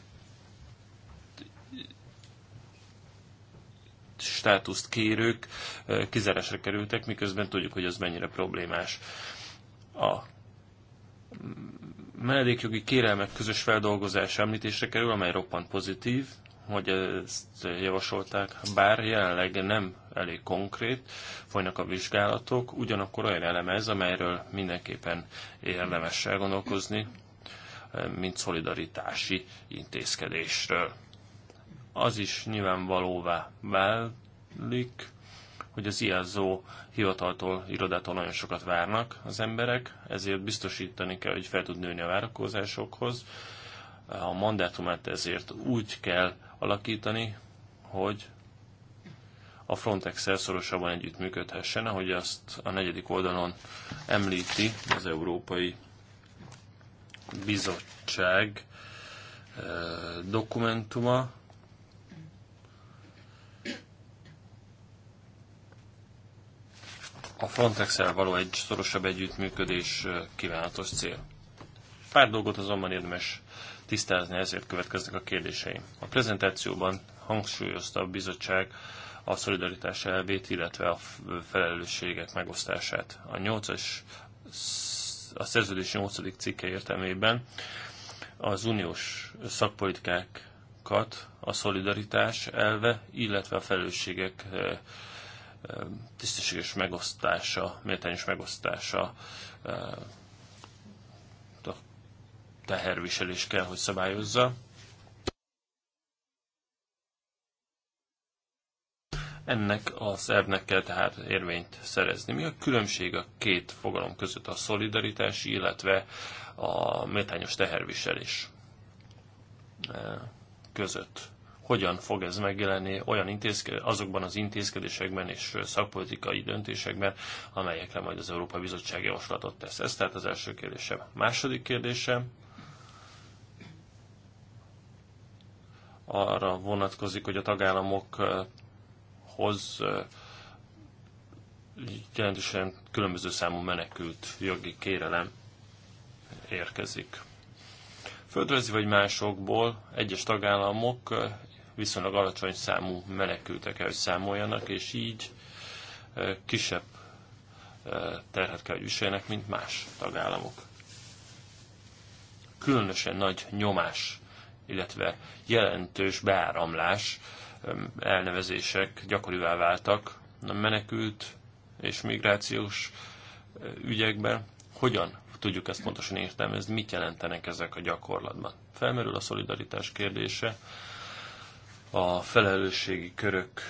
státuszt kérők eh, kizárásra kerültek, miközben tudjuk, hogy az mennyire problémás. A menedékjogi kérelmek közös feldolgozása említésre kerül, amely roppant pozitív, hogy ezt javasolták, bár jelenleg nem elég konkrét, folynak a vizsgálatok, ugyanakkor olyan eleme ez, amelyről mindenképpen érdemes elgondolkozni, eh, mint szolidaritási intézkedésről. Az is nyilvánvalóvá válik, hogy az IAZO hivataltól, irodától nagyon sokat várnak az emberek, ezért biztosítani kell, hogy fel tud nőni a várakozásokhoz. A mandátumát ezért úgy kell alakítani, hogy a Frontex-el szorosabban együttműködhessen, ahogy azt a negyedik oldalon említi az Európai Bizottság eh, dokumentuma. A Frontex-el való egy szorosabb együttműködés eh, kívánatos cél. Pár dolgot azonban érdemes tisztázni, ezért következnek a kérdéseim. A prezentációban hangsúlyozta a bizottság a szolidaritás elvét, illetve a felelősségek megosztását. A nyolcas a szerződés 8. cikke értelmében az uniós szakpolitikákat a szolidaritás elve, illetve a felelősségek eh, eh, tisztességes megosztása, méltányos megosztása eh, a teherviselés kell, hogy szabályozza. Ennek az szervnek kell tehát érvényt szerezni. Mi a különbség a két fogalom között a szolidaritás, illetve a méltányos teherviselés eh, között? Hogyan fog ez megjelenni olyan intézke, azokban az intézkedésekben és szakpolitikai döntésekben, amelyekre majd az Európai Bizottság javaslatot tesz? Ez tehát az első kérdésem. Második kérdésem, arra vonatkozik, hogy a tagállamok eh, hoz jelentősen különböző számú menekült jogi kérelem érkezik. Földrajzi vagy másokból egyes tagállamok viszonylag alacsony számú menekültek kell, hogy számoljanak, és így kisebb terhet kell, hogy viseljenek, mint más tagállamok. Különösen nagy nyomás, illetve jelentős beáramlás elnevezések gyakorivá váltak a menekült és migrációs ügyekben. Hogyan tudjuk ezt pontosan értelmezni, mit jelentenek ezek a gyakorlatban? Felmerül a szolidaritás kérdése, a felelősségi körök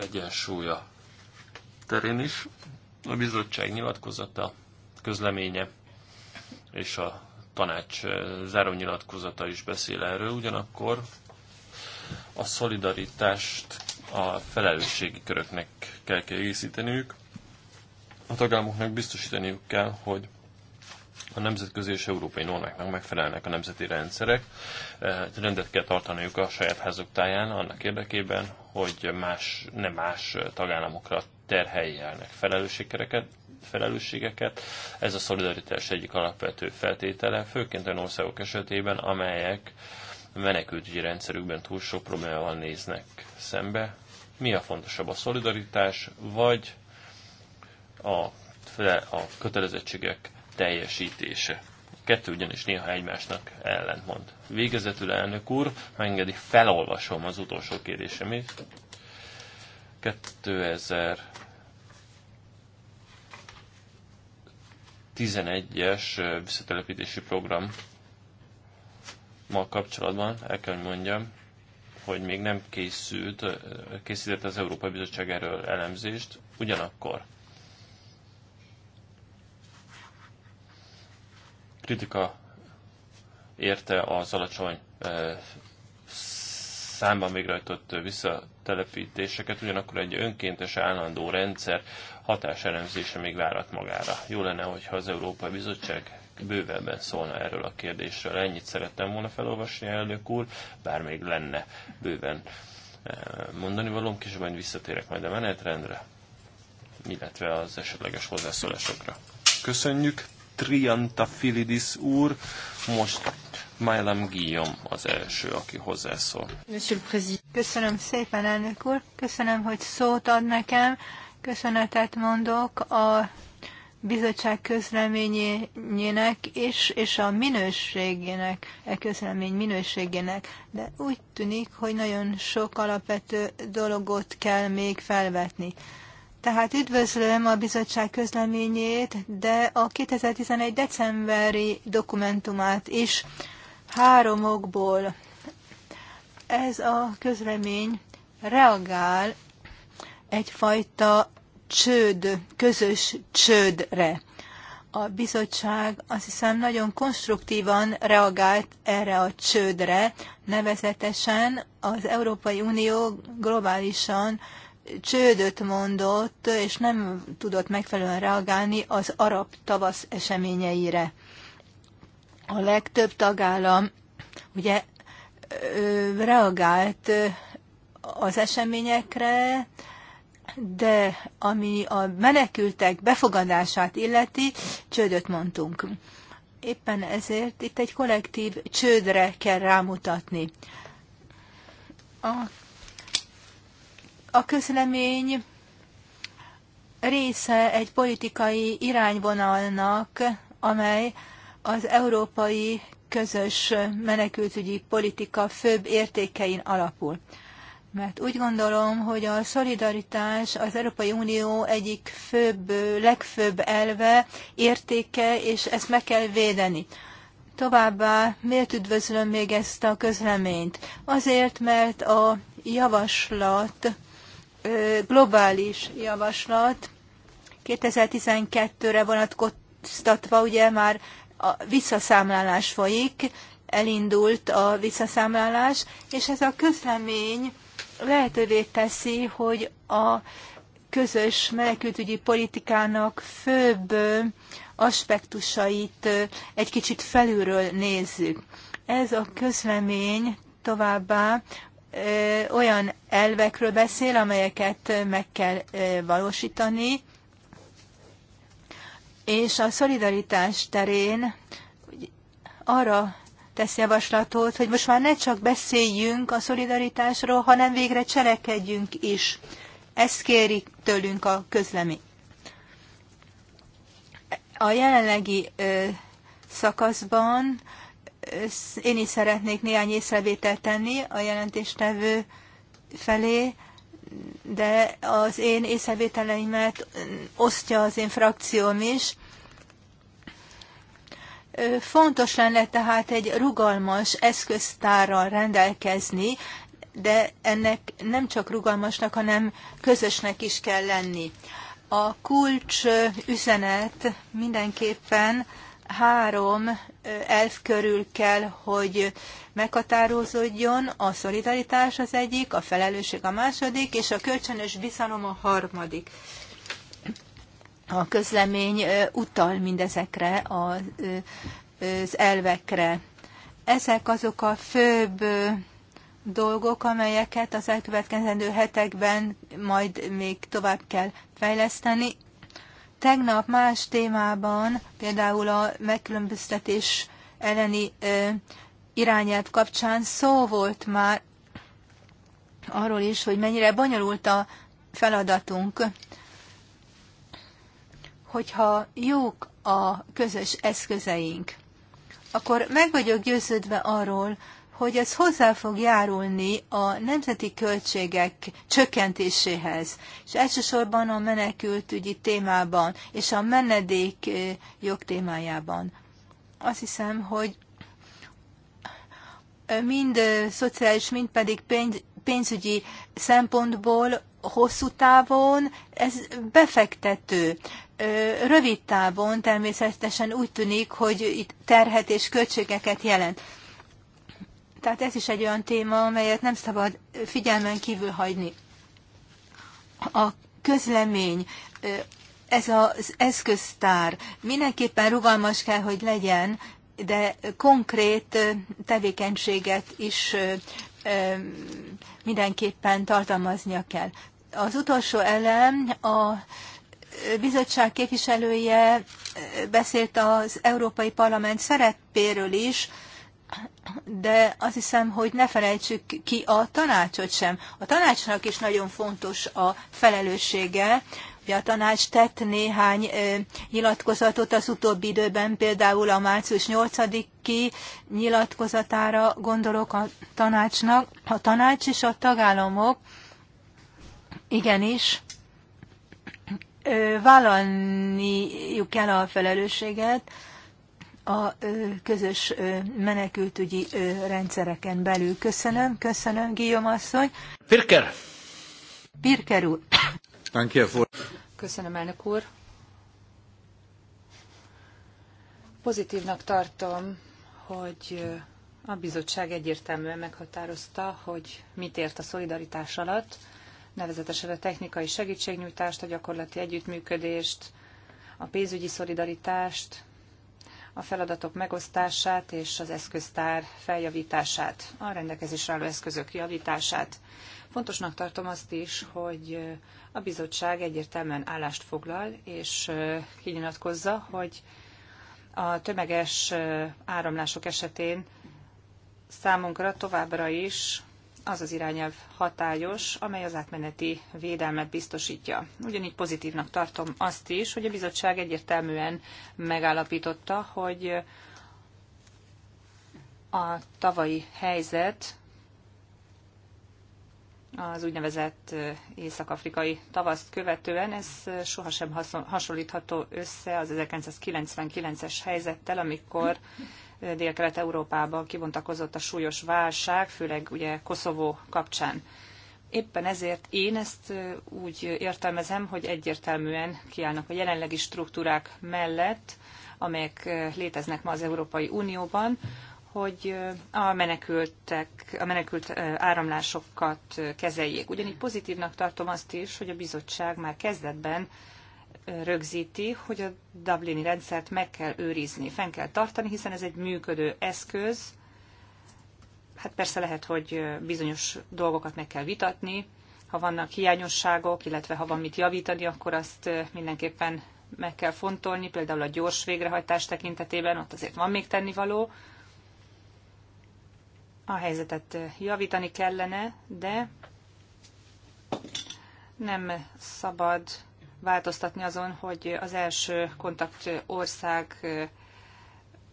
egyensúlya terén is. A bizottság nyilatkozata, közleménye és a tanács zárónyilatkozata is beszél erről, ugyanakkor a szolidaritást a felelősségi köröknek kell kiegészíteniük. A tagállamoknak biztosítaniuk kell, hogy a nemzetközi és európai normáknak megfelelnek a nemzeti rendszerek. Eh, rendet kell tartaniuk a saját házuk táján annak érdekében, hogy más, nem más tagállamokra terheljenek felelősségeket, felelősségeket. Ez a szolidaritás egyik alapvető feltétele, főként olyan országok esetében, amelyek menekültügyi rendszerükben túl sok problémával néznek szembe. Mi a fontosabb, a szolidaritás, vagy a, a kötelezettségek teljesítése? kettő ugyanis néha egymásnak ellentmond. Végezetül elnök úr, ha engedi, felolvasom az utolsó kérdésemét. 2000 11-es visszatelepítési program ma kapcsolatban el kell, hogy mondjam, hogy még nem készült, készített az Európai Bizottság erről elemzést, ugyanakkor kritika érte az alacsony eh, számban végrehajtott visszatelepítéseket, ugyanakkor egy önkéntes állandó rendszer hatáselemzése még várat magára. Jó lenne, hogyha az Európai Bizottság bővebben szólna erről a kérdésről. Ennyit szerettem volna felolvasni, elnök úr, bár még lenne bőven eh, mondani valóm, és majd visszatérek majd a menetrendre, illetve az esetleges hozzászólásokra. Köszönjük, Trianta Filidis úr, most Májlem Guillaume az első, aki hozzászól. Köszönöm szépen, elnök úr. Köszönöm, hogy szót ad nekem. Köszönetet mondok a bizottság közleményének és, és a minőségének, a e közlemény minőségének, de úgy tűnik, hogy nagyon sok alapvető dologot kell még felvetni. Tehát üdvözlöm a bizottság közleményét, de a 2011. decemberi dokumentumát is három okból. Ez a közlemény reagál egyfajta csőd, közös csődre. A bizottság azt hiszem nagyon konstruktívan reagált erre a csődre, nevezetesen az Európai Unió globálisan csődöt mondott, és nem tudott megfelelően reagálni az arab tavasz eseményeire. A legtöbb tagállam ugye reagált az eseményekre, de ami a menekültek befogadását illeti, csődöt mondtunk. Éppen ezért itt egy kollektív csődre kell rámutatni. A, a közlemény része egy politikai irányvonalnak, amely az európai közös menekültügyi politika főbb értékein alapul mert úgy gondolom, hogy a szolidaritás az Európai Unió egyik főbb, legfőbb elve, értéke, és ezt meg kell védeni. Továbbá miért üdvözlöm még ezt a közleményt? Azért, mert a javaslat, globális javaslat 2012-re vonatkoztatva ugye már a visszaszámlálás folyik, elindult a visszaszámlálás, és ez a közlemény lehetővé teszi, hogy a közös menekültügyi politikának főbb aspektusait egy kicsit felülről nézzük. Ez a közlemény továbbá olyan elvekről beszél, amelyeket meg kell valósítani, és a szolidaritás terén arra tesz javaslatot, hogy most már ne csak beszéljünk a szolidaritásról, hanem végre cselekedjünk is. Ezt kéri tőlünk a közlemény. A jelenlegi ö, szakaszban ö, én is szeretnék néhány észrevételt tenni a jelentéstevő felé, de az én észrevételeimet osztja az én frakcióm is Fontos lenne tehát egy rugalmas eszköztárral rendelkezni, de ennek nem csak rugalmasnak, hanem közösnek is kell lenni. A kulcs üzenet mindenképpen három elf körül kell, hogy meghatározódjon. A szolidaritás az egyik, a felelősség a második, és a kölcsönös bizalom a harmadik. A közlemény utal mindezekre az elvekre. Ezek azok a főbb dolgok, amelyeket az elkövetkezendő hetekben majd még tovább kell fejleszteni. Tegnap más témában, például a megkülönböztetés elleni irányelv kapcsán szó volt már arról is, hogy mennyire bonyolult a feladatunk hogyha jók a közös eszközeink, akkor meg vagyok győződve arról, hogy ez hozzá fog járulni a nemzeti költségek csökkentéséhez, és elsősorban a menekültügyi témában és a menedék jog témájában. Azt hiszem, hogy mind szociális, mind pedig pénz, pénzügyi szempontból hosszú távon ez befektető. Rövid távon természetesen úgy tűnik, hogy itt terhet és költségeket jelent. Tehát ez is egy olyan téma, amelyet nem szabad figyelmen kívül hagyni. A közlemény, ez az eszköztár mindenképpen rugalmas kell, hogy legyen, de konkrét tevékenységet is mindenképpen tartalmaznia kell. Az utolsó elem a bizottság képviselője beszélt az Európai Parlament szerepéről is, de azt hiszem, hogy ne felejtsük ki a tanácsot sem. A tanácsnak is nagyon fontos a felelőssége a tanács tett néhány nyilatkozatot az utóbbi időben, például a március 8 ki nyilatkozatára gondolok a tanácsnak. A tanács és a tagállamok igenis vállalniuk kell a felelősséget a közös menekültügyi rendszereken belül. Köszönöm, köszönöm, Guillaume asszony. Pirker! Pirker úr! Köszönöm, elnök úr. Pozitívnak tartom, hogy a bizottság egyértelműen meghatározta, hogy mit ért a szolidaritás alatt, nevezetesen a technikai segítségnyújtást, a gyakorlati együttműködést, a pénzügyi szolidaritást, a feladatok megosztását és az eszköztár feljavítását, a rendelkezésre álló eszközök javítását. Fontosnak tartom azt is, hogy eh, a bizottság egyértelműen állást foglal, és eh, kinyilatkozza, hogy a tömeges eh, áramlások esetén számunkra továbbra is az az irányelv hatályos, amely az átmeneti védelmet biztosítja. Ugyanígy pozitívnak tartom azt is, hogy a bizottság egyértelműen megállapította, hogy a tavalyi helyzet az úgynevezett észak-afrikai tavaszt követően, ez sohasem hasonlítható össze az 1999-es helyzettel, amikor Dél-Kelet-Európában kibontakozott a súlyos válság, főleg ugye Koszovó kapcsán. Éppen ezért én ezt úgy értelmezem, hogy egyértelműen kiállnak a jelenlegi struktúrák mellett, amelyek léteznek ma az Európai Unióban, hogy a menekültek, a menekült áramlásokat kezeljék. Ugyanígy pozitívnak tartom azt is, hogy a bizottság már kezdetben rögzíti, hogy a Dublini rendszert meg kell őrizni, fenn kell tartani, hiszen ez egy működő eszköz. Hát persze lehet, hogy bizonyos dolgokat meg kell vitatni, ha vannak hiányosságok, illetve ha van mit javítani, akkor azt mindenképpen meg kell fontolni, például a gyors végrehajtás tekintetében, ott azért van még tennivaló, a helyzetet javítani kellene, de nem szabad változtatni azon, hogy az első kontakt ország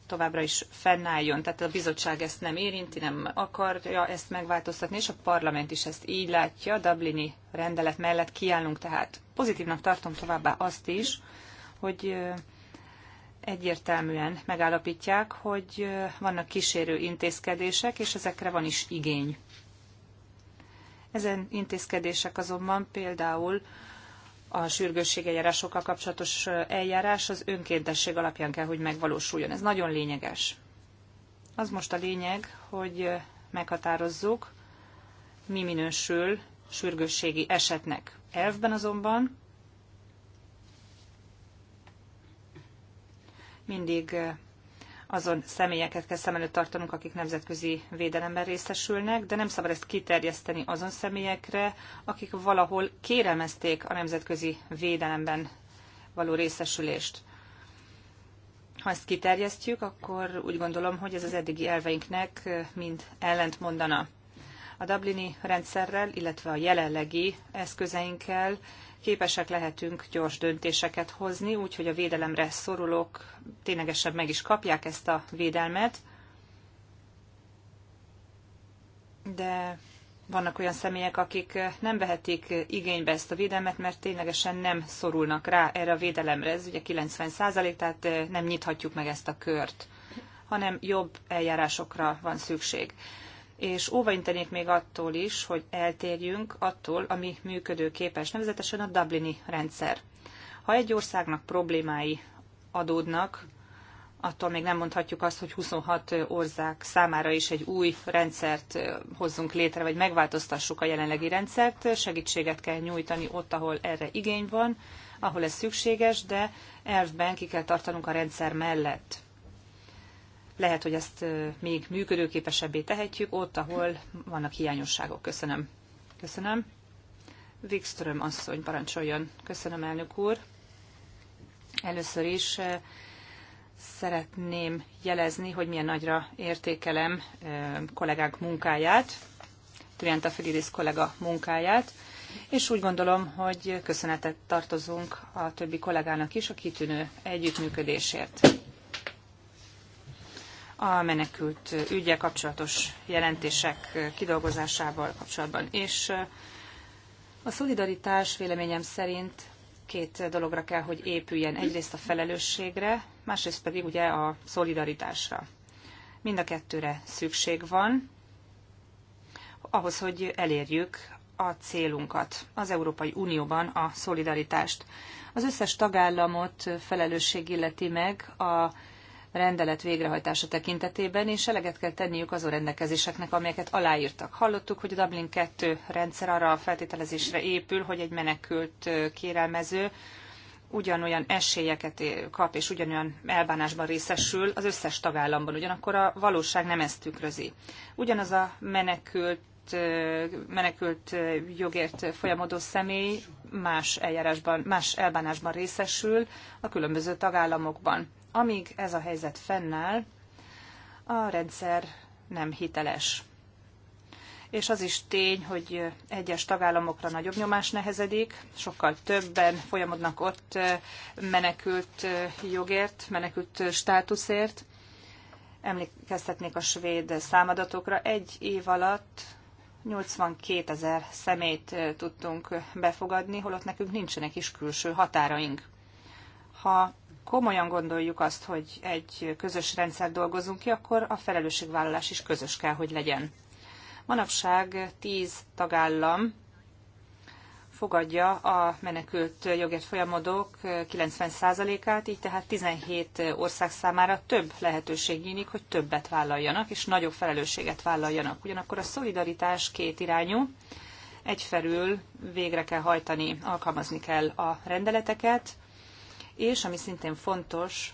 továbbra is fennálljon. Tehát a bizottság ezt nem érinti, nem akarja ezt megváltoztatni, és a parlament is ezt így látja. A Dublini rendelet mellett kiállunk tehát. Pozitívnak tartom továbbá azt is, hogy egyértelműen megállapítják, hogy vannak kísérő intézkedések, és ezekre van is igény. Ezen intézkedések azonban például a sürgősségeljárásokkal kapcsolatos eljárás az önkéntesség alapján kell, hogy megvalósuljon. Ez nagyon lényeges. Az most a lényeg, hogy meghatározzuk, mi minősül sürgősségi esetnek. Elvben azonban mindig eh, azon személyeket kell szem előtt tartanunk, akik nemzetközi védelemben részesülnek, de nem szabad ezt kiterjeszteni azon személyekre, akik valahol kérelmezték a nemzetközi védelemben való részesülést. Ha ezt kiterjesztjük, akkor úgy gondolom, hogy ez az eddigi elveinknek eh, mind ellent mondana. A Dublini rendszerrel, illetve a jelenlegi eszközeinkkel képesek lehetünk gyors döntéseket hozni, úgyhogy a védelemre szorulók ténylegesen meg is kapják ezt a védelmet. De vannak olyan személyek, akik nem vehetik igénybe ezt a védelmet, mert ténylegesen nem szorulnak rá erre a védelemre. Ez ugye 90 százalék, tehát eh, nem nyithatjuk meg ezt a kört, hanem jobb eljárásokra van szükség és óvaintenék még attól is, hogy eltérjünk attól, ami működőképes, nevezetesen a Dublini rendszer. Ha egy országnak problémái adódnak, attól még nem mondhatjuk azt, hogy 26 ország számára is egy új rendszert hozzunk létre, vagy megváltoztassuk a jelenlegi rendszert. Segítséget kell nyújtani ott, ahol erre igény van, ahol ez szükséges, de elvben ki kell tartanunk a rendszer mellett lehet, hogy ezt még működőképesebbé tehetjük ott, ahol vannak hiányosságok. Köszönöm. Köszönöm. Wikström asszony, parancsoljon. Köszönöm, elnök úr. Először is szeretném jelezni, hogy milyen nagyra értékelem kollégánk munkáját, Trianta Felidis kollega munkáját, és úgy gondolom, hogy köszönetet tartozunk a többi kollégának is a kitűnő együttműködésért a menekült ügyel kapcsolatos jelentések kidolgozásával kapcsolatban. És a szolidaritás véleményem szerint két dologra kell, hogy épüljen. Egyrészt a felelősségre, másrészt pedig ugye a szolidaritásra. Mind a kettőre szükség van, ahhoz, hogy elérjük a célunkat, az Európai Unióban a szolidaritást. Az összes tagállamot felelősség illeti meg a rendelet végrehajtása tekintetében, és eleget kell tenniük azon rendelkezéseknek, amelyeket aláírtak. Hallottuk, hogy a Dublin 2 rendszer arra a feltételezésre épül, hogy egy menekült kérelmező ugyanolyan esélyeket kap, és ugyanolyan elbánásban részesül az összes tagállamban, ugyanakkor a valóság nem ezt tükrözi. Ugyanaz a menekült menekült jogért folyamodó személy más eljárásban, más elbánásban részesül a különböző tagállamokban. Amíg ez a helyzet fennáll, a rendszer nem hiteles. És az is tény, hogy egyes tagállamokra nagyobb nyomás nehezedik, sokkal többen folyamodnak ott menekült jogért, menekült státuszért. Emlékeztetnék a svéd számadatokra, egy év alatt 82 ezer szemét tudtunk befogadni, holott nekünk nincsenek is külső határaink. Ha komolyan gondoljuk azt, hogy egy közös rendszer dolgozunk ki, akkor a felelősségvállalás is közös kell, hogy legyen. Manapság tíz tagállam fogadja a menekült jogért folyamodók 90%-át, így tehát 17 ország számára több lehetőség nyílik, hogy többet vállaljanak, és nagyobb felelősséget vállaljanak. Ugyanakkor a szolidaritás két irányú, egyfelül végre kell hajtani, alkalmazni kell a rendeleteket, és ami szintén fontos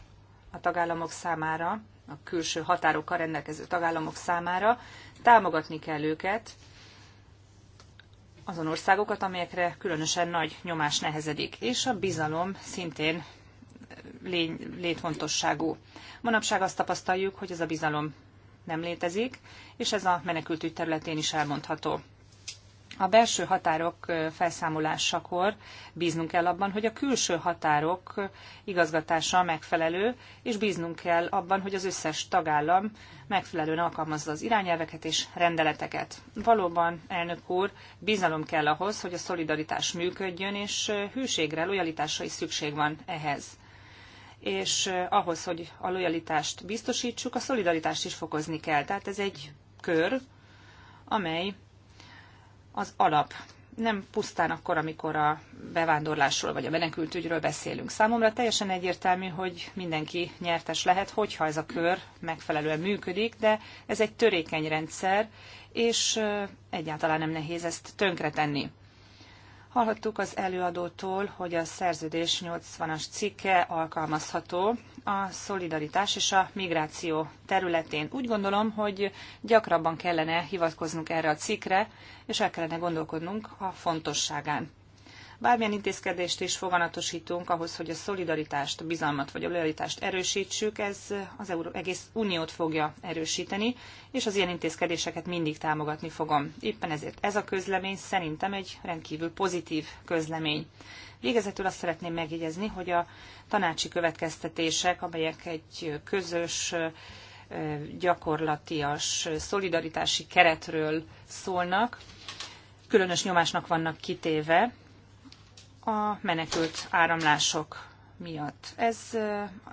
a tagállamok számára, a külső határokkal rendelkező tagállamok számára, támogatni kell őket, azon országokat, amelyekre különösen nagy nyomás nehezedik, és a bizalom szintén lény, létfontosságú. Manapság azt tapasztaljuk, hogy ez a bizalom nem létezik, és ez a menekültügy területén is elmondható a belső határok felszámolásakor bíznunk kell abban, hogy a külső határok igazgatása megfelelő, és bíznunk kell abban, hogy az összes tagállam megfelelően alkalmazza az irányelveket és rendeleteket. Valóban, elnök úr, bizalom kell ahhoz, hogy a szolidaritás működjön, és hűségre, lojalitásra is szükség van ehhez és ahhoz, hogy a lojalitást biztosítsuk, a szolidaritást is fokozni kell. Tehát ez egy kör, amely az alap. Nem pusztán akkor, amikor a bevándorlásról vagy a menekültügyről beszélünk. Számomra teljesen egyértelmű, hogy mindenki nyertes lehet, hogyha ez a kör megfelelően működik, de ez egy törékeny rendszer, és egyáltalán nem nehéz ezt tönkretenni. Hallhattuk az előadótól, hogy a szerződés 80-as cikke alkalmazható a szolidaritás és a migráció területén. Úgy gondolom, hogy gyakrabban kellene hivatkoznunk erre a cikkre, és el kellene gondolkodnunk a fontosságán. Bármilyen intézkedést is foganatosítunk ahhoz, hogy a szolidaritást, a bizalmat vagy a lojalitást erősítsük, ez az Euró- egész uniót fogja erősíteni, és az ilyen intézkedéseket mindig támogatni fogom. Éppen ezért ez a közlemény szerintem egy rendkívül pozitív közlemény. Végezetül azt szeretném megjegyezni, hogy a tanácsi következtetések, amelyek egy közös gyakorlatias szolidaritási keretről szólnak, különös nyomásnak vannak kitéve, a menekült áramlások miatt. Ez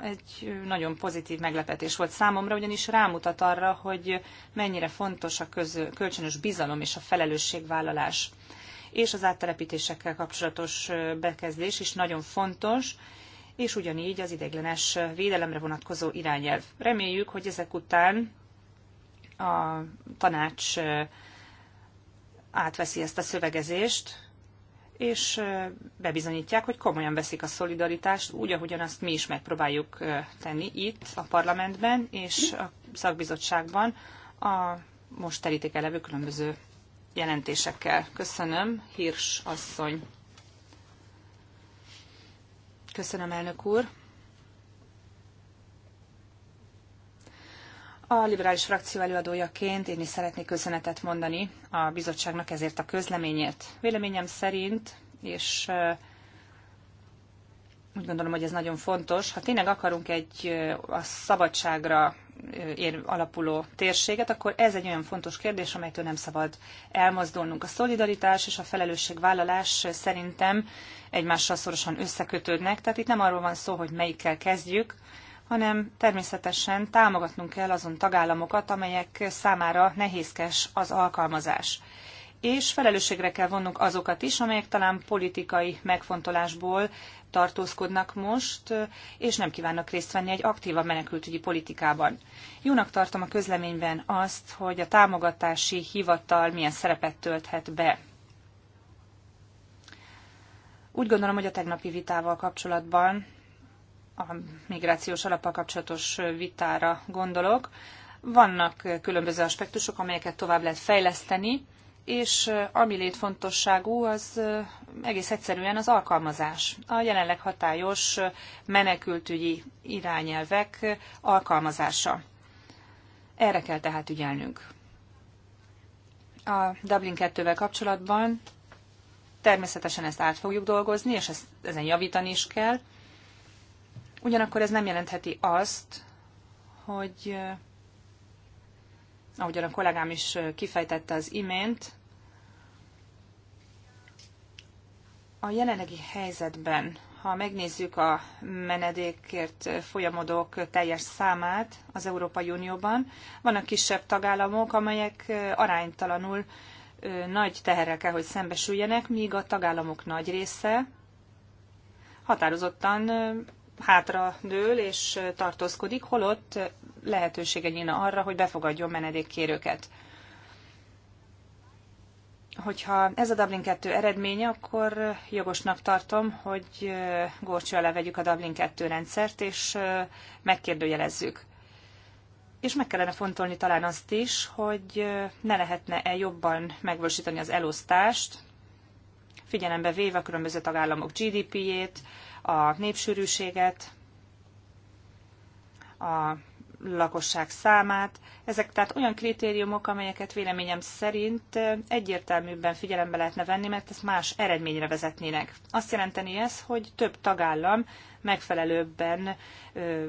egy nagyon pozitív meglepetés volt számomra, ugyanis rámutat arra, hogy mennyire fontos a közö, kölcsönös bizalom és a felelősségvállalás. És az áttelepítésekkel kapcsolatos bekezdés is nagyon fontos, és ugyanígy az ideiglenes védelemre vonatkozó irányelv. Reméljük, hogy ezek után a tanács átveszi ezt a szövegezést, és bebizonyítják, hogy komolyan veszik a szolidaritást, úgy, ahogyan azt mi is megpróbáljuk tenni itt a parlamentben és a szakbizottságban a most terítéke levő különböző jelentésekkel. Köszönöm, Hirs asszony. Köszönöm, elnök úr. A liberális frakció előadójaként én is szeretnék köszönetet mondani a bizottságnak ezért a közleményért. Véleményem szerint, és úgy gondolom, hogy ez nagyon fontos, ha tényleg akarunk egy a szabadságra ér alapuló térséget, akkor ez egy olyan fontos kérdés, amelytől nem szabad elmozdulnunk. A szolidaritás és a felelősségvállalás szerintem egymással szorosan összekötődnek, tehát itt nem arról van szó, hogy melyikkel kezdjük, hanem természetesen támogatnunk kell azon tagállamokat, amelyek számára nehézkes az alkalmazás. És felelősségre kell vonnunk azokat is, amelyek talán politikai megfontolásból tartózkodnak most, és nem kívánnak részt venni egy aktívabb menekültügyi politikában. Jónak tartom a közleményben azt, hogy a támogatási hivatal milyen szerepet tölthet be. Úgy gondolom, hogy a tegnapi vitával kapcsolatban a migrációs alappal kapcsolatos vitára gondolok. Vannak különböző aspektusok, amelyeket tovább lehet fejleszteni, és ami létfontosságú, az egész egyszerűen az alkalmazás. A jelenleg hatályos menekültügyi irányelvek alkalmazása. Erre kell tehát ügyelnünk. A Dublin 2-vel kapcsolatban természetesen ezt át fogjuk dolgozni, és ezt, ezen javítani is kell Ugyanakkor ez nem jelentheti azt, hogy eh, ahogyan a kollégám is eh, kifejtette az imént, a jelenlegi helyzetben, ha megnézzük a menedékért eh, folyamodók teljes számát az Európai Unióban, vannak kisebb tagállamok, amelyek aránytalanul nagy teherrel kell, hogy szembesüljenek, míg a tagállamok nagy része határozottan hátra dől és tartózkodik, holott lehetősége nyílna arra, hogy befogadjon menedékkérőket. Hogyha ez a Dublin 2 eredménye, akkor jogosnak tartom, hogy górcsa levegyük a Dublin 2 rendszert, és megkérdőjelezzük. És meg kellene fontolni talán azt is, hogy ne lehetne-e jobban megvalósítani az elosztást, figyelembe véve a különböző tagállamok GDP-jét, a népsűrűséget, a lakosság számát. Ezek tehát olyan kritériumok, amelyeket véleményem szerint egyértelműbben figyelembe lehetne venni, mert ezt más eredményre vezetnének. Azt jelenteni ez, hogy több tagállam megfelelőbben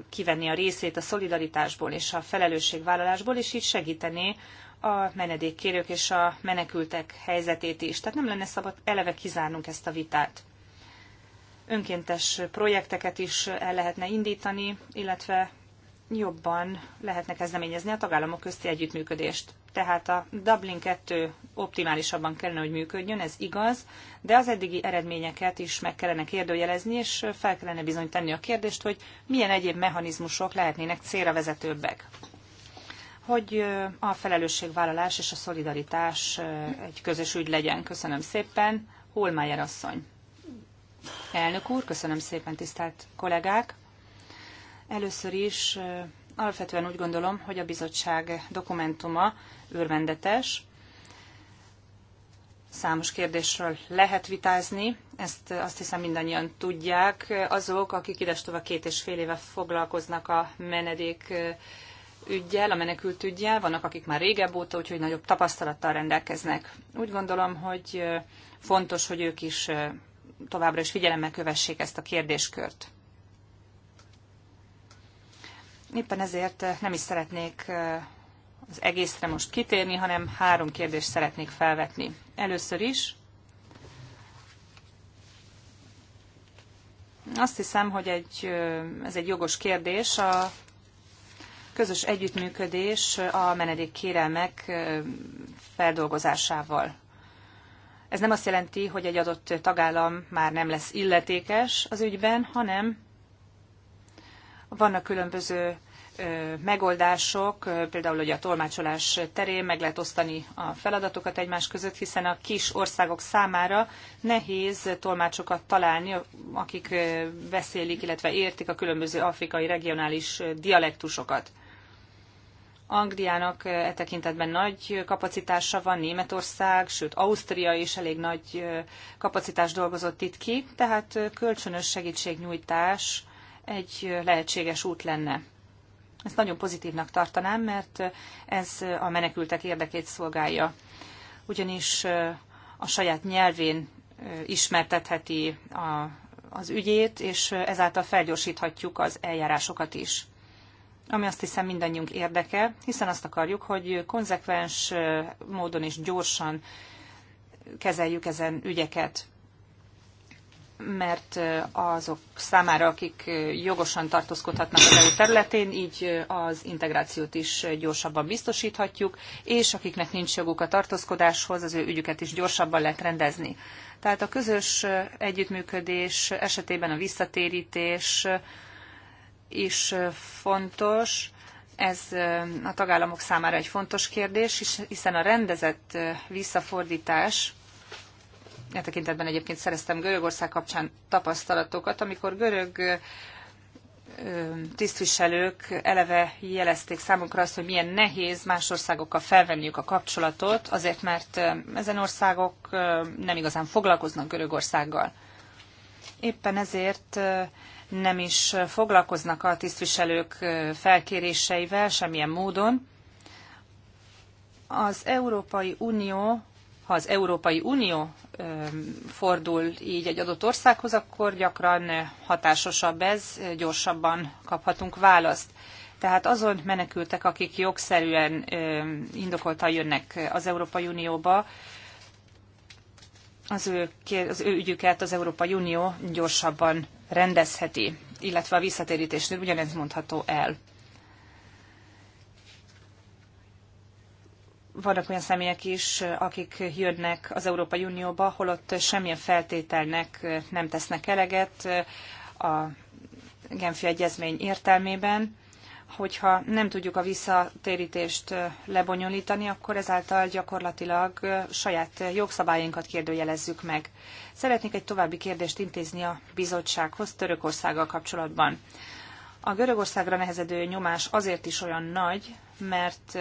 kivenni a részét a szolidaritásból és a felelősségvállalásból, és így segíteni a menedékkérők és a menekültek helyzetét is. Tehát nem lenne szabad eleve kizárnunk ezt a vitát önkéntes projekteket is el lehetne indítani, illetve jobban lehetne kezdeményezni a tagállamok közti együttműködést. Tehát a Dublin 2 optimálisabban kellene, hogy működjön, ez igaz, de az eddigi eredményeket is meg kellene kérdőjelezni, és fel kellene bizony tenni a kérdést, hogy milyen egyéb mechanizmusok lehetnének célra vezetőbbek. Hogy a felelősségvállalás és a szolidaritás egy közös ügy legyen. Köszönöm szépen. Holmájer asszony. Elnök úr, köszönöm szépen, tisztelt kollégák! Először is alapvetően úgy gondolom, hogy a bizottság dokumentuma örvendetes. Számos kérdésről lehet vitázni, ezt azt hiszem mindannyian tudják. Azok, akik idestova két és fél éve foglalkoznak a menedék ügyjel, a menekült ügyjel, vannak akik már régebb óta, úgyhogy nagyobb tapasztalattal rendelkeznek. Úgy gondolom, hogy fontos, hogy ők is továbbra is figyelemmel kövessék ezt a kérdéskört. Éppen ezért eh, nem is szeretnék eh, az egészre most kitérni, hanem három kérdést szeretnék felvetni. Először is azt hiszem, hogy egy, eh, ez egy jogos kérdés. A közös együttműködés a menedékkérelmek feldolgozásával ez nem azt jelenti, hogy egy adott tagállam már nem lesz illetékes az ügyben, hanem vannak különböző megoldások, például hogy a tolmácsolás terén meg lehet osztani a feladatokat egymás között, hiszen a kis országok számára nehéz tolmácsokat találni, akik beszélik, illetve értik a különböző afrikai regionális dialektusokat. Angliának eh, e tekintetben nagy eh, kapacitása van, Németország, sőt Ausztria is elég nagy eh, kapacitást dolgozott itt ki, tehát kölcsönös segítségnyújtás egy lehetséges út lenne. Ezt nagyon pozitívnak tartanám, mert ez a menekültek érdekét szolgálja. Ugyanis a saját nyelvén ismertetheti a, az ügyét, és ezáltal felgyorsíthatjuk az eljárásokat is ami azt hiszem mindannyiunk érdeke, hiszen azt akarjuk, hogy konzekvens módon és gyorsan kezeljük ezen ügyeket mert azok számára, akik jogosan tartózkodhatnak az EU területén, így az integrációt is gyorsabban biztosíthatjuk, és akiknek nincs joguk a tartózkodáshoz, az ő ügyüket is gyorsabban lehet rendezni. Tehát a közös együttműködés esetében a visszatérítés, is fontos, ez a tagállamok számára egy fontos kérdés, hiszen a rendezett visszafordítás, e tekintetben egyébként szereztem Görögország kapcsán tapasztalatokat, amikor görög tisztviselők eleve jelezték számunkra azt, hogy milyen nehéz más országokkal felvenniük a kapcsolatot, azért mert ezen országok nem igazán foglalkoznak Görögországgal. Éppen ezért nem is foglalkoznak a tisztviselők felkéréseivel semmilyen módon. Az Európai Unió, ha az Európai Unió fordul így egy adott országhoz, akkor gyakran hatásosabb ez, gyorsabban kaphatunk választ. Tehát azon menekültek, akik jogszerűen indokoltan jönnek az Európai Unióba, az ő, az ő ügyüket az Európai Unió gyorsabban rendezheti, illetve a visszatérítésnél ugyanez mondható el. Vannak olyan személyek is, akik jönnek az Európai Unióba, holott semmilyen feltételnek nem tesznek eleget a Genfi Egyezmény értelmében hogyha nem tudjuk a visszatérítést lebonyolítani, akkor ezáltal gyakorlatilag saját jogszabályainkat kérdőjelezzük meg. Szeretnék egy további kérdést intézni a bizottsághoz Törökországgal kapcsolatban. A Görögországra nehezedő nyomás azért is olyan nagy, mert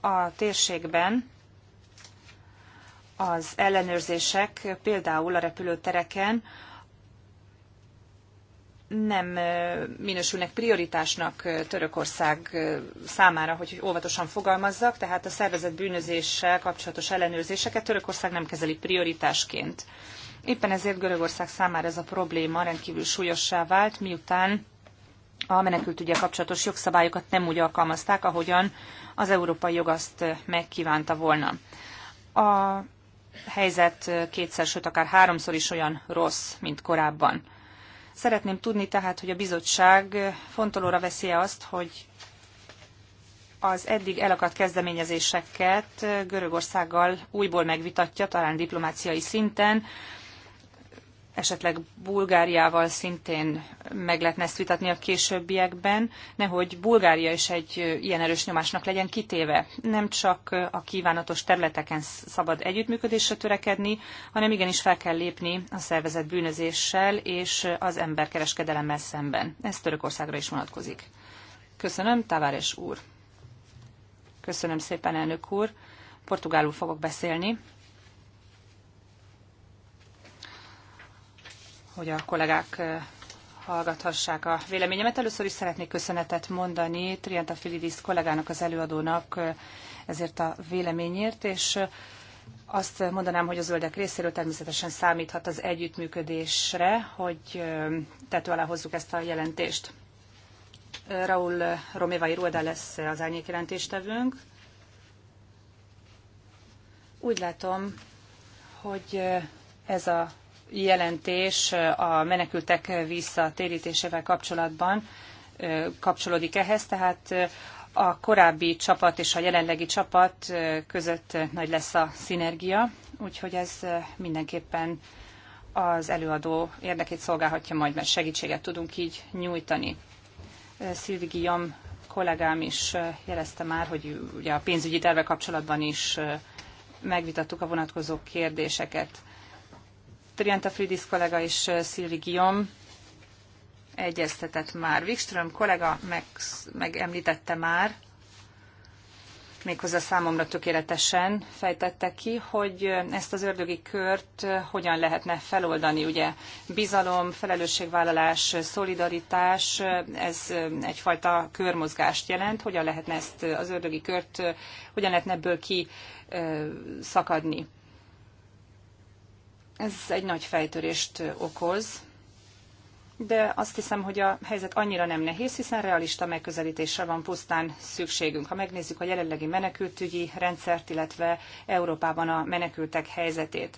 a térségben az ellenőrzések például a repülőtereken nem minősülnek prioritásnak Törökország számára, hogy óvatosan fogalmazzak, tehát a szervezett bűnözéssel kapcsolatos ellenőrzéseket Törökország nem kezeli prioritásként. Éppen ezért Görögország számára ez a probléma rendkívül súlyossá vált, miután a menekültügyel kapcsolatos jogszabályokat nem úgy alkalmazták, ahogyan az európai jog azt megkívánta volna. A helyzet kétszer, sőt akár háromszor is olyan rossz, mint korábban. Szeretném tudni tehát, hogy a bizottság fontolóra veszi-e azt, hogy az eddig elakadt kezdeményezéseket Görögországgal újból megvitatja, talán diplomáciai szinten, esetleg Bulgáriával szintén meg lehetne ezt vitatni a későbbiekben, nehogy Bulgária is egy ilyen erős nyomásnak legyen kitéve. Nem csak a kívánatos területeken szabad együttműködésre törekedni, hanem igenis fel kell lépni a szervezet bűnözéssel és az emberkereskedelemmel szemben. Ez Törökországra is vonatkozik. Köszönöm, Tavares úr. Köszönöm szépen, elnök úr. Portugálul fogok beszélni. hogy a kollégák hallgathassák a véleményemet. Először is szeretnék köszönetet mondani Trienta Filidis kollégának, az előadónak ezért a véleményért, és azt mondanám, hogy a zöldek részéről természetesen számíthat az együttműködésre, hogy tető alá hozzuk ezt a jelentést. Raúl Romévai Irueda lesz az árnyék jelentéstevőnk. Úgy látom, hogy ez a jelentés a menekültek visszatérítésével kapcsolatban kapcsolódik ehhez, tehát a korábbi csapat és a jelenlegi csapat között nagy lesz a szinergia, úgyhogy ez mindenképpen az előadó érdekét szolgálhatja majd, mert segítséget tudunk így nyújtani. Szilvi Guillaume kollégám is jelezte már, hogy ugye a pénzügyi terve kapcsolatban is megvitattuk a vonatkozó kérdéseket. Trienta Fridis kollega és Szilvi Guillaume egyeztetett már. Wikström kollega meg, megemlítette már, méghozzá számomra tökéletesen fejtette ki, hogy ezt az ördögi kört hogyan lehetne feloldani. Ugye bizalom, felelősségvállalás, szolidaritás, ez egyfajta körmozgást jelent. Hogyan lehetne ezt az ördögi kört, hogyan lehetne ebből ki szakadni? Ez egy nagy fejtörést okoz, de azt hiszem, hogy a helyzet annyira nem nehéz, hiszen realista megközelítésre van pusztán szükségünk. Ha megnézzük a jelenlegi menekültügyi rendszert, illetve Európában a menekültek helyzetét.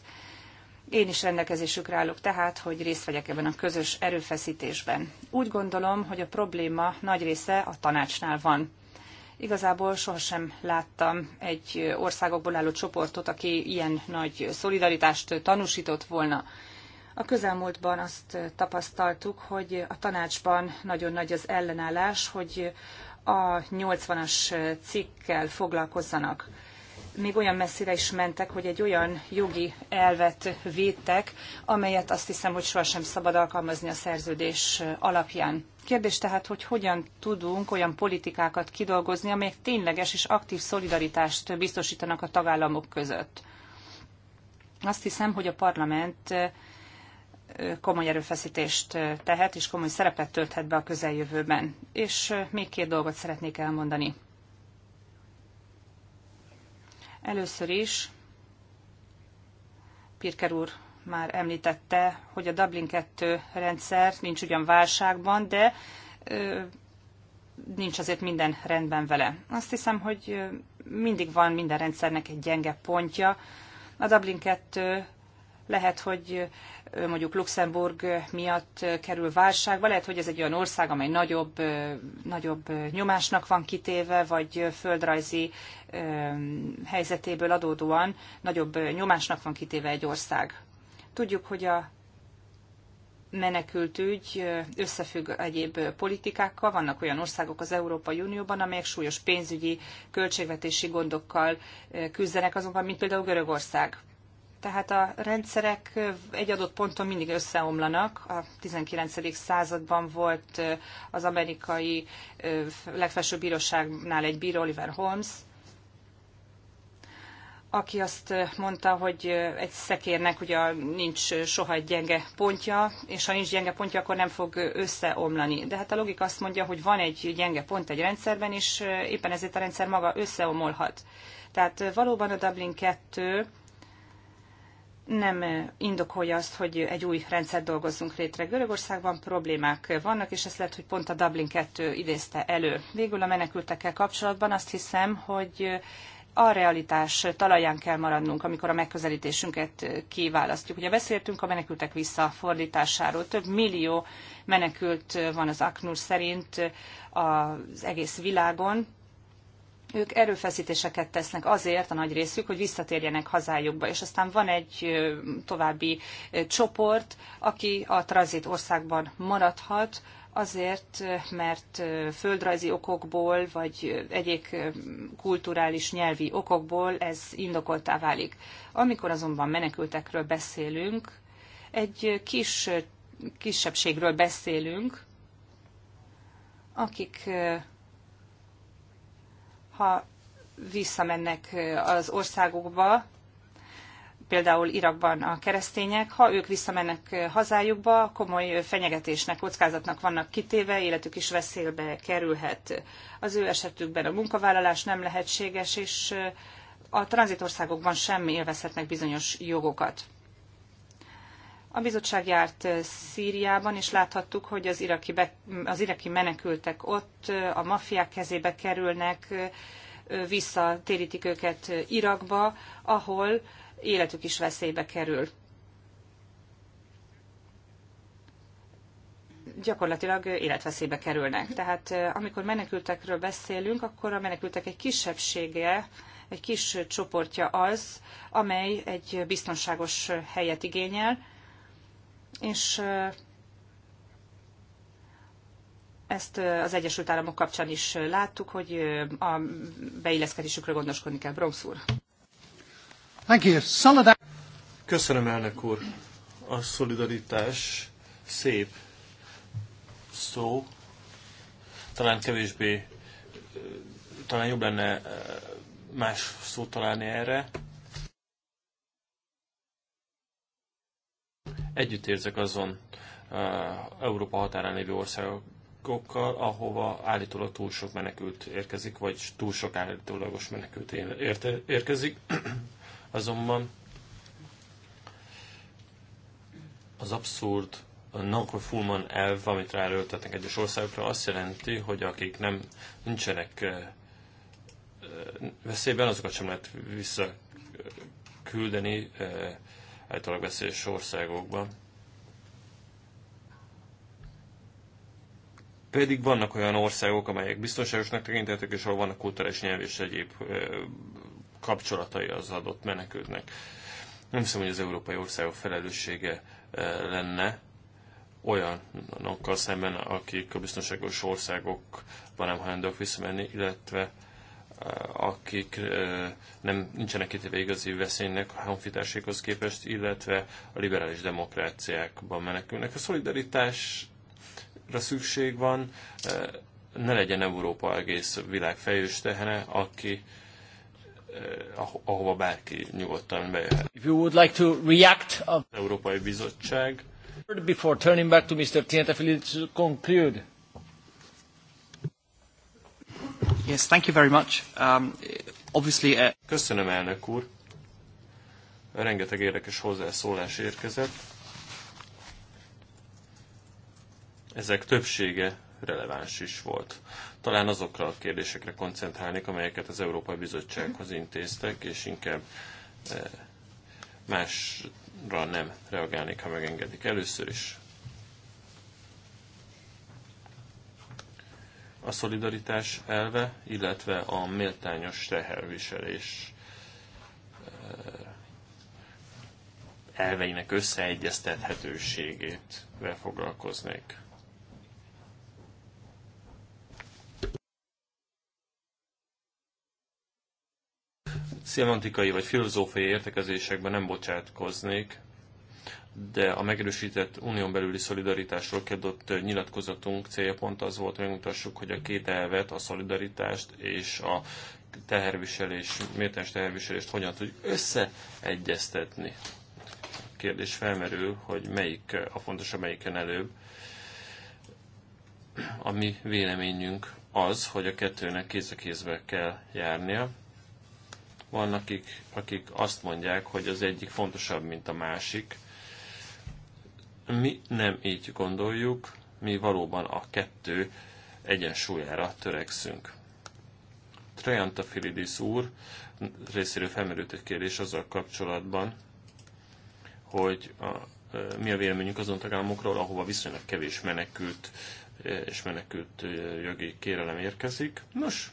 Én is rendelkezésükre állok tehát, hogy részt vegyek ebben a közös erőfeszítésben. Úgy gondolom, hogy a probléma nagy része a tanácsnál van. Igazából sohasem láttam egy országokból álló csoportot, aki ilyen nagy szolidaritást tanúsított volna. A közelmúltban azt tapasztaltuk, hogy a tanácsban nagyon nagy az ellenállás, hogy a 80-as cikkkel foglalkozzanak. Még olyan messzire is mentek, hogy egy olyan jogi elvet védtek, amelyet azt hiszem, hogy sohasem szabad alkalmazni a szerződés alapján. Kérdés tehát, hogy hogyan tudunk olyan politikákat kidolgozni, amelyek tényleges és aktív szolidaritást biztosítanak a tagállamok között. Azt hiszem, hogy a parlament komoly erőfeszítést tehet, és komoly szerepet tölthet be a közeljövőben. És még két dolgot szeretnék elmondani. Először is Pirker úr már említette, hogy a Dublin 2 rendszer nincs ugyan válságban, de nincs azért minden rendben vele. Azt hiszem, hogy mindig van minden rendszernek egy gyenge pontja. A Dublin 2 lehet, hogy mondjuk Luxemburg miatt kerül válságba, lehet, hogy ez egy olyan ország, amely nagyobb, nagyobb nyomásnak van kitéve, vagy földrajzi helyzetéből adódóan nagyobb nyomásnak van kitéve egy ország. Tudjuk, hogy a ügy összefügg egyéb politikákkal. Vannak olyan országok az Európai Unióban, amelyek súlyos pénzügyi, költségvetési gondokkal küzdenek azonban, mint például Görögország. Tehát a rendszerek egy adott ponton mindig összeomlanak. A 19. században volt az amerikai legfelsőbb bíróságnál egy bíró, Oliver Holmes, aki azt mondta, hogy egy szekérnek ugye nincs soha egy gyenge pontja, és ha nincs gyenge pontja, akkor nem fog összeomlani. De hát a logika azt mondja, hogy van egy gyenge pont egy rendszerben, és éppen ezért a rendszer maga összeomolhat. Tehát valóban a Dublin 2 nem indokolja azt, hogy egy új rendszert dolgozzunk létre. Görögországban problémák vannak, és ez lehet, hogy pont a Dublin 2 idézte elő. Végül a menekültekkel kapcsolatban azt hiszem, hogy a realitás talaján kell maradnunk, amikor a megközelítésünket kiválasztjuk. Ugye beszéltünk a menekültek visszafordításáról. Több millió menekült van az ACNUR szerint az egész világon. Ők erőfeszítéseket tesznek azért a nagy részük, hogy visszatérjenek hazájukba, és aztán van egy további csoport, aki a tranzit országban maradhat, azért, mert földrajzi okokból, vagy egyik kulturális nyelvi okokból ez indokoltá válik. Amikor azonban menekültekről beszélünk, egy kis kisebbségről beszélünk, akik ha visszamennek az országukba, például Irakban a keresztények, ha ők visszamennek hazájukba, komoly fenyegetésnek, kockázatnak vannak kitéve, életük is veszélybe kerülhet. Az ő esetükben a munkavállalás nem lehetséges, és a tranzitországokban sem élvezhetnek bizonyos jogokat. A bizottság járt Szíriában, és láthattuk, hogy az iraki, be, az iraki menekültek ott a maffiák kezébe kerülnek, visszatérítik őket Irakba, ahol életük is veszélybe kerül. gyakorlatilag életveszélybe kerülnek. Tehát amikor menekültekről beszélünk, akkor a menekültek egy kisebbsége, egy kis csoportja az, amely egy biztonságos helyet igényel, és ezt az Egyesült Államok kapcsán is láttuk, hogy a beilleszkedésükről gondoskodni kell. Bromsz úr. Thank you. Solidar- Köszönöm, elnök úr. A szolidaritás szép szó, talán kevésbé, talán jobb lenne eh, más szót találni erre. Együtt érzek azon eh, Európa határán lévő országokkal, ahova állítólag túl sok menekült érkezik, vagy túl sok állítólagos menekült érkezik. Azonban az abszurd a non-conforman elv, amit ráerőltetnek egyes országokra, azt jelenti, hogy akik nem nincsenek veszélyben, azokat sem lehet visszaküldeni általában veszélyes országokba. Pedig vannak olyan országok, amelyek biztonságosnak tekintetek, és ahol vannak kulturális nyelv és egyéb kapcsolatai az adott menekültnek. Nem hiszem, hogy az európai országok felelőssége eh, lenne olyanokkal szemben, akik a biztonságos országokban nem hajlandók visszamenni, illetve eh, akik eh, nem, nincsenek kitéve igazi veszélynek a honfitársékhoz képest, illetve a liberális demokráciákban menekülnek. A szolidaritásra szükség van, ne legyen Európa egész világ fejős tehene, aki Eh, ahova bárki nyugodtan bejöhet. If you would like to react... of uh, Európai Bizottság. Before turning back to Mr. Tientefili to conclude. Yes, thank you very much. Um, obviously, uh... Köszönöm, elnök úr. Rengeteg érdekes hozzászólás érkezett. Ezek többsége releváns is volt. Talán azokra a kérdésekre koncentrálnék, amelyeket az Európai Bizottsághoz intéztek, és inkább eh, másra nem reagálnék, ha megengedik. Először is a szolidaritás elve, illetve a méltányos teherviselés eh, elveinek összeegyeztethetőségét foglalkoznék. szemantikai vagy filozófiai értekezésekben nem bocsátkoznék, de a megerősített unión belüli szolidaritásról kiadott nyilatkozatunk célja pont az volt, hogy megmutassuk, hogy a két elvet, a szolidaritást és a teherviselés, mértens teherviselést hogyan tudjuk összeegyeztetni. A kérdés felmerül, hogy melyik a fontosabb, melyiken előbb. A mi véleményünk az, hogy a kettőnek kéz a kézbe kell járnia, vannak, akik, akik azt mondják, hogy az egyik fontosabb, mint a másik. Mi nem így gondoljuk, mi valóban a kettő egyensúlyára törekszünk. Trajanta Filidis úr részéről felmerült egy kérdés azzal kapcsolatban, hogy a, e, mi a véleményünk azon tagállamokról, ahova viszonylag kevés menekült e, és menekült e, jogi kérelem érkezik. Nos,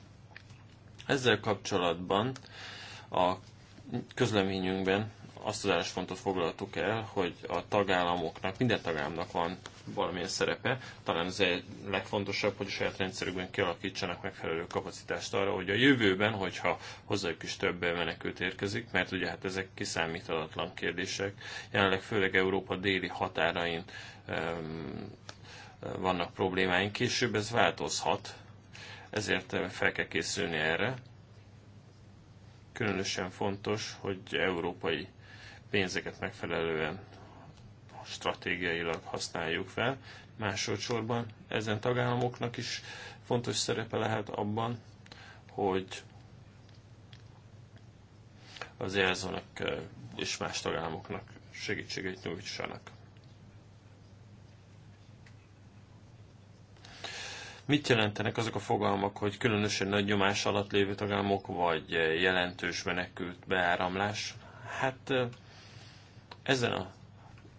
ezzel kapcsolatban a közleményünkben azt az álláspontot foglaltuk el, hogy a tagállamoknak, minden tagállamnak van valamilyen szerepe. Talán ez egy legfontosabb, hogy a saját rendszerükben kialakítsanak megfelelő kapacitást arra, hogy a jövőben, hogyha hozzájuk is több menekült érkezik, mert ugye hát ezek kiszámíthatatlan kérdések. Jelenleg főleg Európa déli határain um, vannak problémáink, később ez változhat, ezért fel kell készülni erre különösen fontos, hogy európai pénzeket megfelelően stratégiailag használjuk fel. Másodszorban ezen tagállamoknak is fontos szerepe lehet abban, hogy az jelzónak és más tagállamoknak segítséget nyújtsanak. Mit jelentenek azok a fogalmak, hogy különösen nagy nyomás alatt lévő tagállamok, vagy eh, jelentős menekült beáramlás? Hát eh, ezen a,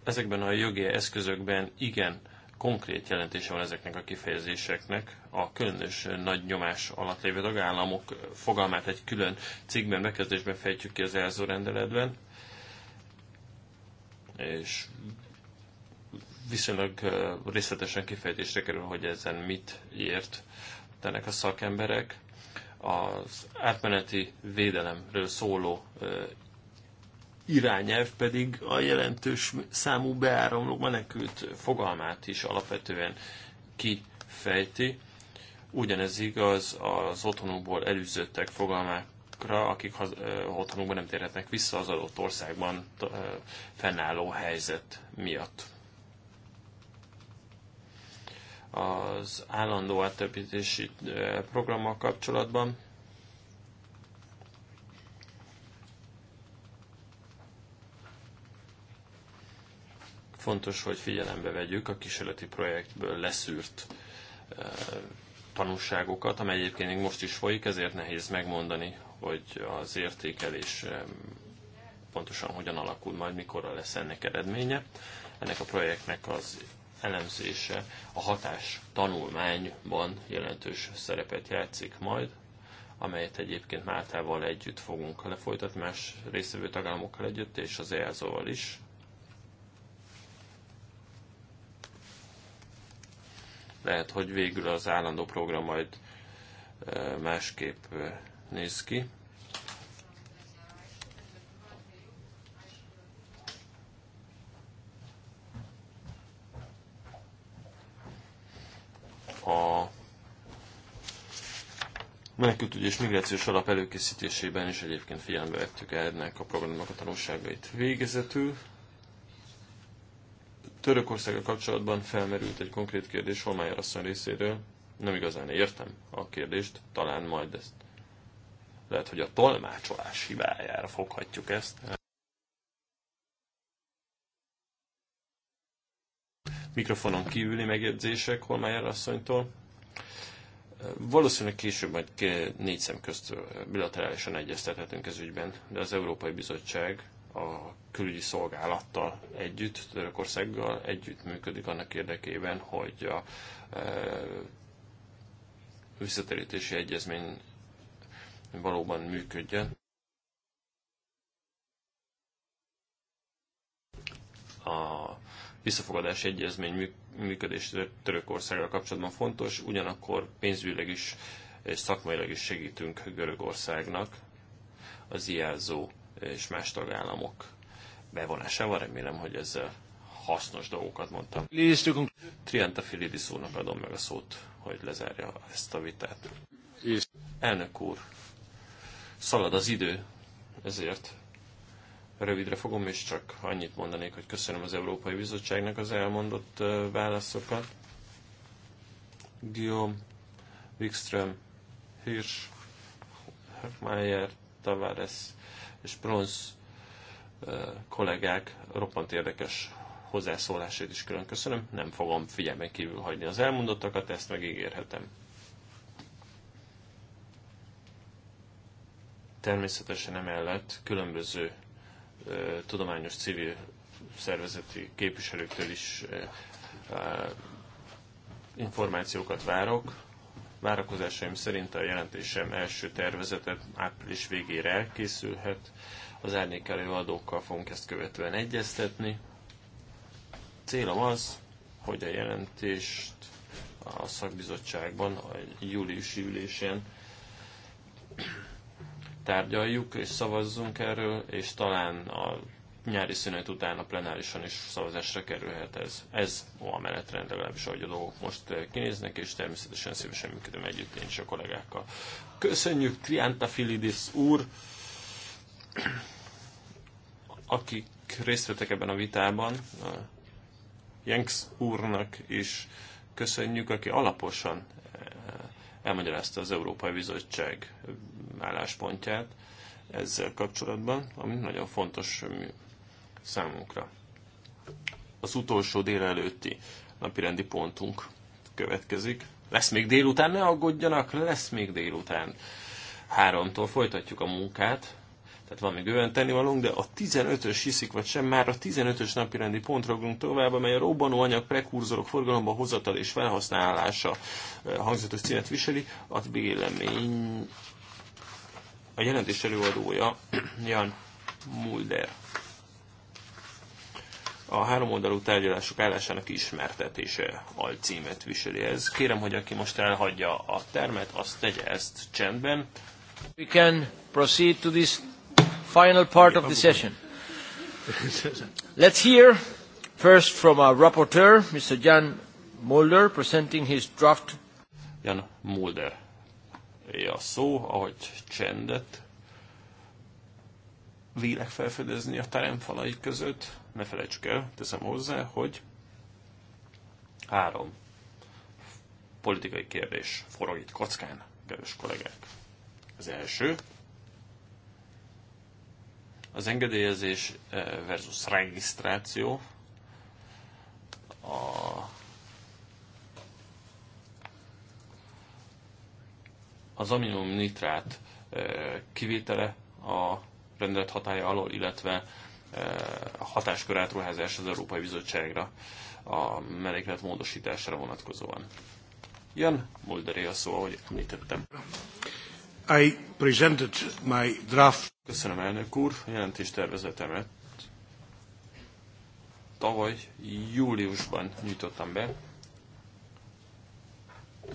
ezekben a jogi eszközökben igen konkrét jelentése van ezeknek a kifejezéseknek. A különös nagy nyomás alatt lévő tagállamok eh, fogalmát egy külön cikkben, bekezdésben fejtjük ki az elzórendeletben. És viszonylag részletesen kifejtésre kerül, hogy ezen mit ért ennek a szakemberek. Az átmeneti védelemről szóló irányelv pedig a jelentős számú beáramló menekült fogalmát is alapvetően kifejti. Ugyanez igaz az otthonukból elűzöttek fogalmákra, akik haz, otthonukban nem térhetnek vissza az adott országban fennálló helyzet miatt az állandó áttelepítési programmal kapcsolatban. Fontos, hogy figyelembe vegyük a kísérleti projektből leszűrt tanulságokat, amely egyébként még most is folyik, ezért nehéz megmondani, hogy az értékelés pontosan hogyan alakul majd, mikorra lesz ennek eredménye. Ennek a projektnek az elemzése a hatás tanulmányban jelentős szerepet játszik majd, amelyet egyébként Máltával együtt fogunk lefolytatni, más részvevő tagállamokkal együtt, és az EASO-val is. Lehet, hogy végül az állandó program majd eh, másképp eh, néz ki. a menekültügyi és migrációs alap előkészítésében is egyébként figyelembe vettük ennek a programnak a tanulságait. Végezetül Törökországgal kapcsolatban felmerült egy konkrét kérdés Holmájer asszony részéről. Nem igazán értem a kérdést, talán majd ezt lehet, hogy a tolmácsolás hibájára foghatjuk ezt. mikrofonon kívüli megjegyzések Holmájer asszonytól. Valószínűleg később majd négy szem közt bilaterálisan egyeztethetünk ez ügyben, de az Európai Bizottság a külügyi szolgálattal együtt, Törökországgal együtt működik annak érdekében, hogy a e, visszaterítési egyezmény valóban működjön. A visszafogadási egyezmény működés Törökországgal kapcsolatban fontos, ugyanakkor pénzügyileg is és szakmailag is segítünk Görögországnak az IAZO és más tagállamok bevonásával. Remélem, hogy ezzel hasznos dolgokat mondtam. Trianta Filidis úrnak adom meg a szót, hogy lezárja ezt a vitát. Elnök úr, szalad az idő, ezért rövidre fogom, és csak annyit mondanék, hogy köszönöm az Európai Bizottságnak az elmondott válaszokat. Guillaume, Wikström, Hirsch, Meyer, Tavares és Bronz kollégák roppant érdekes hozzászólásait is külön köszönöm. Nem fogom figyelmen kívül hagyni az elmondottakat, ezt megígérhetem. Természetesen emellett különböző tudományos civil szervezeti képviselőktől is információkat várok. Várakozásaim szerint a jelentésem első tervezetet április végére elkészülhet. Az árnyék előadókkal fogunk ezt követően egyeztetni. Célom az, hogy a jelentést a szakbizottságban, a júliusi ülésen tárgyaljuk és szavazzunk erről, és talán a nyári szünet után a plenárison is szavazásra kerülhet ez. Ez a menetrend legalábbis, ahogy a dolgok most eh, kinéznek, és természetesen szívesen működöm együtt én is a kollégákkal. Köszönjük Trianta Filidis úr, akik részt vettek ebben a vitában, a Jenks úrnak is köszönjük, aki alaposan elmagyarázta az Európai Bizottság álláspontját ezzel kapcsolatban, ami nagyon fontos számunkra. Az utolsó délelőtti napirendi pontunk következik. Lesz még délután, ne aggódjanak, lesz még délután. Háromtól folytatjuk a munkát, tehát van még olyan tennivalónk, de a 15-ös hiszik vagy sem, már a 15-ös rendi pontra ugrunk tovább, amely a robbanóanyag prekurzorok forgalomba hozatal és felhasználása hangzatos címet viseli, a vélemény a jelentés előadója Jan Mulder a háromoldalú tárgyalások állásának ismertetése alcímet viseli ez. Kérem, hogy aki most elhagyja a termet, azt tegye ezt csendben. We can proceed to this final part of the session. Let's hear first from our rapporteur, Mr. Jan Mulder, presenting his draft. Jan Mulder. Ja, szó, ahogy csendet vélek felfedezni a teremfalai között, ne felejtsük el, teszem hozzá, hogy három politikai kérdés forog itt kockán, kedves kollégák. Az első, az engedélyezés eh, versus regisztráció. A az aminum nitrát eh, kivétele a rendelet hatája alól, illetve eh, a hatáskör átruházás az Európai Bizottságra a melléklet módosítására vonatkozóan. Jön Mulderé a szó, ahogy említettem. I presented my draft. Köszönöm, elnök úr, a jelentéstervezetemet tavaly júliusban nyújtottam be.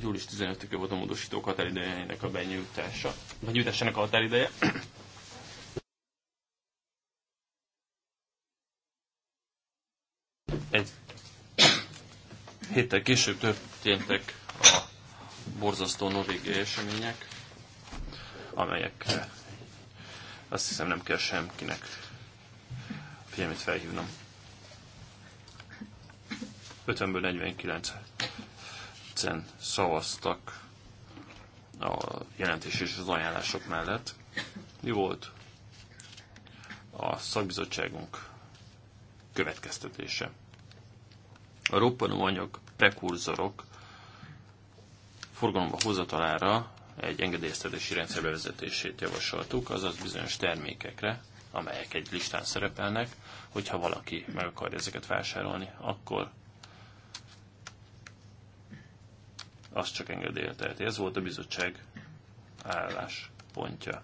Július 15-e volt a módosítók határidejének a benyújtása, vagy nyújtásának a határideje. Egy héttel később történtek a borzasztó norvégiai események amelyekre eh, azt hiszem nem kell semkinek figyelmet felhívnom. 50-ből 49 cen szavaztak a jelentés és az ajánlások mellett. Mi volt a szakbizottságunk következtetése? A anyag prekurzorok forgalomba hozatalára egy engedélyeztetési rendszer bevezetését javasoltuk, azaz bizonyos termékekre, amelyek egy listán szerepelnek, hogyha valaki meg akarja ezeket vásárolni, akkor azt csak engedélye Ez volt a bizottság álláspontja.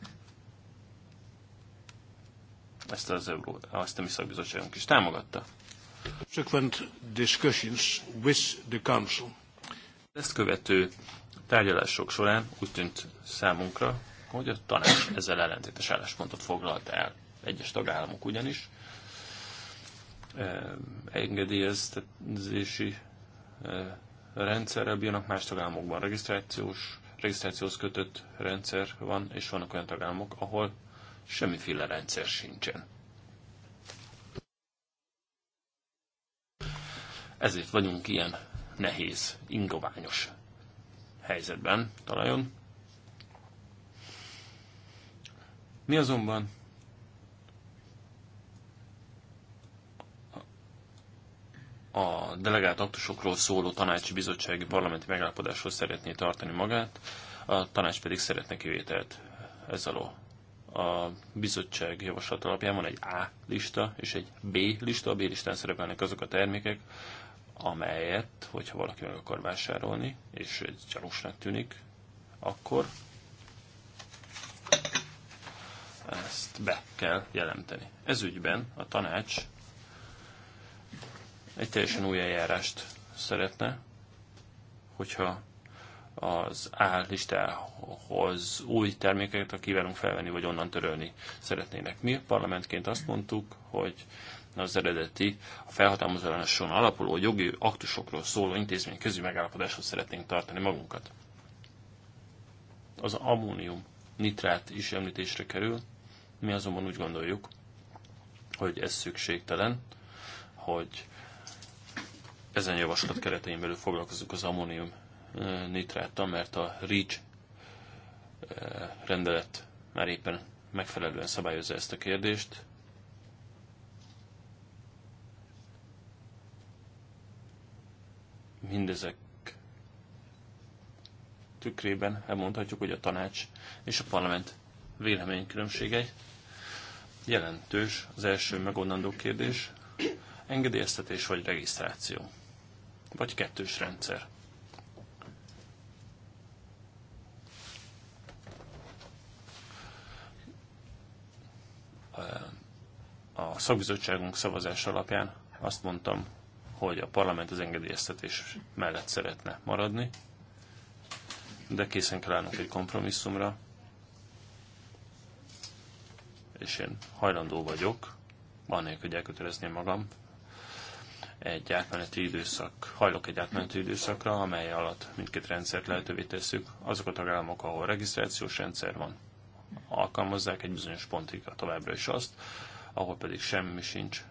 Ezt az Euró, azt a mi szakbizottságunk is támogatta. discussions with the council. Ezt követő tárgyalások során úgy tűnt számunkra, hogy a tanács ezzel ellentétes álláspontot foglalt el. Egyes tagállamok ugyanis engedélyeztetési rendszerrel bírnak, más tagállamokban regisztrációs, regisztrációhoz kötött rendszer van, és vannak olyan tagállamok, ahol semmiféle rendszer sincsen. Ezért vagyunk ilyen nehéz, ingoványos helyzetben talajon. Mi azonban a delegált aktusokról szóló tanácsi bizottsági parlamenti megállapodáshoz szeretné tartani magát, a tanács pedig szeretne kivételt ez alól. A bizottság javaslat alapján van egy A lista és egy B lista. A B listán szerepelnek azok a termékek, amelyet, hogyha valaki meg akar vásárolni, és egy gyanúsnak tűnik, akkor ezt be kell jelenteni. Ez ügyben a tanács egy teljesen új eljárást szeretne, hogyha az A listához új termékeket kívánunk felvenni, vagy onnan törölni szeretnének. Mi parlamentként azt mondtuk, hogy az eredeti, a felhatalmazáson alapuló jogi aktusokról szóló intézmény közű megállapodáshoz szeretnénk tartani magunkat. Az ammónium nitrát is említésre kerül, mi azonban úgy gondoljuk, hogy ez szükségtelen, hogy ezen javaslat keretein belül foglalkozunk az ammónium nitráttal, mert a REACH rendelet már éppen megfelelően szabályozza ezt a kérdést, mindezek tükrében elmondhatjuk, hogy a tanács és a parlament véleménykülönbségei jelentős az első megoldandó kérdés, engedélyeztetés vagy regisztráció, vagy kettős rendszer. A szakbizottságunk szavazás alapján azt mondtam, hogy a parlament az engedélyeztetés mellett szeretne maradni, de készen kell állnunk egy kompromisszumra, és én hajlandó vagyok, annélkül, hogy elkötelezném magam, egy átmeneti időszak, hajlok egy átmeneti időszakra, amely alatt mindkét rendszert lehetővé tesszük. Azok a tagállamok, ahol regisztrációs rendszer van, alkalmazzák egy bizonyos pontig a továbbra is azt, ahol pedig semmi sincs,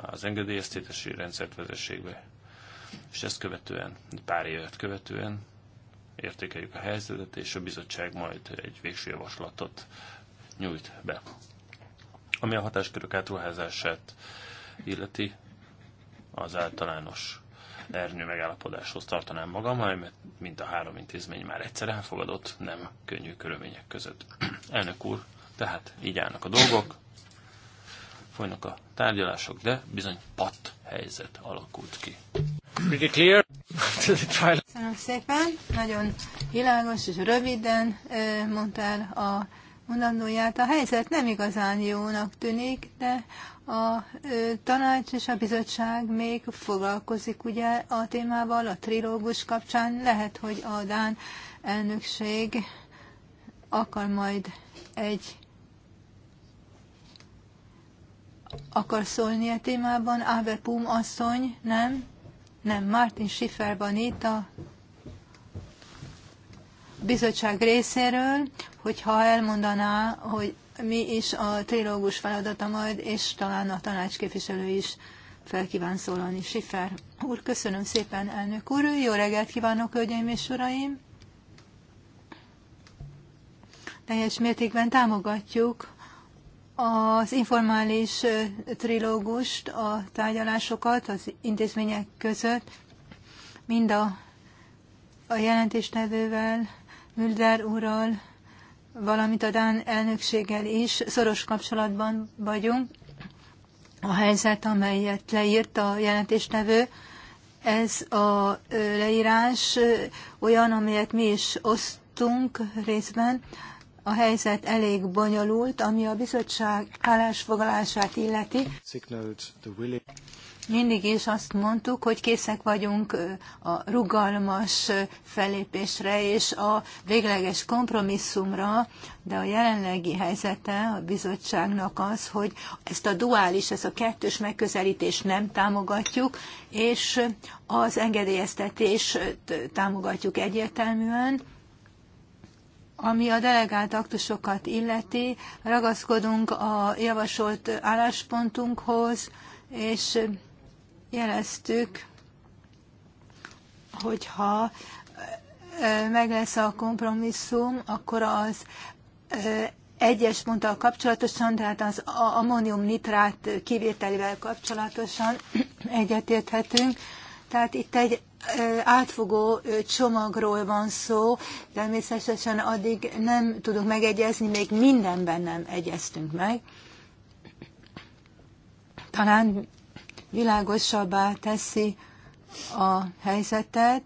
az engedélyeztetési rendszert vezessék be. És ezt követően, pár évet követően értékeljük a helyzetet, és a bizottság majd egy végső javaslatot nyújt be. Ami a hatáskörök átruházását illeti, az általános ernyő megállapodáshoz tartanám magam, mert mint a három intézmény már egyszer elfogadott, nem könnyű körülmények között. Elnök úr, tehát így állnak a dolgok folynak a tárgyalások, de bizony pat helyzet alakult ki. Pretty clear. Köszönöm szépen, nagyon világos és röviden mondtál a mondandóját. A helyzet nem igazán jónak tűnik, de a tanács és a bizottság még foglalkozik ugye a témával, a trilógus kapcsán. Lehet, hogy a Dán elnökség akar majd egy akar szólni a témában? Áve Pum asszony, nem? Nem, Martin Schiffer van itt a bizottság részéről, hogyha elmondaná, hogy mi is a trilógus feladata majd, és talán a tanácsképviselő is felkíván szólani. Schiffer. úr, köszönöm szépen, elnök úr. Jó reggelt kívánok, hölgyeim és uraim! Teljes mértékben támogatjuk az informális trilógust, a tárgyalásokat az intézmények között, mind a, a jelentéstevővel, Mülder úrral, valamint a Dán elnökséggel is szoros kapcsolatban vagyunk. A helyzet, amelyet leírt a jelentéstevő, ez a leírás olyan, amelyet mi is osztunk részben a helyzet elég bonyolult, ami a bizottság állásfoglalását illeti. Mindig is azt mondtuk, hogy készek vagyunk a rugalmas felépésre és a végleges kompromisszumra, de a jelenlegi helyzete a bizottságnak az, hogy ezt a duális, ezt a kettős megközelítést nem támogatjuk, és az engedélyeztetést támogatjuk egyértelműen ami a delegált aktusokat illeti, ragaszkodunk a javasolt álláspontunkhoz, és jeleztük, hogyha meg lesz a kompromisszum, akkor az egyes ponttal kapcsolatosan, tehát az ammónium nitrát kivételével kapcsolatosan egyetérthetünk. Tehát itt egy átfogó csomagról van szó, természetesen addig nem tudunk megegyezni, még mindenben nem egyeztünk meg. Talán világosabbá teszi a helyzetet.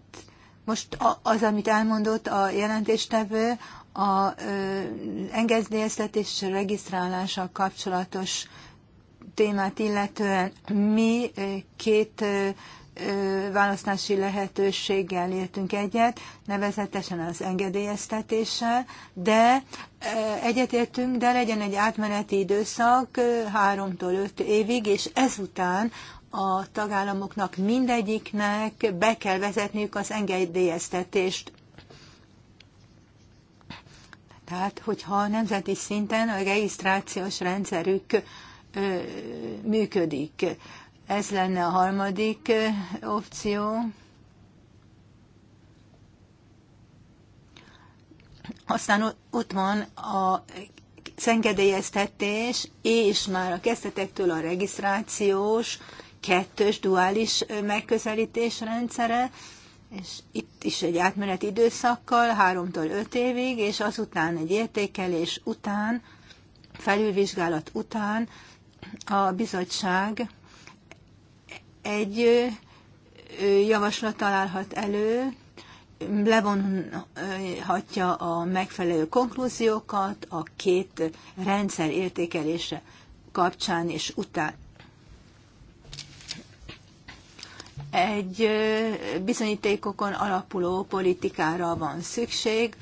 Most az, amit elmondott a jelentéstevő, a engedélyeztetés és regisztrálása kapcsolatos témát illetően mi két választási lehetőséggel értünk egyet, nevezetesen az engedélyeztetéssel, de egyetértünk, de legyen egy átmeneti időszak 3-tól 5 évig, és ezután a tagállamoknak mindegyiknek be kell vezetniük az engedélyeztetést. Tehát, hogyha nemzeti szinten a regisztrációs rendszerük működik. Ez lenne a harmadik opció. Aztán ott van a szengedélyeztetés, és már a kezdetektől a regisztrációs, kettős duális megközelítés rendszere, és itt is egy átmeneti időszakkal, háromtól öt évig, és azután egy értékelés után, felülvizsgálat után a bizottság egy javaslat találhat elő, levonhatja a megfelelő konklúziókat a két rendszer értékelése kapcsán és után. Egy bizonyítékokon alapuló politikára van szükség,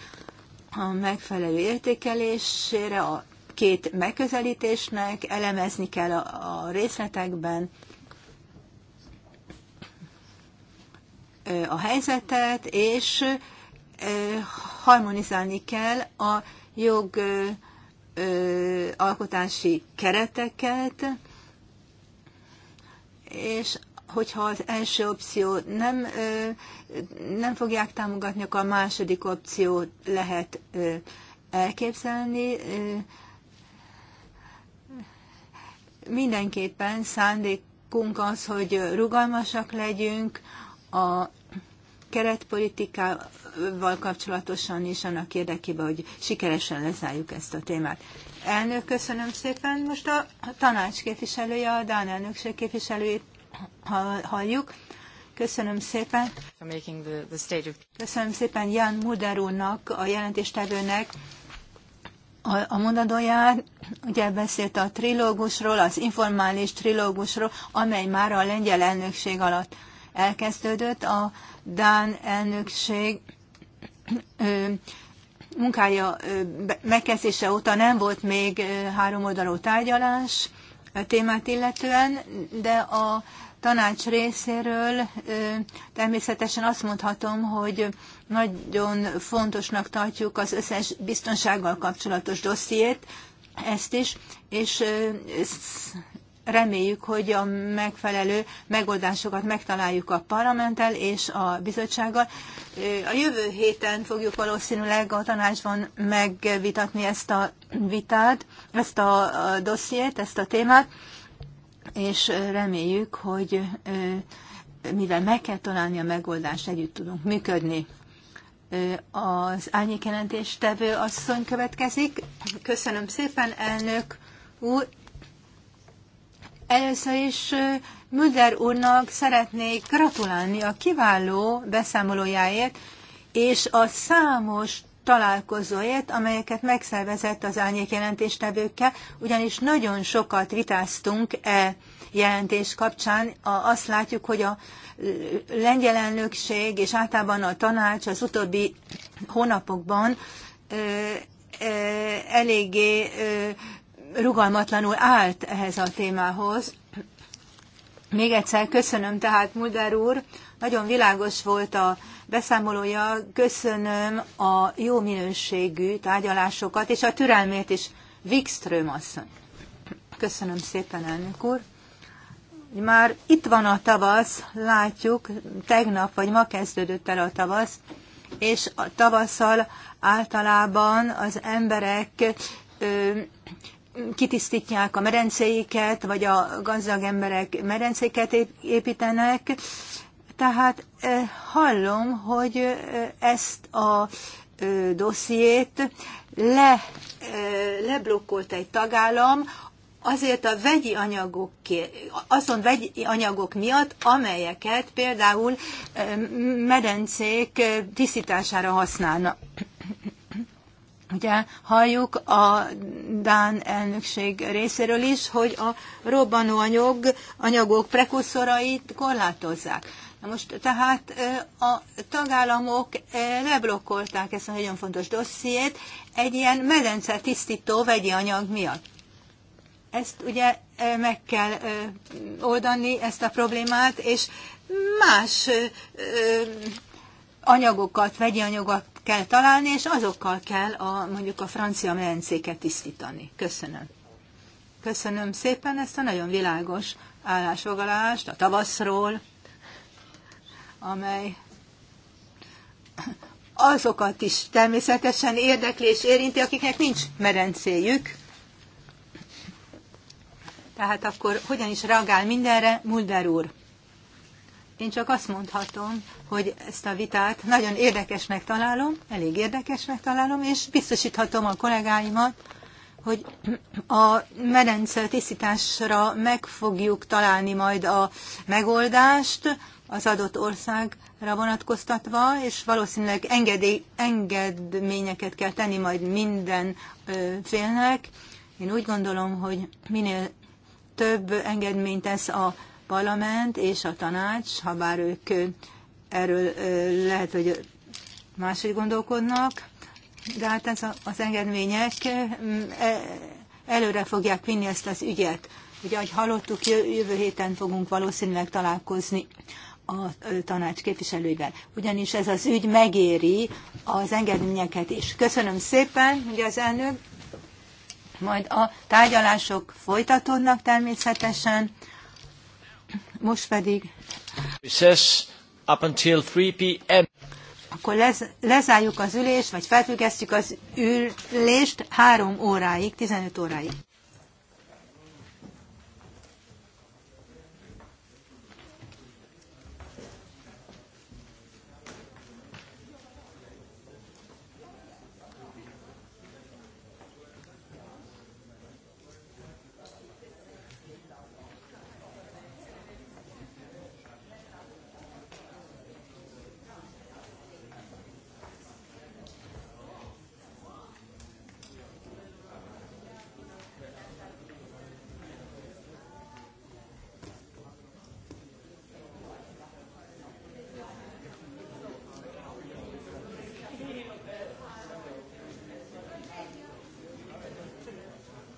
a megfelelő értékelésére a két megközelítésnek, elemezni kell a részletekben a helyzetet, és harmonizálni kell a jog alkotási kereteket, és hogyha az első opció nem, nem fogják támogatni, akkor a második opciót lehet elképzelni. Mindenképpen szándékunk az, hogy rugalmasak legyünk a keretpolitikával kapcsolatosan is, annak érdekében, hogy sikeresen lezárjuk ezt a témát. Elnök, köszönöm szépen. Most a tanács képviselője, a Dán elnökség képviselőjét halljuk. Köszönöm szépen. Köszönöm szépen Jan Mulder a jelentéstevőnek a, a Ugye beszélt a trilógusról, az informális trilógusról, amely már a lengyel elnökség alatt elkezdődött. A Dán elnökség munkája megkezdése óta nem volt még háromoldalú tárgyalás a témát illetően, de a tanács részéről természetesen azt mondhatom, hogy nagyon fontosnak tartjuk az összes biztonsággal kapcsolatos dossziét, ezt is, és reméljük, hogy a megfelelő megoldásokat megtaláljuk a parlamenttel és a bizottsággal. A jövő héten fogjuk valószínűleg a tanácsban megvitatni ezt a vitát, ezt a dossziét, ezt a témát, és reméljük, hogy mivel meg kell találni a megoldást, együtt tudunk működni. Az árnyékjelentéstevő asszony következik. Köszönöm szépen, elnök úr. Először is Müller úrnak szeretnék gratulálni a kiváló beszámolójáért és a számos találkozóért, amelyeket megszervezett az árnyék jelentéstevőkkel, ugyanis nagyon sokat vitáztunk e jelentés kapcsán. Azt látjuk, hogy a lengyel elnökség és általában a tanács az utóbbi hónapokban eléggé rugalmatlanul állt ehhez a témához. Még egyszer köszönöm tehát Mulder úr, nagyon világos volt a beszámolója, köszönöm a jó minőségű tárgyalásokat, és a türelmét is Wikström asszony. Köszönöm szépen, elnök úr. Már itt van a tavasz, látjuk, tegnap vagy ma kezdődött el a tavasz, és a tavasszal általában az emberek ö, kitisztítják a merencéiket, vagy a gazdag emberek merencéket építenek. Tehát eh, hallom, hogy eh, ezt a eh, dossziét le, leblokkolt egy tagállam, azért a vegyi anyagok, azon vegyi anyagok miatt, amelyeket például medencék tisztítására használnak. Ugye halljuk a Dán elnökség részéről is, hogy a anyag, anyagok prekuszorait korlátozzák. Na most tehát a tagállamok leblokkolták ezt a nagyon fontos dossziét egy ilyen medence tisztító vegyi anyag miatt. Ezt ugye meg kell oldani, ezt a problémát, és más anyagokat, vegyi anyagokat kell találni, és azokkal kell a, mondjuk a francia merencéket tisztítani. Köszönöm. Köszönöm szépen ezt a nagyon világos állásfoglalást a tavaszról, amely azokat is természetesen érdekli és érinti, akiknek nincs merencéjük. Tehát akkor hogyan is reagál mindenre Mulder úr? Én csak azt mondhatom, hogy ezt a vitát nagyon érdekesnek találom, elég érdekesnek találom, és biztosíthatom a kollégáimat, hogy a medence tisztításra meg fogjuk találni majd a megoldást az adott országra vonatkoztatva, és valószínűleg engedély, engedményeket kell tenni majd minden félnek. Én úgy gondolom, hogy minél több engedményt tesz a parlament és a tanács, ha bár ők erről lehet, hogy máshogy gondolkodnak, de hát ez a, az engedmények e, előre fogják vinni ezt az ügyet. Ugye, ahogy hallottuk, jövő héten fogunk valószínűleg találkozni a tanács képviselőivel. Ugyanis ez az ügy megéri az engedményeket is. Köszönöm szépen, ugye az elnök. Majd a tárgyalások folytatódnak természetesen most pedig recess up until 3 p.m. Akkor lez, lezárjuk az ülést, vagy felfüggesztjük az ülést három óráig, 15 óráig.